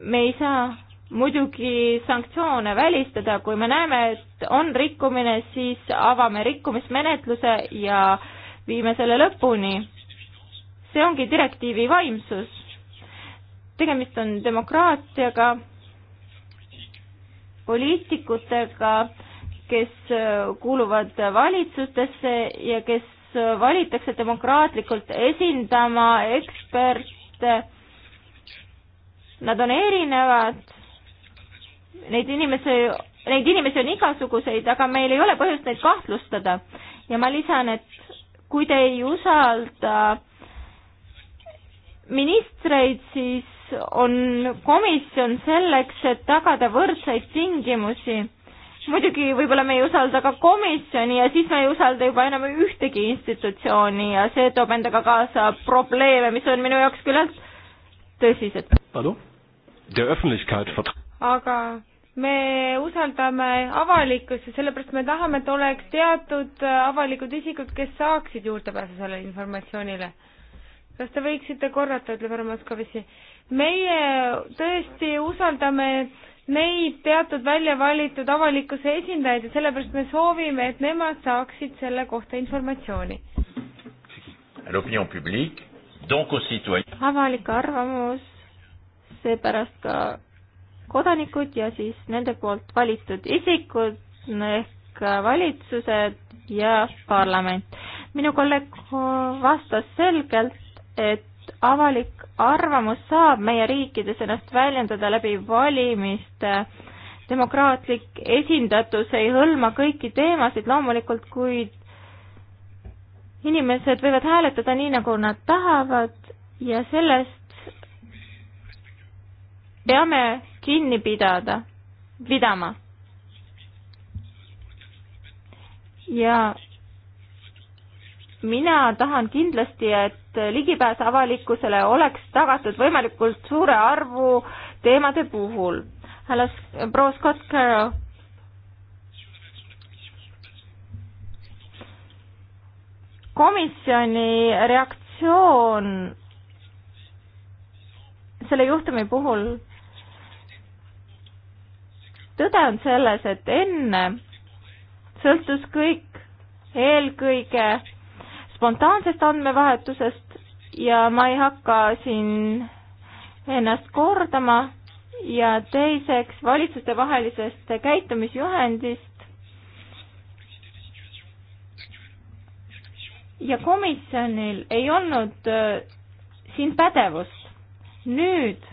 me ei saa muidugi sanktsioone välistada, kui me näeme, et on rikkumine, siis avame rikkumismenetluse ja viime selle lõpuni. see ongi direktiivi vaimsus. tegemist on demokraatiaga, poliitikutega, kes kuuluvad valitsustesse ja kes valitakse demokraatlikult esindama eksperte. Nad on erinevad neid inimesi, neid inimesi on igasuguseid, aga meil ei ole põhjust neid kahtlustada. ja ma lisan, et kui te ei usalda ministreid, siis on komisjon selleks, et tagada võrdseid tingimusi. muidugi võib-olla me ei usalda ka komisjoni ja siis me ei usalda juba enam ühtegi institutsiooni ja see toob endaga kaasa probleeme, mis on minu jaoks küllalt tõsised. aga me usaldame avalikkust ja sellepärast me tahame, et oleks teatud äh, avalikud isikud, kes saaksid juurdepääsu sellele informatsioonile. kas te võiksite korrata, ütleb härra Moskovitši? meie tõesti usaldame neid teatud välja valitud avalikkuse esindajaid ja sellepärast me soovime, et nemad saaksid selle kohta informatsiooni. avalik arvamus, seepärast ka kodanikud ja siis nende poolt valitud isikud ehk valitsused ja parlament. minu kolleeg vastas selgelt, et avalik arvamus saab meie riikides ennast väljendada läbi valimiste. demokraatlik esindatus ei hõlma kõiki teemasid loomulikult, kuid inimesed võivad hääletada nii, nagu nad tahavad ja sellest peame kinni pidada, pidama. ja mina tahan kindlasti, et ligipääs avalikkusele oleks tagatud võimalikult suure arvu teemade puhul. härra proua Scott Carroll. komisjoni reaktsioon selle juhtumi puhul tõde on selles, et enne sõltus kõik eelkõige spontaansest andmevahetusest ja ma ei hakka siin ennast kordama ja teiseks valitsustevahelisest käitumisjuhendist. ja komisjonil ei olnud äh, siin pädevust. nüüd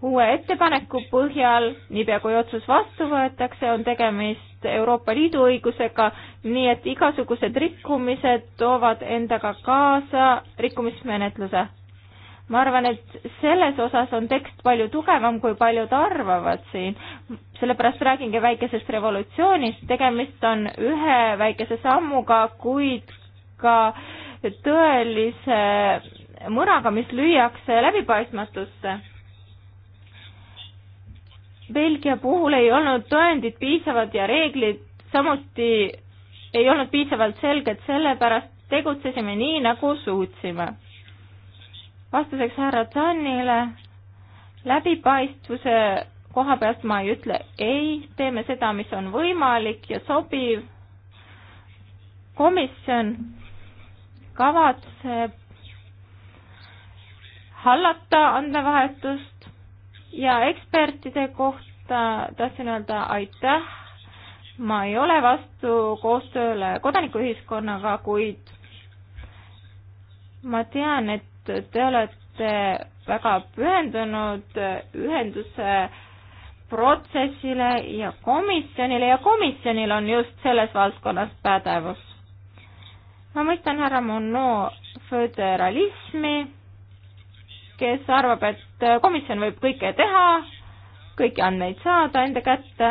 uue ettepaneku põhjal, niipea kui otsus vastu võetakse, on tegemist Euroopa Liidu õigusega, nii et igasugused rikkumised toovad endaga kaasa rikkumismenetluse. ma arvan, et selles osas on tekst palju tugevam, kui paljud arvavad siin. sellepärast räägingi väikesest revolutsioonist, tegemist on ühe väikese sammuga, kuid ka tõelise mõraga, mis lüüakse läbipaistmatusse Belgia puhul ei olnud tõendid piisavad ja reeglid samuti ei olnud piisavalt selged, sellepärast tegutsesime nii, nagu suutsime. vastuseks härra Tannile, läbipaistvuse koha pealt ma ei ütle ei, teeme seda, mis on võimalik ja sobiv. komisjon kavatseb hallata andmevahetust ja ekspertide kohta tahtsin öelda aitäh. ma ei ole vastu koostööle kodanikuühiskonnaga, kuid ma tean, et te olete väga pühendunud ühenduse protsessile ja komisjonile ja komisjonil on just selles valdkonnas pädevus. ma mõistan härra Monod föderalismi kes arvab, et äh, komisjon võib kõike teha, kõiki andmeid saada enda kätte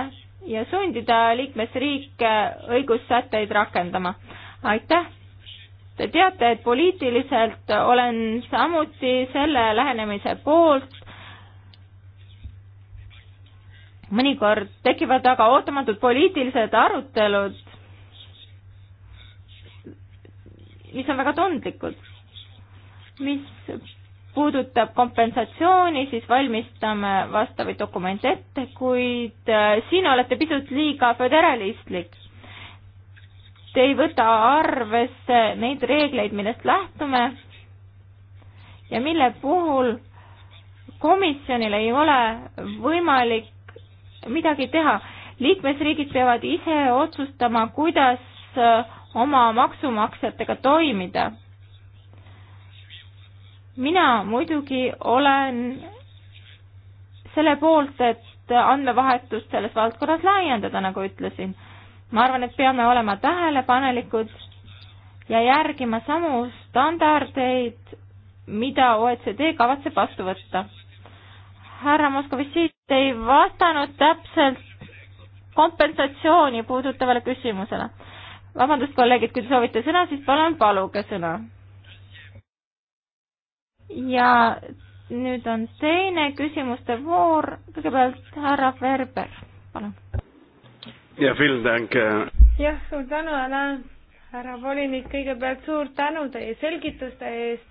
ja sundida liikmesriike õigussätteid rakendama. aitäh! Te teate, et poliitiliselt olen samuti selle lähenemise poolt. mõnikord tekivad aga ootamatud poliitilised arutelud, mis on väga tundlikud mis puudutab kompensatsiooni, siis valmistame vastavaid dokumente ette, kuid äh, siin olete pisut liiga föderalistlik. Te ei võta arvesse neid reegleid, millest lähtume ja mille puhul komisjonil ei ole võimalik midagi teha. liikmesriigid peavad ise otsustama, kuidas äh, oma maksumaksjatega toimida mina muidugi olen selle poolt, et andmevahetust selles valdkonnas laiendada, nagu ütlesin. ma arvan, et peame olema tähelepanelikud ja järgima samu standardeid, mida OECD kavatseb vastu võtta. härra Moskovitšit ei vastanud täpselt kompensatsiooni puudutavale küsimusele. vabandust, kolleegid, kui te soovite sõna, siis palun paluge sõna ja nüüd on teine küsimuste voor, kõigepealt härra Ferber, palun. ja, äh, jah, suur tänu, Alain, härra volinik, kõigepealt suur tänu teie selgituste eest.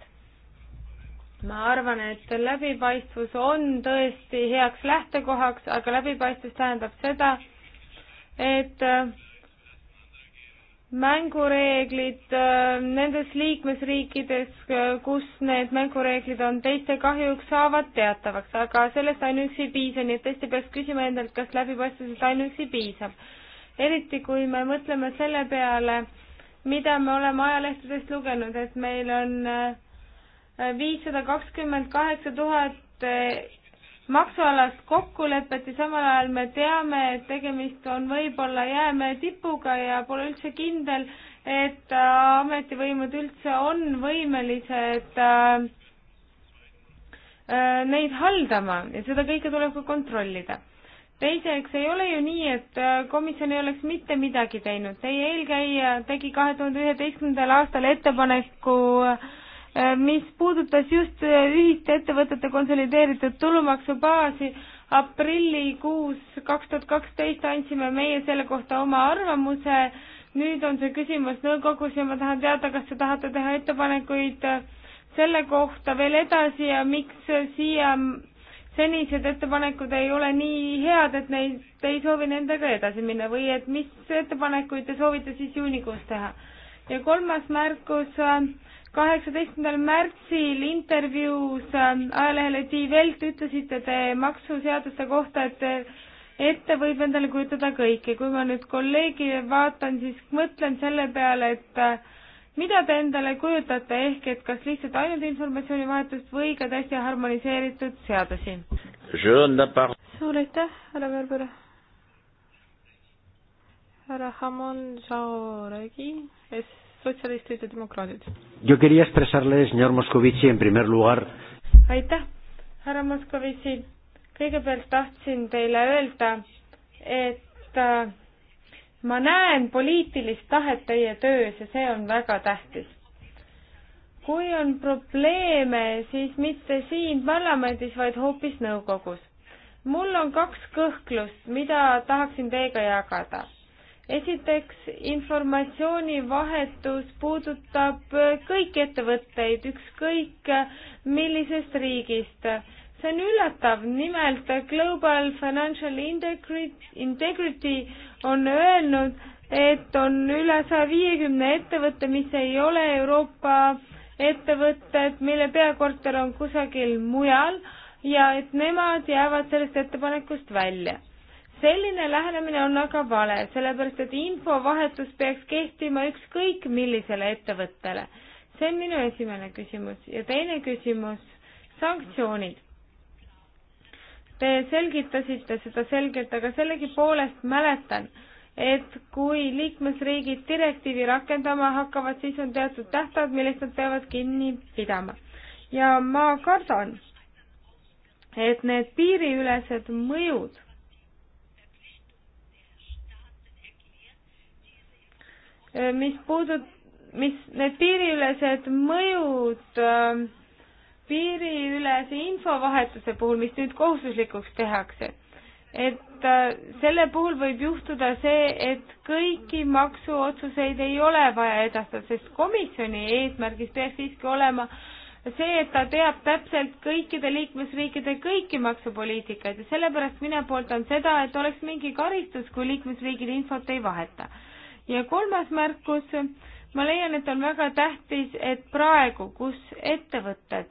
ma arvan, et läbipaistvus on tõesti heaks lähtekohaks, aga läbipaistvus tähendab seda, et äh, mängureeglid äh, nendes liikmesriikides, äh, kus need mängureeglid on teiste kahjuks, saavad teatavaks, aga sellest ainuüksi ei piisa, nii et tõesti peaks küsima endalt, kas läbipaistvusest ainuüksi piisab. eriti, kui me mõtleme selle peale, mida me oleme ajalehtedest lugenud, et meil on äh, viissada kakskümmend kaheksa tuhat maksualast kokkulepet ja samal ajal me teame, et tegemist on võib-olla jäämäe tipuga ja pole üldse kindel, et äh, ametivõimud üldse on võimelised äh, äh, neid haldama ja seda kõike tuleb ka kontrollida. teiseks ei ole ju nii, et komisjon ei oleks mitte midagi teinud. Teie eelkäija tegi kahe tuhande üheteistkümnendal aastal ettepaneku äh, mis puudutas just äh, ühiste ettevõtete konsolideeritud tulumaksubaasi, aprillikuus kaks tuhat kaksteist andsime meie selle kohta oma arvamuse, nüüd on see küsimus nõukogus ja ma tahan teada, kas te tahate teha ettepanekuid selle kohta veel edasi ja miks siia senised ettepanekud ei ole nii head, et neid, te ei soovi nendega edasi minna või et mis ettepanekuid te soovite siis juunikuus teha? ja kolmas märkus äh,, kaheksateistkümnendal märtsil intervjuus ähm, ajalehele Die Welt ütlesite te maksuseaduste kohta, et ette võib endale kujutada kõike. kui ma nüüd kolleegi vaatan, siis mõtlen selle peale, et äh, mida te endale kujutate, ehk et kas lihtsalt ainult informatsioonivahetust või ka täiesti harmoniseeritud seadusi? suur aitäh, härra Verber. härra Hamon Jauregi, S sotsialistid ja demokraadid. aitäh, härra Moskovitši. kõigepealt tahtsin teile öelda, et äh, ma näen poliitilist tahet teie töös ja see on väga tähtis kui on probleeme, siis mitte siin parlamendis, vaid hoopis nõukogus. mul on kaks kõhklust, mida tahaksin teiega jagada esiteks, informatsioonivahetus puudutab kõiki ettevõtteid, ükskõik millisest riigist. see on üllatav, nimelt Global Financial Integrity on öelnud, et on üle saja viiekümne ettevõtte, mis ei ole Euroopa ettevõtted, mille peakorter on kusagil mujal ja et nemad jäävad sellest ettepanekust välja selline lähenemine on aga vale, sellepärast et infovahetus peaks kehtima ükskõik millisele ettevõttele. see on minu esimene küsimus ja teine küsimus, sanktsioonid. Te selgitasite seda selgelt, aga sellegipoolest mäletan, et kui liikmesriigid direktiivi rakendama hakkavad, siis on teatud tähtajad, millest nad peavad kinni pidama. ja ma kardan, et need piiriülesed mõjud Äh, mis puudut-, mis need piiriülesed mõjud äh, piiriülese infovahetuse puhul, mis nüüd kohustuslikuks tehakse, et äh, selle puhul võib juhtuda see, et kõiki maksuotsuseid ei ole vaja edastada, sest komisjoni eesmärgis peaks siiski olema see, et ta teab täpselt kõikide liikmesriikide kõiki maksupoliitikaid ja sellepärast mina pooldan seda, et oleks mingi karistus, kui liikmesriigid infot ei vaheta ja kolmas märkus, ma leian, et on väga tähtis, et praegu, kus ettevõtted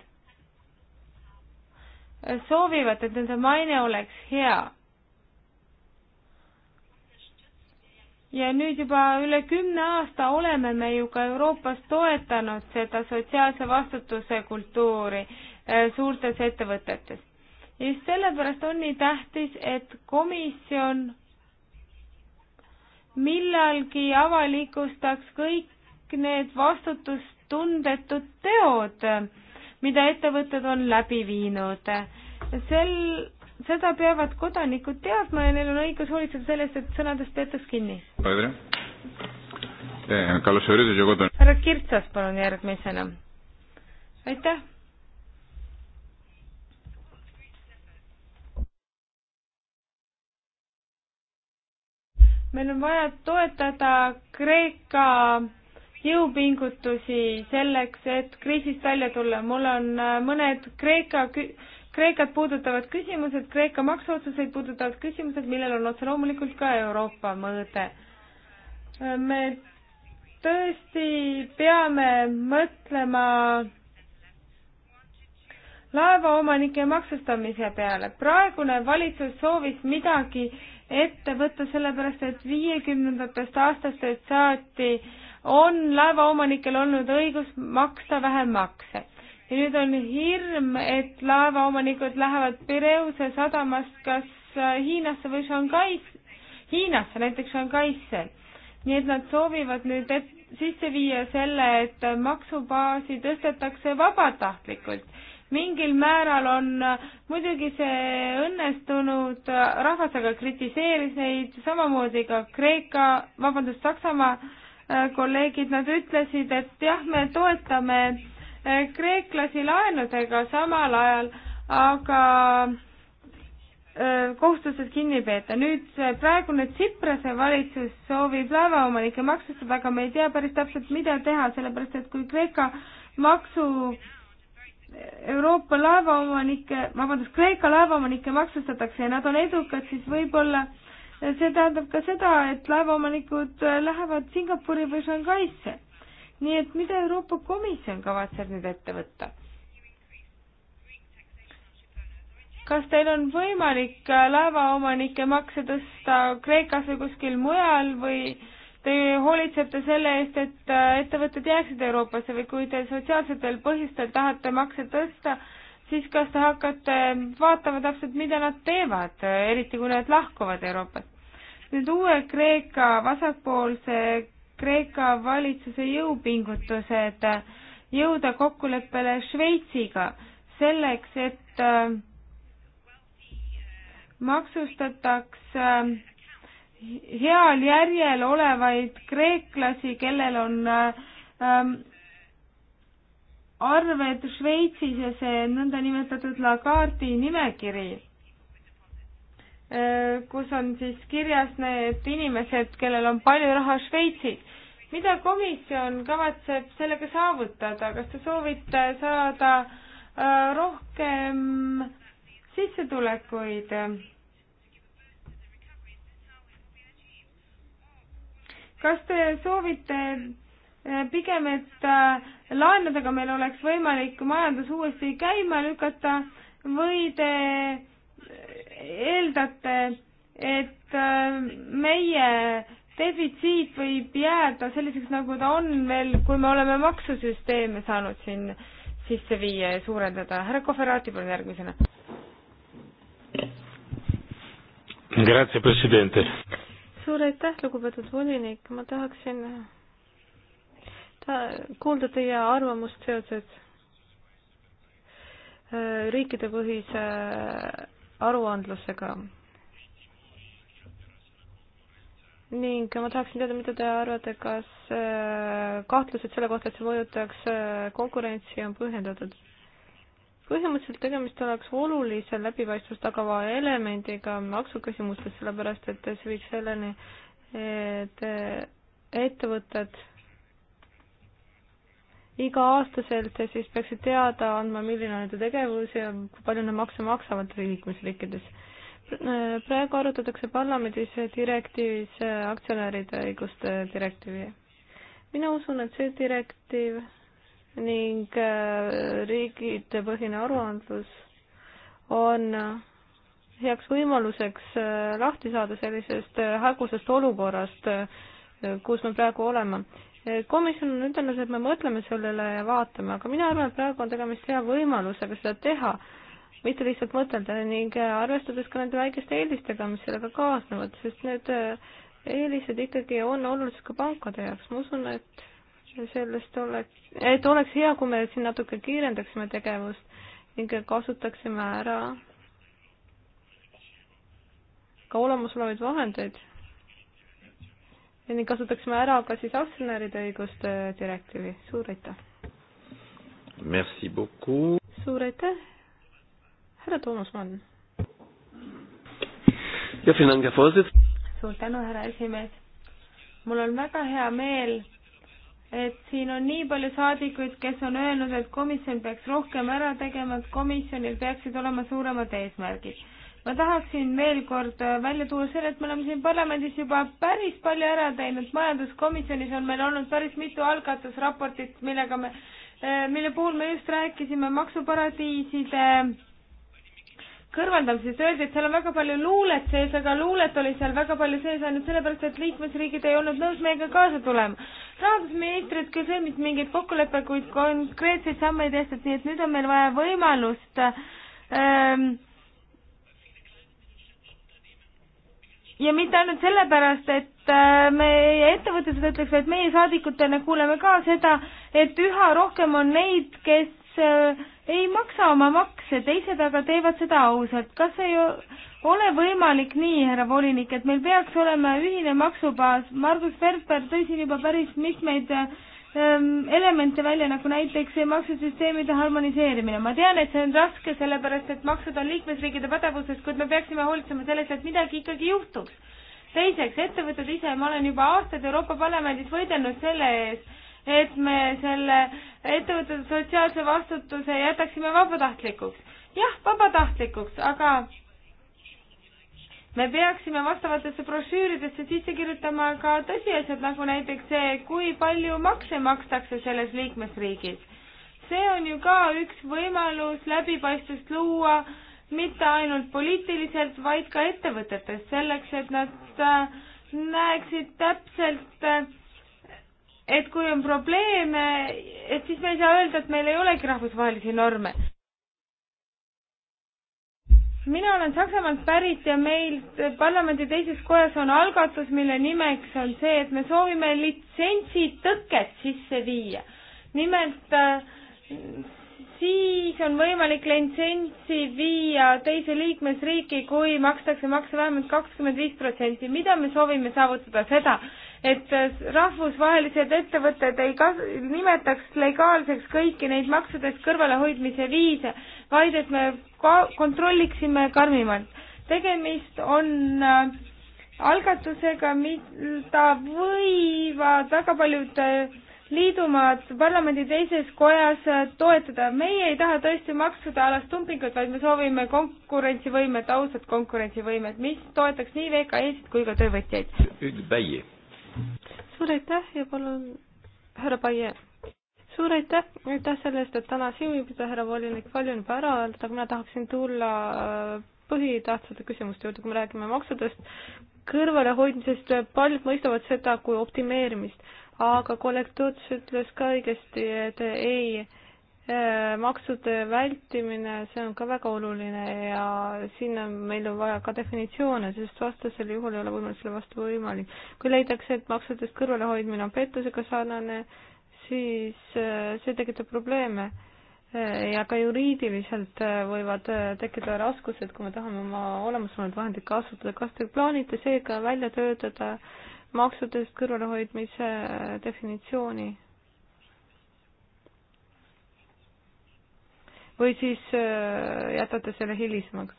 soovivad, et nende maine oleks hea. ja nüüd juba üle kümne aasta oleme me ju ka Euroopas toetanud seda sotsiaalse vastutuse kultuuri äh, suurtes ettevõtetes. just sellepärast on nii tähtis, et komisjon millalgi avalikustaks kõik need vastutustundetud teod, mida ettevõtted on läbi viinud. sel, seda peavad kodanikud teadma ja neil on õigus hoolitseda sellest, et sõnadest peetaks kinni. Eh, härra Kirtsas, palun järgmisena. aitäh meil on vaja toetada Kreeka jõupingutusi selleks, et kriisist välja tulla. mul on äh, mõned Kreeka, Kreekat puudutavad küsimused, Kreeka maksuotsuseid puudutavad küsimused, millel on otse loomulikult ka Euroopa mõõde. Äh, me tõesti peame mõtlema laevaomanike maksustamise peale. praegune valitsus soovis midagi ette võtta, sellepärast et viiekümnendatest aastatest saati on laevaomanikel olnud õigus maksta vähem makse. ja nüüd on hirm, et laevaomanikud lähevad Pireuse sadamast kas Hiinasse või Shanghai'sse, Hiinasse näiteks Shanghai'sse. nii et nad soovivad nüüd et, sisse viia selle, et maksubaasi tõstetakse vabatahtlikult mingil määral on muidugi see õnnestunud, rahvas aga kritiseeris neid, samamoodi ka Kreeka, vabandust, Saksamaa äh, kolleegid, nad ütlesid, et jah, me toetame äh, kreeklasi laenudega samal ajal, aga äh, kohustused kinni peeta. nüüd praegune Tsiprase valitsus soovib laevaomanikke maksustada, aga me ei tea päris täpselt, mida teha, sellepärast et kui Kreeka maksu Euroopa laevaomanike, vabandust, Kreeka laevaomanikke maksustatakse ja nad on edukad, siis võib-olla see tähendab ka seda, et laevaomanikud lähevad Singapuri või Shanghai'sse. nii et mida Euroopa Komisjon kavatseb nüüd ette võtta? kas teil on võimalik laevaomanike makse tõsta Kreekas või kuskil mujal või äh, Te hoolitsete selle eest, et äh, ettevõtted jääksid Euroopasse või kui te sotsiaalsetel põhjustel tahate makse tõsta, siis kas te hakkate vaatama täpselt, mida nad teevad, eriti kui nad lahkuvad Euroopast? nüüd uue Kreeka, vasakpoolse Kreeka valitsuse jõupingutused äh, jõuda kokkuleppele Šveitsiga selleks, et äh, maksustataks äh, heal järjel olevaid kreeklasi, kellel on ähm, arved Šveitsis ja see nõndanimetatud Lagardi nimekiri äh, kus on siis kirjas need inimesed, kellel on palju raha Šveitsis. mida komisjon kavatseb sellega saavutada, kas te soovite saada äh, rohkem sissetulekuid? kas te soovite eh, pigem, et eh, laenudega meil oleks võimalik majandus uuesti käima lükata või te eh, eeldate, et meie defitsiit võib jääda selliseks, nagu ta on veel, kui me oleme maksusüsteeme saanud siin sisse viia ja suurendada. härra Kohverati, palun järgmisena. Grazie, president suur aitäh, lugupeetud volinik, ma tahaksin ta, kuulda teie arvamust seoses äh, riikidepõhise äh, aruandlusega. ning ma tahaksin teada, mida te arvate, kas äh, kahtlused selle kohta, et see mõjutaks konkurentsi, on põhjendatud? põhimõtteliselt tegemist oleks olulise läbipaistvust tagava elemendiga maksuküsimustes, sellepärast et see viiks selleni, et ettevõtted iga-aastaselt siis peaksid teada andma, milline on nende tegevus ja kui palju nad makse maksavad liikmesriikides. praegu arutatakse parlamendis direktiivis aktsionäride õiguste direktiivi. mina usun, et see direktiiv ning äh, riigitepõhine aruandlus on heaks võimaluseks äh, lahti saada sellisest äh, hägusest olukorrast, kus me praegu oleme. komisjon on ütelnud, et me mõtleme sellele ja vaatame, aga mina arvan, et praegu on tegemist hea võimalusega seda teha, mitte lihtsalt mõtelda ning arvestades ka nende väikeste eelistega, mis sellega kaasnevad, sest need eelised ikkagi on olulised ka pankade jaoks, ma usun, et sellest oleks, et oleks hea, kui me siin natuke kiirendaksime tegevust ning kasutaksime ära ka olemasolevaid vahendeid ja nii kasutaksime ära ka siis aktsionäride õiguste direktiivi. suur aitäh! Merci beaucoup! suur aitäh! härra Toomas Mann! suur tänu, härra esimees! mul on väga hea meel et siin on nii palju saadikuid, kes on öelnud, et komisjon peaks rohkem ära tegema, et komisjonil peaksid olema suuremad eesmärgid. ma tahaksin veel kord välja tuua selle, et me oleme siin parlamendis juba päris palju ära teinud, majanduskomisjonis on meil olnud päris mitu algatusraportit, millega me, eh, mille puhul me just rääkisime maksuparadiiside äh, kõrvaldav, siis öeldi, et seal on väga palju luulet sees, aga luulet oli seal väga palju sees ainult sellepärast, et liikmesriigid ei olnud nõus meiega kaasa tulema. rahandusministrid küll sõlmisid mingeid kokkuleppe, kuid konkreetseid samme ei tehtud, nii et nüüd on meil vaja võimalust ähm, ja mitte ainult sellepärast, et äh, meie ettevõtted seda ütleks, vaid meie saadikutena kuuleme ka seda, et üha rohkem on neid, kes Äh, ei maksa oma makse, teised aga teevad seda ausalt. kas ei ole võimalik nii, härra volinik, et meil peaks olema ühine maksubaas? Margus Ferber tõi siin juba päris mitmeid äh, ähm, elemente välja, nagu näiteks maksusüsteemide harmoniseerimine. ma tean, et see on raske, sellepärast et maksud on liikmesriikide pädevuses, kuid me peaksime hoolitsema sellest, et midagi ikkagi juhtuks. teiseks, ettevõtted ise, ma olen juba aastaid Euroopa Parlamendis võidelnud selle eest et me selle ettevõtete sotsiaalse vastutuse jätaksime vabatahtlikuks. jah, vabatahtlikuks, aga me peaksime vastavatesse brošüüridesse sisse kirjutama ka tõsiasjad, nagu näiteks see, kui palju makse makstakse selles liikmesriigis. see on ju ka üks võimalus läbipaistvust luua, mitte ainult poliitiliselt, vaid ka ettevõtetes, selleks et nad äh, näeksid täpselt äh, et kui on probleeme, et siis me ei saa öelda, et meil ei olegi rahvusvahelisi norme. mina olen Saksamaalt pärit ja meil parlamendi teises kojas on algatus, mille nimeks on see, et me soovime litsentsitõket sisse viia. nimelt äh, siis on võimalik litsentsi viia teise liikmesriiki, kui makstakse makse vähemalt kakskümmend viis protsenti. mida me soovime saavutada? seda, et rahvusvahelised ettevõtted ei kas-, nimetaks legaalseks kõiki neid maksudest kõrvalehoidmise viise, vaid et me ka-, kontrolliksime karmimalt. tegemist on äh, algatusega, mida võivad väga paljud äh, liidumaad parlamendi teises kojas äh, toetada. meie ei taha tõesti maksude alast dumpingut, vaid me soovime konkurentsivõimet, ausat konkurentsivõimet, mis toetaks nii VKE-sid kui ka töövõtjaid suur aitäh ja palun, härra Paie. suur aitäh, aitäh selle eest, et täna siin viibida, härra volinik, palju on juba ära öeldud, aga mina tahaksin tulla äh, põhitähtsate küsimuste juurde, kui me räägime maksudest, kõrvalehoidmisest, äh, paljud mõistavad seda kui optimeerimist, aga kollektor ütles ka õigesti, et ei, Äh, maksude vältimine, see on ka väga oluline ja sinna meil on vaja ka definitsioone, sest vastasel juhul ei ole võimalik selle vastu võimalik. kui leitakse, et maksudest kõrvalehoidmine on pettusega sarnane, siis äh, see tekitab probleeme äh, ja ka juriidiliselt võivad tekkida raskused, kui me tahame oma olemasolevaid vahendeid kasutada. kas te plaanite seega välja töötada maksudest kõrvalehoidmise definitsiooni? või siis äh, jätate selle hilisemaks.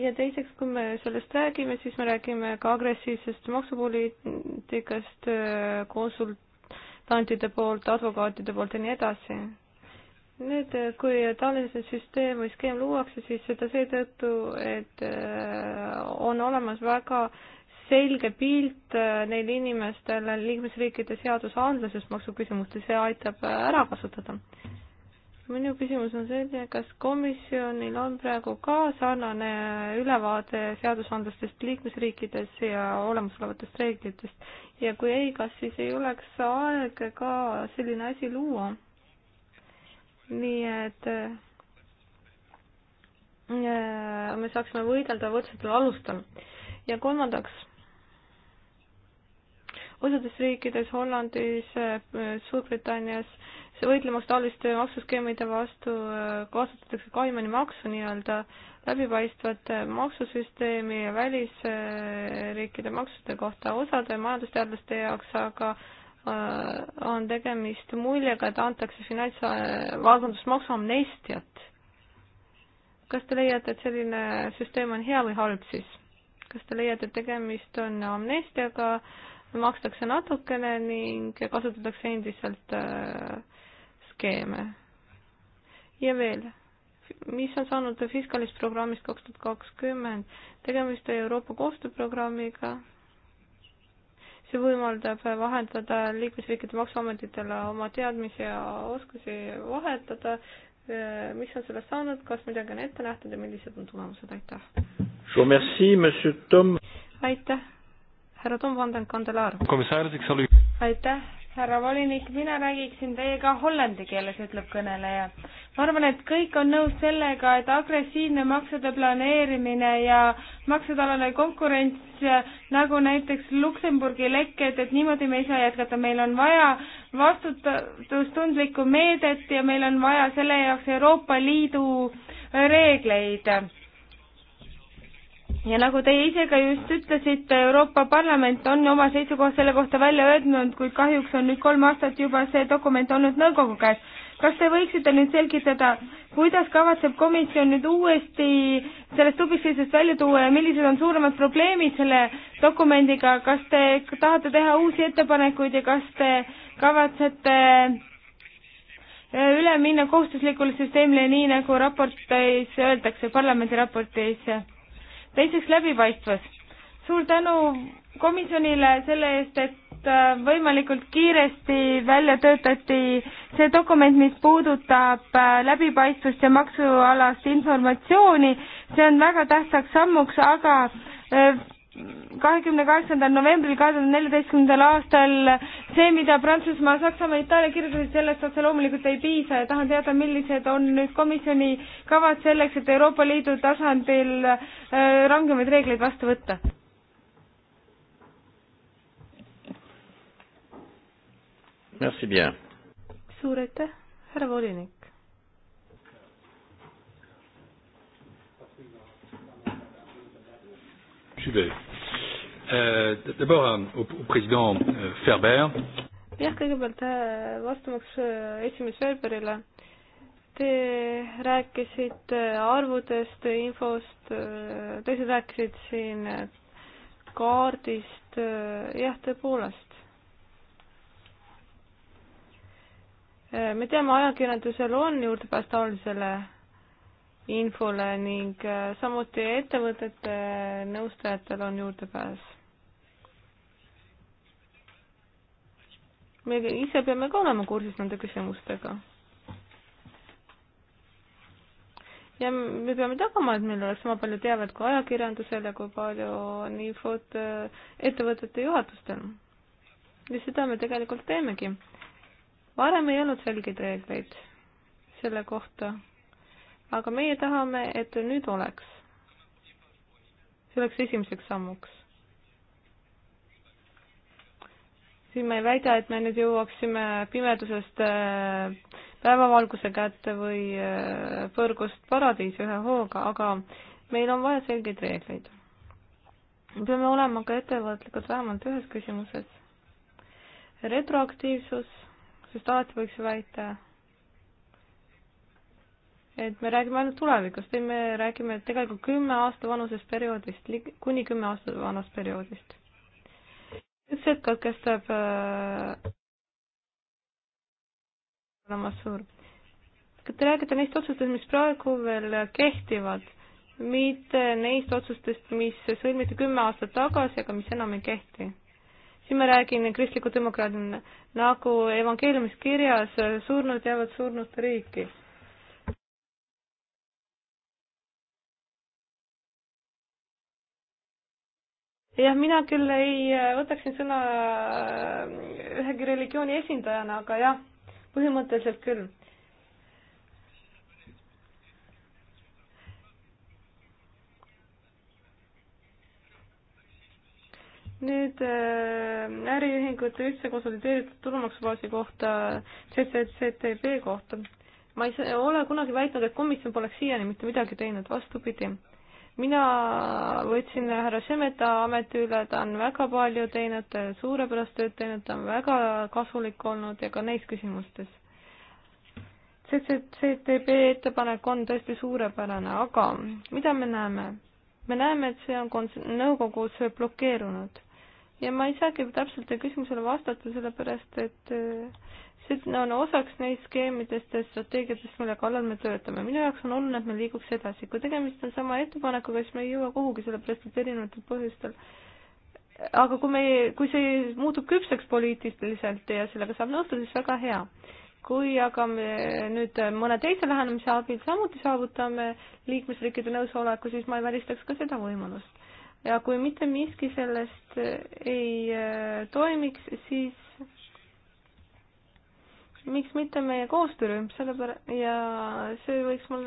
ja teiseks, kui me sellest räägime, siis me räägime ka agressiivsest maksupoliitikast, äh, konsultantide poolt, advokaatide poolt ja nii edasi. nüüd, äh, kui taolise süsteem või skeem luuakse, siis seda seetõttu, et on olemas väga selge pilt neil inimestel liikmesriikide seadusandlusest maksuküsimustes ja aitab ära kasutada minu küsimus on selline, kas komisjonil on praegu ka sarnane ülevaade seadusandlustest liikmesriikides ja olemasolevatest reeglitest ja kui ei, kas siis ei oleks aeg ka selline asi luua? nii et äh, me saaksime võidelda võrdsetel alustel. ja kolmandaks, osades riikides, Hollandis, äh, Suurbritannias äh, see võitlemaks taoliste maksuskeemide vastu äh, kasutatakse Kaimani maksu nii-öelda läbipaistvat äh, maksusüsteemi välisriikide maksude kohta osade majandusteadlaste jaoks, aga äh, on tegemist muljega, et antakse finants, vabandust, maksuamnestiat. kas te leiate, et selline süsteem on hea või halb siis? kas te leiate, et tegemist on amnestiaga, makstakse natukene ning kasutatakse endiselt äh, skeeme. ja veel, mis on saanud Fiskalis programmist kaks tuhat kakskümmend, tegemist Euroopa koostööprogrammiga, see võimaldab vahendada liikmesriikide maksuametitele oma teadmisi ja oskusi vahetada, mis on sellest saanud, kas midagi on ette nähtud ja millised on tulemused, aitäh! aitäh, härra Tom van den Kandelaar! aitäh! härra volinik, mina räägiksin teiega hollandi keeles, ütleb kõneleja. ma arvan, et kõik on nõus sellega, et agressiivne maksude planeerimine ja maksudealane konkurents nagu näiteks Luksemburgi lekked, et niimoodi me ei saa jätkata, meil on vaja vastutustundlikku meedet ja meil on vaja selle jaoks Euroopa Liidu reegleid ja nagu teie ise ka just ütlesite, Euroopa Parlament on oma seisukoha selle kohta välja öelnud, kuid kahjuks on nüüd kolm aastat juba see dokument olnud nõukogu käes. kas te võiksite nüüd selgitada, kuidas kavatseb komisjon nüüd uuesti sellest tubikseisust välja tuua ja millised on suuremad probleemid selle dokumendiga, kas te tahate teha uusi ettepanekuid ja kas te kavatsete eh, üle minna kohustuslikule süsteemile, nii nagu raportis öeldakse, parlamendi raportis? teiseks läbipaistvus. suur tänu komisjonile selle eest, et äh, võimalikult kiiresti välja töötati see dokument, mis puudutab äh, läbipaistvust ja maksualast informatsiooni. see on väga tähtsaks sammuks, aga äh, kahekümne kaheksandal novembril kahe tuhande neljateistkümnendal aastal see, mida Prantsusmaa, Saksamaa, Itaalia kirjutasid, sellest otse loomulikult ei piisa ja tahan teada, millised on nüüd komisjoni kavad selleks, et Euroopa Liidu tasandil äh, rangemaid reegleid vastu võtta? suur aitäh, härra volinik. j'y vais. Euh, d'abord euh, au président euh, Ferber. jah, kõigepealt äh, vastamaks äh, esimest veebruarile. Te rääkisite äh, arvudest, infost, teised rääkisid siin kaardist, jah, tõepoolest. me teame, ajakirjandusel on juurdepääs taolisele infole ning äh, samuti ettevõtete nõustajatel on juurdepääs. me ise peame ka olema kursis nende küsimustega. ja me peame tagama, et meil oleks sama palju teavet kui ajakirjandusel ja kui palju on infot äh, ettevõtete juhatustel. ja seda me tegelikult teemegi. varem ei olnud selgeid reegleid selle kohta aga meie tahame, et nüüd oleks. see oleks esimeseks sammuks. siin ma ei väida, et me nüüd jõuaksime pimedusest äh, päevavalguse kätte või äh, põrgust paradiisi ühe hooga, aga meil on vaja selgeid reegleid. me peame olema ka ettevaatlikud vähemalt ühes küsimuses. retroaktiivsus, sest alati võiks ju väita, et me räägime ainult tulevikust või me räägime tegelikult kümme aasta vanusest perioodist, kuni kümme aasta vanast perioodist. üks hetk katkestab äh, Lamassuur. kas te räägite neist otsustest, mis praegu veel kehtivad, mitte neist otsustest, mis sõlmiti kümme aastat tagasi, aga mis enam ei kehti? siis ma räägin kristliku demokraadina, nagu evangeeliumis kirjas, surnud jäävad surnute riiki jah, mina küll ei äh, võtaks siin sõna äh, ühegi religiooni esindajana, aga jah, põhimõtteliselt küll. nüüd äh, äriühingute ühtse konsolideeritud tulumaksubaasi kohta, CCCTB kohta. ma ei ole kunagi väitnud, et komisjon poleks siiani mitte midagi teinud, vastupidi mina võtsin härra Šemeta ameti üle, ta on väga palju teinud, suurepärast tööd teinud, ta on väga kasulik olnud ja ka neis küsimustes. CCCTB ettepanek on tõesti suurepärane, aga mida me näeme? me näeme, et see on kons-, nõukogus blokeerunud ja ma ei saagi täpselt teie küsimusele vastata, sellepärast et äh, see on osaks neist skeemidest ja strateegiatest, mille kallal me töötame. minu jaoks on oluline, et me liiguks edasi. kui tegemist on sama ettepanekuga, siis me ei jõua kuhugi, sellepärast et erinevatel põhjustel. aga kui me, kui see muutub küpseks poliitiliselt ja sellega saab nõustuda, siis väga hea. kui aga me nüüd mõne teise lähenemise abil samuti saavutame liikmesriikide nõusoleku, siis ma ei välistaks ka seda võimalust ja kui mitte miski sellest eh, ei eh, toimiks, siis miks mitte meie koostöörühm, sellepärast ja see võiks mul,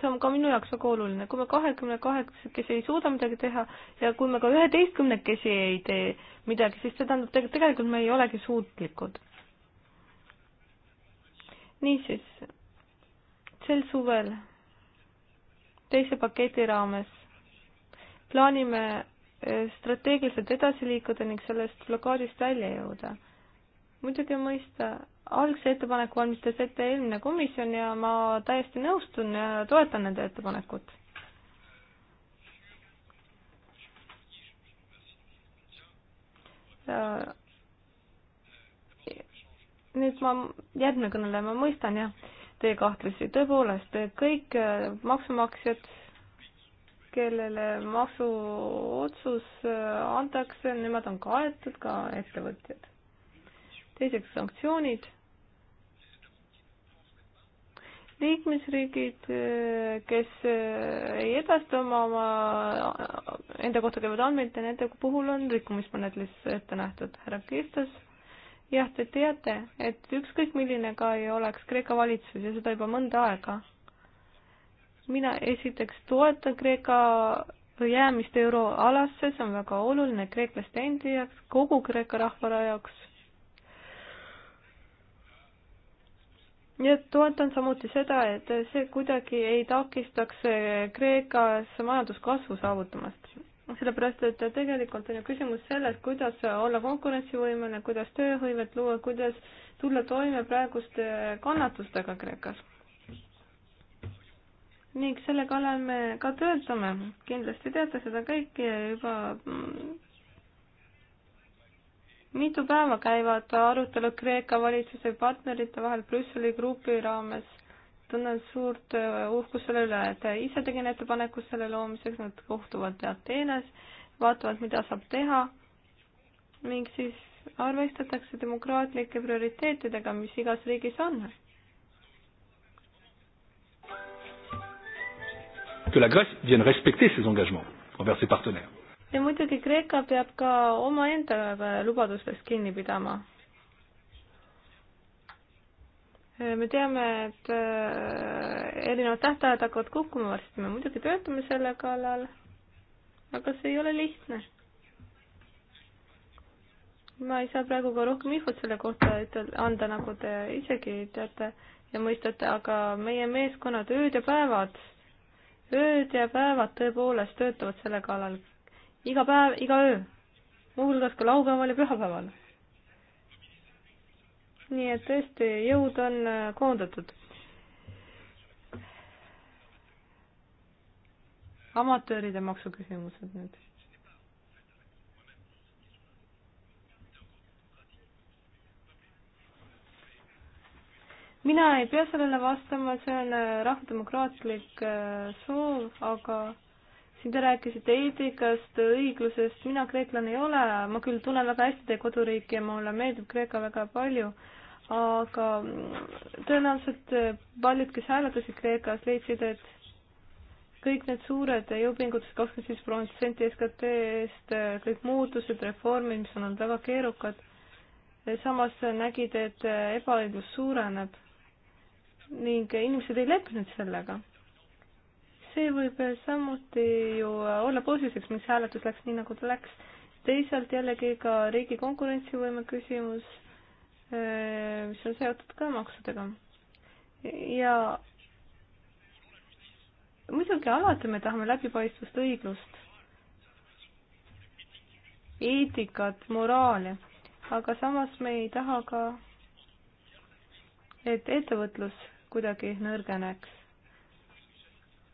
see on ka minu jaoks väga oluline, kui me kahekümne kaheksakesi ei suuda midagi teha ja kui me ka üheteistkümnekesi ei tee midagi, siis see tähendab teg-, tegelikult me ei olegi suutlikud. niisiis, sel suvel teise paketi raames plaanime eh, strateegiliselt edasi liikuda ning sellest blokaadist välja jõuda. muidugi mõista, algse ettepaneku valmistas ette eelmine komisjon ja ma täiesti nõustun ja toetan nende ettepanekut. nüüd ma, järgmine kõneleja, ma mõistan jah, teie kahtlusi, tõepoolest kõik eh, maksumaksjad kellele maksuotsus äh, antakse, nemad on kaetud, ka ettevõtjad. teiseks sanktsioonid. liikmesriigid, äh, kes äh, ei edasta oma, oma enda kohta käivad andmeid, nende puhul on rikkumispaned lihtsalt ette nähtud. härra Kristus, jah, te teate, et ükskõik milline ka ei oleks Kreeka valitsus ja seda juba mõnda aega mina esiteks toetan Kreeka jäämist euroalasse, see on väga oluline kreeklaste endi jaoks, kogu Kreeka rahva jaoks. ja toetan samuti seda, et see kuidagi ei takistaks Kreekas majanduskasvu saavutamast. sellepärast, et tegelikult on ju küsimus selles, kuidas olla konkurentsivõimeline, kuidas tööhõivet luua, kuidas tulla toime praeguste kannatustega Kreekas ning selle kallal me ka töötame, kindlasti teate seda kõike juba mm, mitu päeva käivad arutelud Kreeka valitsuse partnerite vahel Brüsseli grupi raames. tunnen suurt äh, uhkust selle üle, et ise tegin ettepaneku selle loomiseks, nad kohtuvad Ateenas, vaatavad, mida saab teha ning siis arvestatakse demokraatlike prioriteetidega, mis igas riigis on que la Grèce vienne respecter ses engagements envers ses partenaires. ja muidugi Kreeka peab ka omaenda äh, lubadustest kinni pidama. Äh, me teame, et äh, erinevad tähtajad hakkavad kukkuma varsti, me muidugi töötame selle kallal, aga see ei ole lihtne. ma ei saa praegu ka rohkem infot selle kohta ütel-, anda, nagu te isegi teate ja mõistate, aga meie meeskonna ööd ja päevad ööd ja päevad tõepoolest töötavad selle kallal. iga päev, iga öö. muuhulgas ka laupäeval ja pühapäeval. nii et tõesti, jõud on äh, koondatud. amatööride maksuküsimused nüüd mina ei pea sellele vastama, see on äh, rahvademokraatlik äh, soov, aga siin te rääkisite eetikast, õiglusest, mina kreeklane ei ole, ma küll tunnen väga hästi teie koduriiki ja mulle meeldib Kreeka väga palju, aga mm, tõenäoliselt äh, paljud, kes hääletasid Kreekas, leidsid, et kõik need suured jõupingutused, kakskümmend seitse protsenti SKT-st, kõik muutused, reformid, mis on olnud väga keerukad, samas nägid, et ebaõiglus suureneb ning inimesed ei leppinud sellega. see võib samuti ju olla põhjuseks, miks hääletus läks nii, nagu ta läks. teisalt jällegi ka riigi konkurentsivõime küsimus, eh, mis on seotud ka maksudega. ja muidugi alati me tahame läbipaistvust, õiglust, eetikat, moraali, aga samas me ei taha ka, et ettevõtlus kuidagi nõrgeneks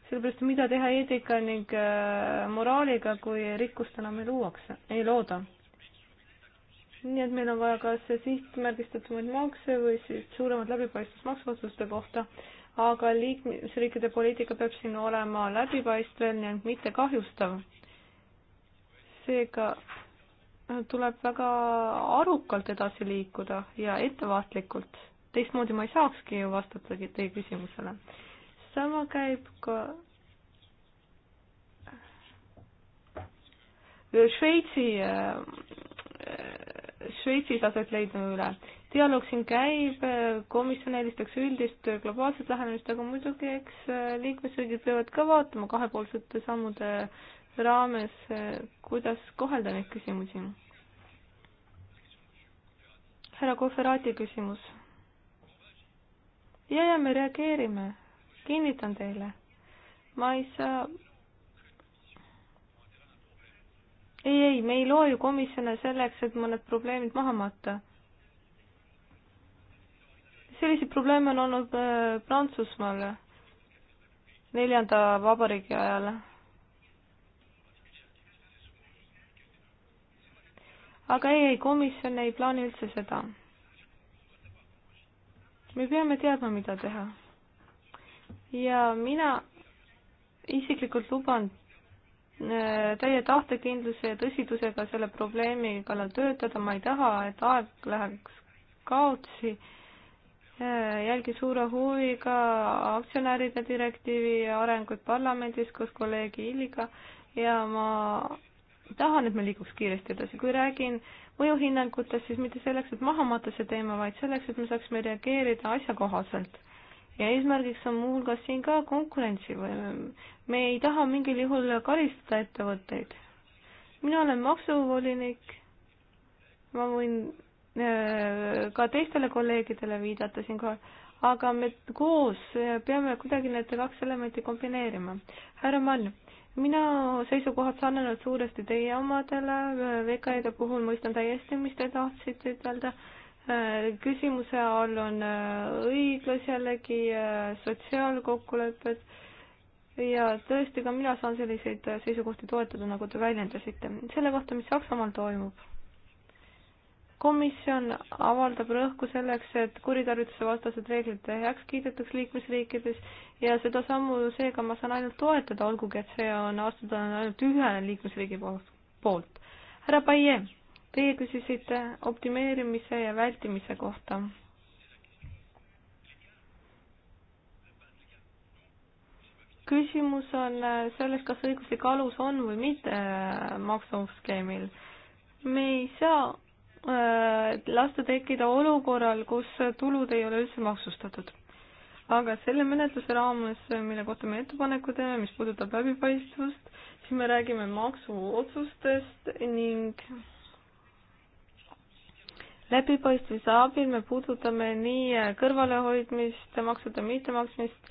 sellepärast, mida teha eetika ning äh, moraaliga, kui rikkust enam ei luuakse, ei looda. nii et meil on vaja kas sihtmärgistatumaid makse või siis suuremat läbipaistvust maksuotsuste kohta, aga liikmesriikide poliitika peab siin olema läbipaistev ning mitte kahjustav. seega tuleb väga arukalt edasi liikuda ja ettevaatlikult teistmoodi ma ei saakski ju vastata teie küsimusele. sama käib ka Šveitsi, äh, Šveitsis aset leidnud üle. dialoog siin käib, komisjon eelistaks üldist globaalset lähenemist, aga muidugi eks liikmesriigid peavad ka vaatama kahepoolsete sammude raames, kuidas kohelda neid küsimusi. härra Koferaati küsimus ja, ja me reageerime, kinnitan teile. ma ei saa. ei, ei, me ei loo ju komisjone selleks, et mõned probleemid maha matta. selliseid probleeme on olnud äh, Prantsusmaal neljanda vabariigi ajal aga ei, ei komisjon ei plaani üldse seda me peame teadma, mida teha. ja mina isiklikult luban äh, täie tahtekindluse ja tõsidusega selle probleemi kallal töötada, ma ei taha, et aeg läheks kaotsi. Äh, jälgin suure huviga aktsionäride direktiivi arenguid parlamendis koos kolleeg Illiga ja ma tahan, et me liiguks kiiresti edasi, kui räägin mõjuhinnangutes, siis mitte selleks, et maha matta see teema, vaid selleks, et me saaksime reageerida asjakohaselt. ja eesmärgiks on muuhulgas siin ka konkurentsivõime. me ei taha mingil juhul karistada ettevõtteid. mina olen maksuvolinik, ma võin äh, ka teistele kolleegidele viidata siinkohal, aga me koos äh, peame kuidagi need kaks elementi kombineerima. härra Mann mina seisukohad sarnanevad suuresti teie omadele, VKE-de puhul mõistan täiesti, mis te tahtsite ütelda. küsimuse all on äh, õiglus jällegi, äh, sotsiaalkokkulepped ja tõesti ka mina saan selliseid äh, seisukohti toetada, nagu te väljendasite. selle kohta, mis Saksamaal toimub komisjon avaldab rõhku selleks, et kuritarvituse vastased reeglid heaks kiidetaks liikmesriikides ja seda sammu seega ma saan ainult toetada, olgugi et see on astuda ainult ühe liikmesriigi poolt. härra Paie, teie küsisite optimeerimise ja vältimise kohta. küsimus on selles, kas õiguslik alus on või mitte äh, maksuskeemil. me ei saa Äh, lasta tekkida olukorral, kus tulud ei ole üldse maksustatud. aga selle menetluse raames, mille kohta me ettepaneku teeme, mis puudutab läbipaistvust, siis me räägime maksuotsustest ning läbipaistvuse abil me puudutame nii kõrvalehoidmist, maksude mittemaksmist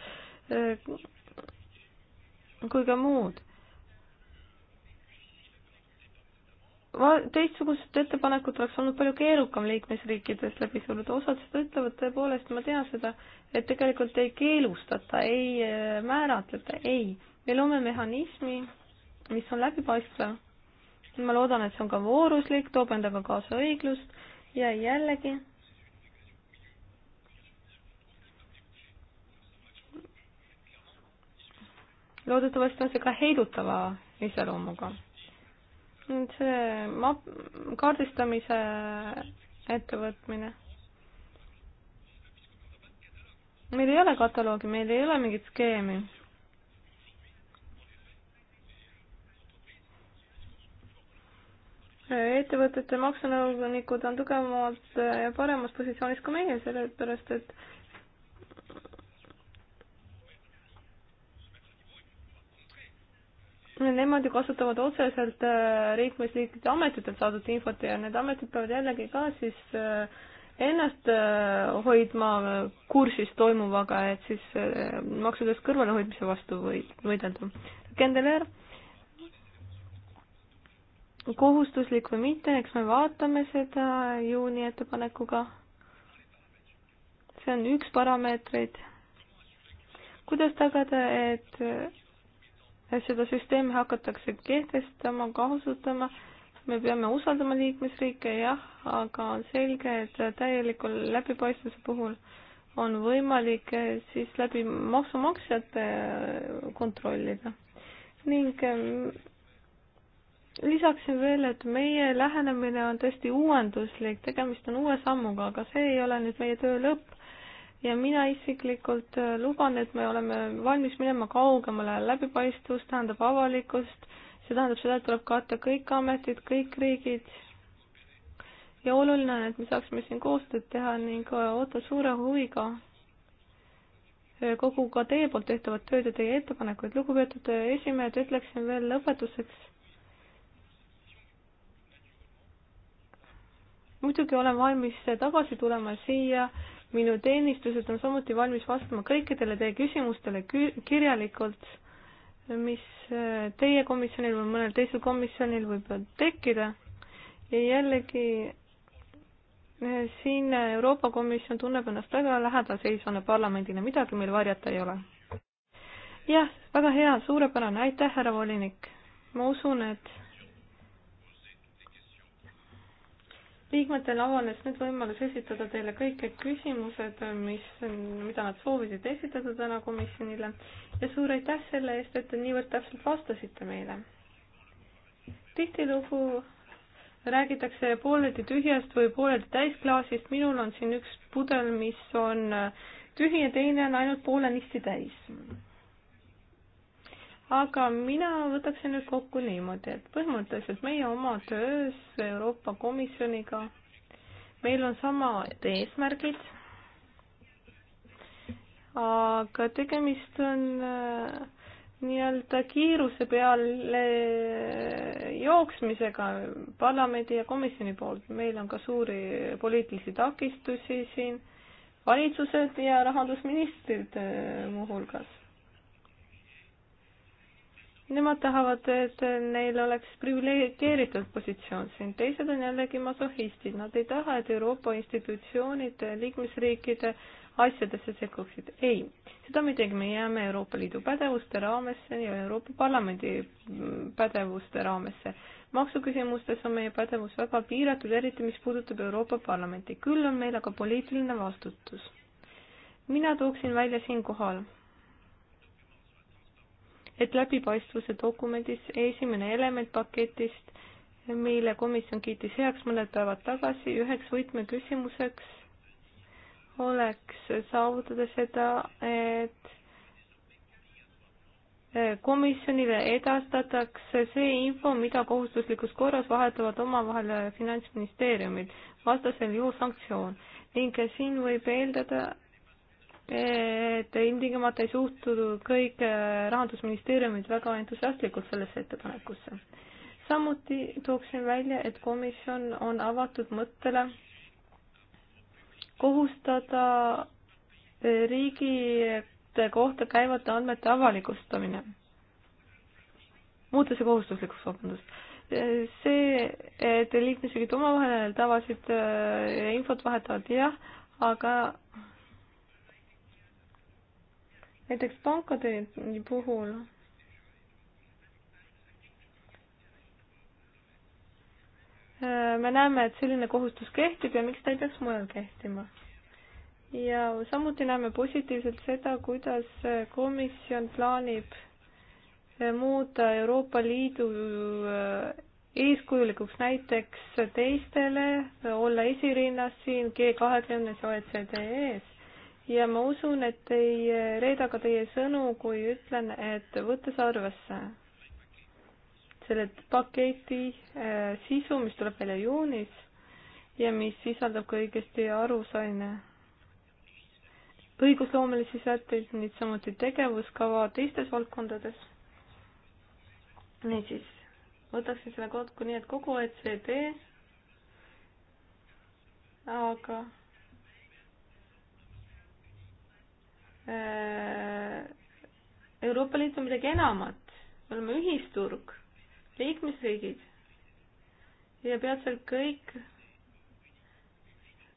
äh, kui ka muud teistsugust ettepanekut oleks olnud palju keerukam liikmesriikides läbi suruda, osad seda ütlevad tõepoolest, ma tean seda, et tegelikult ei keelustata, ei äh, määratleta, ei. me loome mehhanismi, mis on läbipaistev. ma loodan, et see on ka vooruslik, toob endaga kaasa õiglust ja jällegi loodetavasti on see ka heidutava iseloomuga see map-, kaardistamise ettevõtmine. meil ei ole kataloogi, meil ei ole mingit skeemi. ettevõtete maksunõunikud on tugevamalt ja paremas positsioonis kui meie, sellepärast et Nemad ju kasutavad otseselt äh, liikmesriikide ametitelt saadud infot ja need ametid peavad jällegi ka siis äh, ennast äh, hoidma kursis toimuvaga, et siis maksudest kõrvalehoidmise vastu võidelda. Kendeler, kohustuslik või mitte, eks me vaatame seda juuni ettepanekuga. see on üks parameetreid. kuidas tagada, et seda süsteemi hakatakse kehtestama, kasutama, me peame usaldama liikmesriike, jah, aga on selge, et täieliku läbipaistvuse puhul on võimalik eh, siis läbi maksumaksjate eh, kontrollida. ning eh, lisaksin veel, et meie lähenemine on tõesti uuenduslik, tegemist on uue sammuga, aga see ei ole nüüd meie töö lõpp ja mina isiklikult äh, luban, et me oleme valmis minema kaugemale, läbipaistvus tähendab avalikkust, see tähendab seda, et tuleb katta kõik ametid, kõik riigid ja oluline on, et me saaksime siin koostööd teha ning äh, ootan suure huviga äh, kogu ka teie poolt tehtavat tööd ja teie ettepanekuid. lugupeetud esimehed, ütleksin veel lõpetuseks. muidugi olen valmis tagasi tulema siia minu teenistused on samuti valmis vastama kõikidele teie küsimustele kirjalikult, mis äh, teie komisjonil või mõnel teisel komisjonil võib tekkida. ja jällegi äh, siin Euroopa Komisjon tunneb ennast väga lähedaseisvana parlamendina, midagi meil varjata ei ole. jah, väga hea, suurepärane, aitäh, härra volinik. ma usun, et liikmetel avanes nüüd võimalus esitada teile kõik küsimused, mis, mida nad soovisid esitada täna komisjonile ja suur aitäh selle eest, et te niivõrd täpselt vastasite meile. tihtilugu räägitakse pooleldi tühjast või pooleldi täisklaasist, minul on siin üks pudel, mis on tühi ja teine on ainult poolenisti täis aga mina võtaksin nüüd kokku niimoodi, et põhimõtteliselt meie oma töös Euroopa Komisjoniga, meil on samad eesmärgid, aga tegemist on äh, nii-öelda kiiruse peale jooksmisega parlamendi ja komisjoni poolt. meil on ka suuri poliitilisi takistusi siin, valitsused ja rahandusministrid äh, muuhulgas nemad tahavad, et neil oleks priviligeeritud positsioon siin, teised on jällegi masohhistid, nad ei taha, et Euroopa institutsioonid liikmesriikide asjadesse sekkuksid, ei. seda me tegime, jääme Euroopa Liidu pädevuste raamesse ja Euroopa Parlamendi mm, pädevuste raamesse. maksuküsimustes on meie pädevus väga piiratud, eriti mis puudutab Euroopa Parlamenti, küll on meil aga poliitiline vastutus. mina tooksin välja siinkohal et läbipaistvuse dokumendis esimene element paketist, mille komisjon kiitis heaks mõned päevad tagasi, üheks võtmeküsimuseks oleks saavutada seda, et komisjonile edastatakse see info, mida kohustuslikus korras vahetavad omavahel finantsministeeriumid, vastasel juhul sanktsioon ning siin võib eeldada, et ilmtingimata ei suhtunud kõik äh, rahandusministeeriumid väga entusiastlikult sellesse ettepanekusse. samuti tooksin välja, et komisjon on avatud mõttele kohustada äh, riigite kohta käivate andmete avalikustamine, muuta see kohustuslikuks, vabandust äh, see, et liikmesriigid omavahel tavasid infot vahetavad, jah, aga näiteks pankade puhul äh, me näeme, et selline kohustus kehtib ja miks ta ei peaks mujal kehtima. ja samuti näeme positiivselt seda, kuidas komisjon plaanib äh, muuta Euroopa Liidu äh, eeskujulikuks näiteks teistele, olla esirinnas siin G kahekümnes OECD ees ja ma usun, et ei reeda ka teie sõnu, kui ütlen, et võttes arvesse selle paketi eh, sisu, mis tuleb välja juunis ja mis sisaldab ka õigesti arusaine õigusloomelisi sätteid, nüüd samuti tegevuskava teistes valdkondades. niisiis, võtaksin selle kokku nii, et kogu ECD, aga Äh, Euroopa Liit on midagi enamat, me oleme ühisturg, liikmesriigid ja peatselt kõik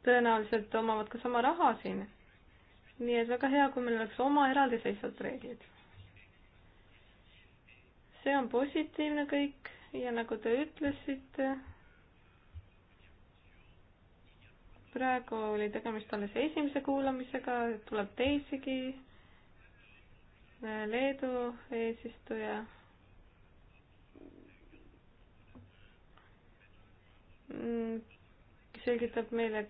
tõenäoliselt omavad ka sama raha siin. nii et väga hea, kui meil oleks oma eraldiseisvad reeglid. see on positiivne kõik ja nagu te ütlesite praegu oli tegemist alles esimese kuulamisega, tuleb teisigi. Leedu eesistuja. Mm, selgitab meile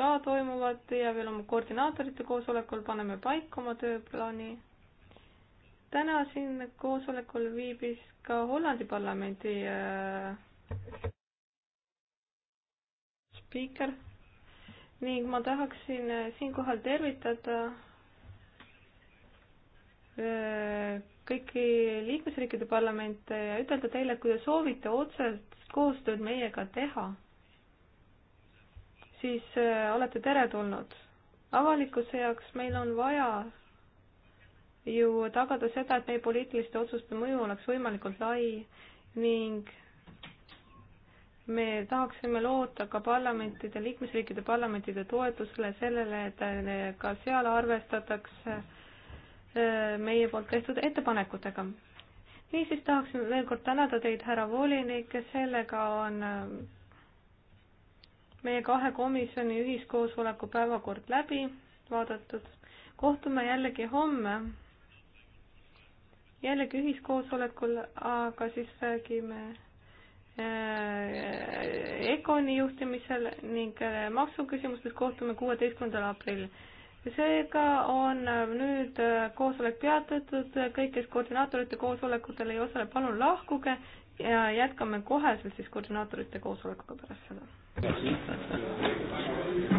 ka toimuvat ja veel oma koordinaatorite koosolekul paneme paika oma tööplaani. täna siin koosolekul viibis ka Hollandi parlamendi äh, spiiker ning ma tahaksin äh, siinkohal tervitada äh, kõiki liikmesriikide parlamente ja ütelda teile, et kui te soovite otsest koostööd meiega teha, siis äh, olete teretulnud. avalikkuse jaoks meil on vaja ju tagada seda, et meie poliitiliste otsuste mõju oleks võimalikult lai ning me tahaksime loota ka parlamentide, liikmesriikide parlamentide toetusele sellele, et ka seal arvestatakse äh, meie poolt tehtud ettepanekutega. niisiis tahaksime veel kord tänada teid, härra volinik, sellega on äh, meie kahe komisjoni ühiskoosoleku päevakord läbi vaadatud. kohtume jällegi homme, jällegi ühiskoosolekul, aga siis räägime Äh, EKONi juhtimisel ning äh, maksuküsimustes kohtume kuueteistkümnendal aprillil. seega on äh, nüüd koosolek peatatud, kõik, kes koordinaatorite koosolekutel ei osale, palun lahkuge ja jätkame koheselt siis koordinaatorite koosolekuga pärast seda.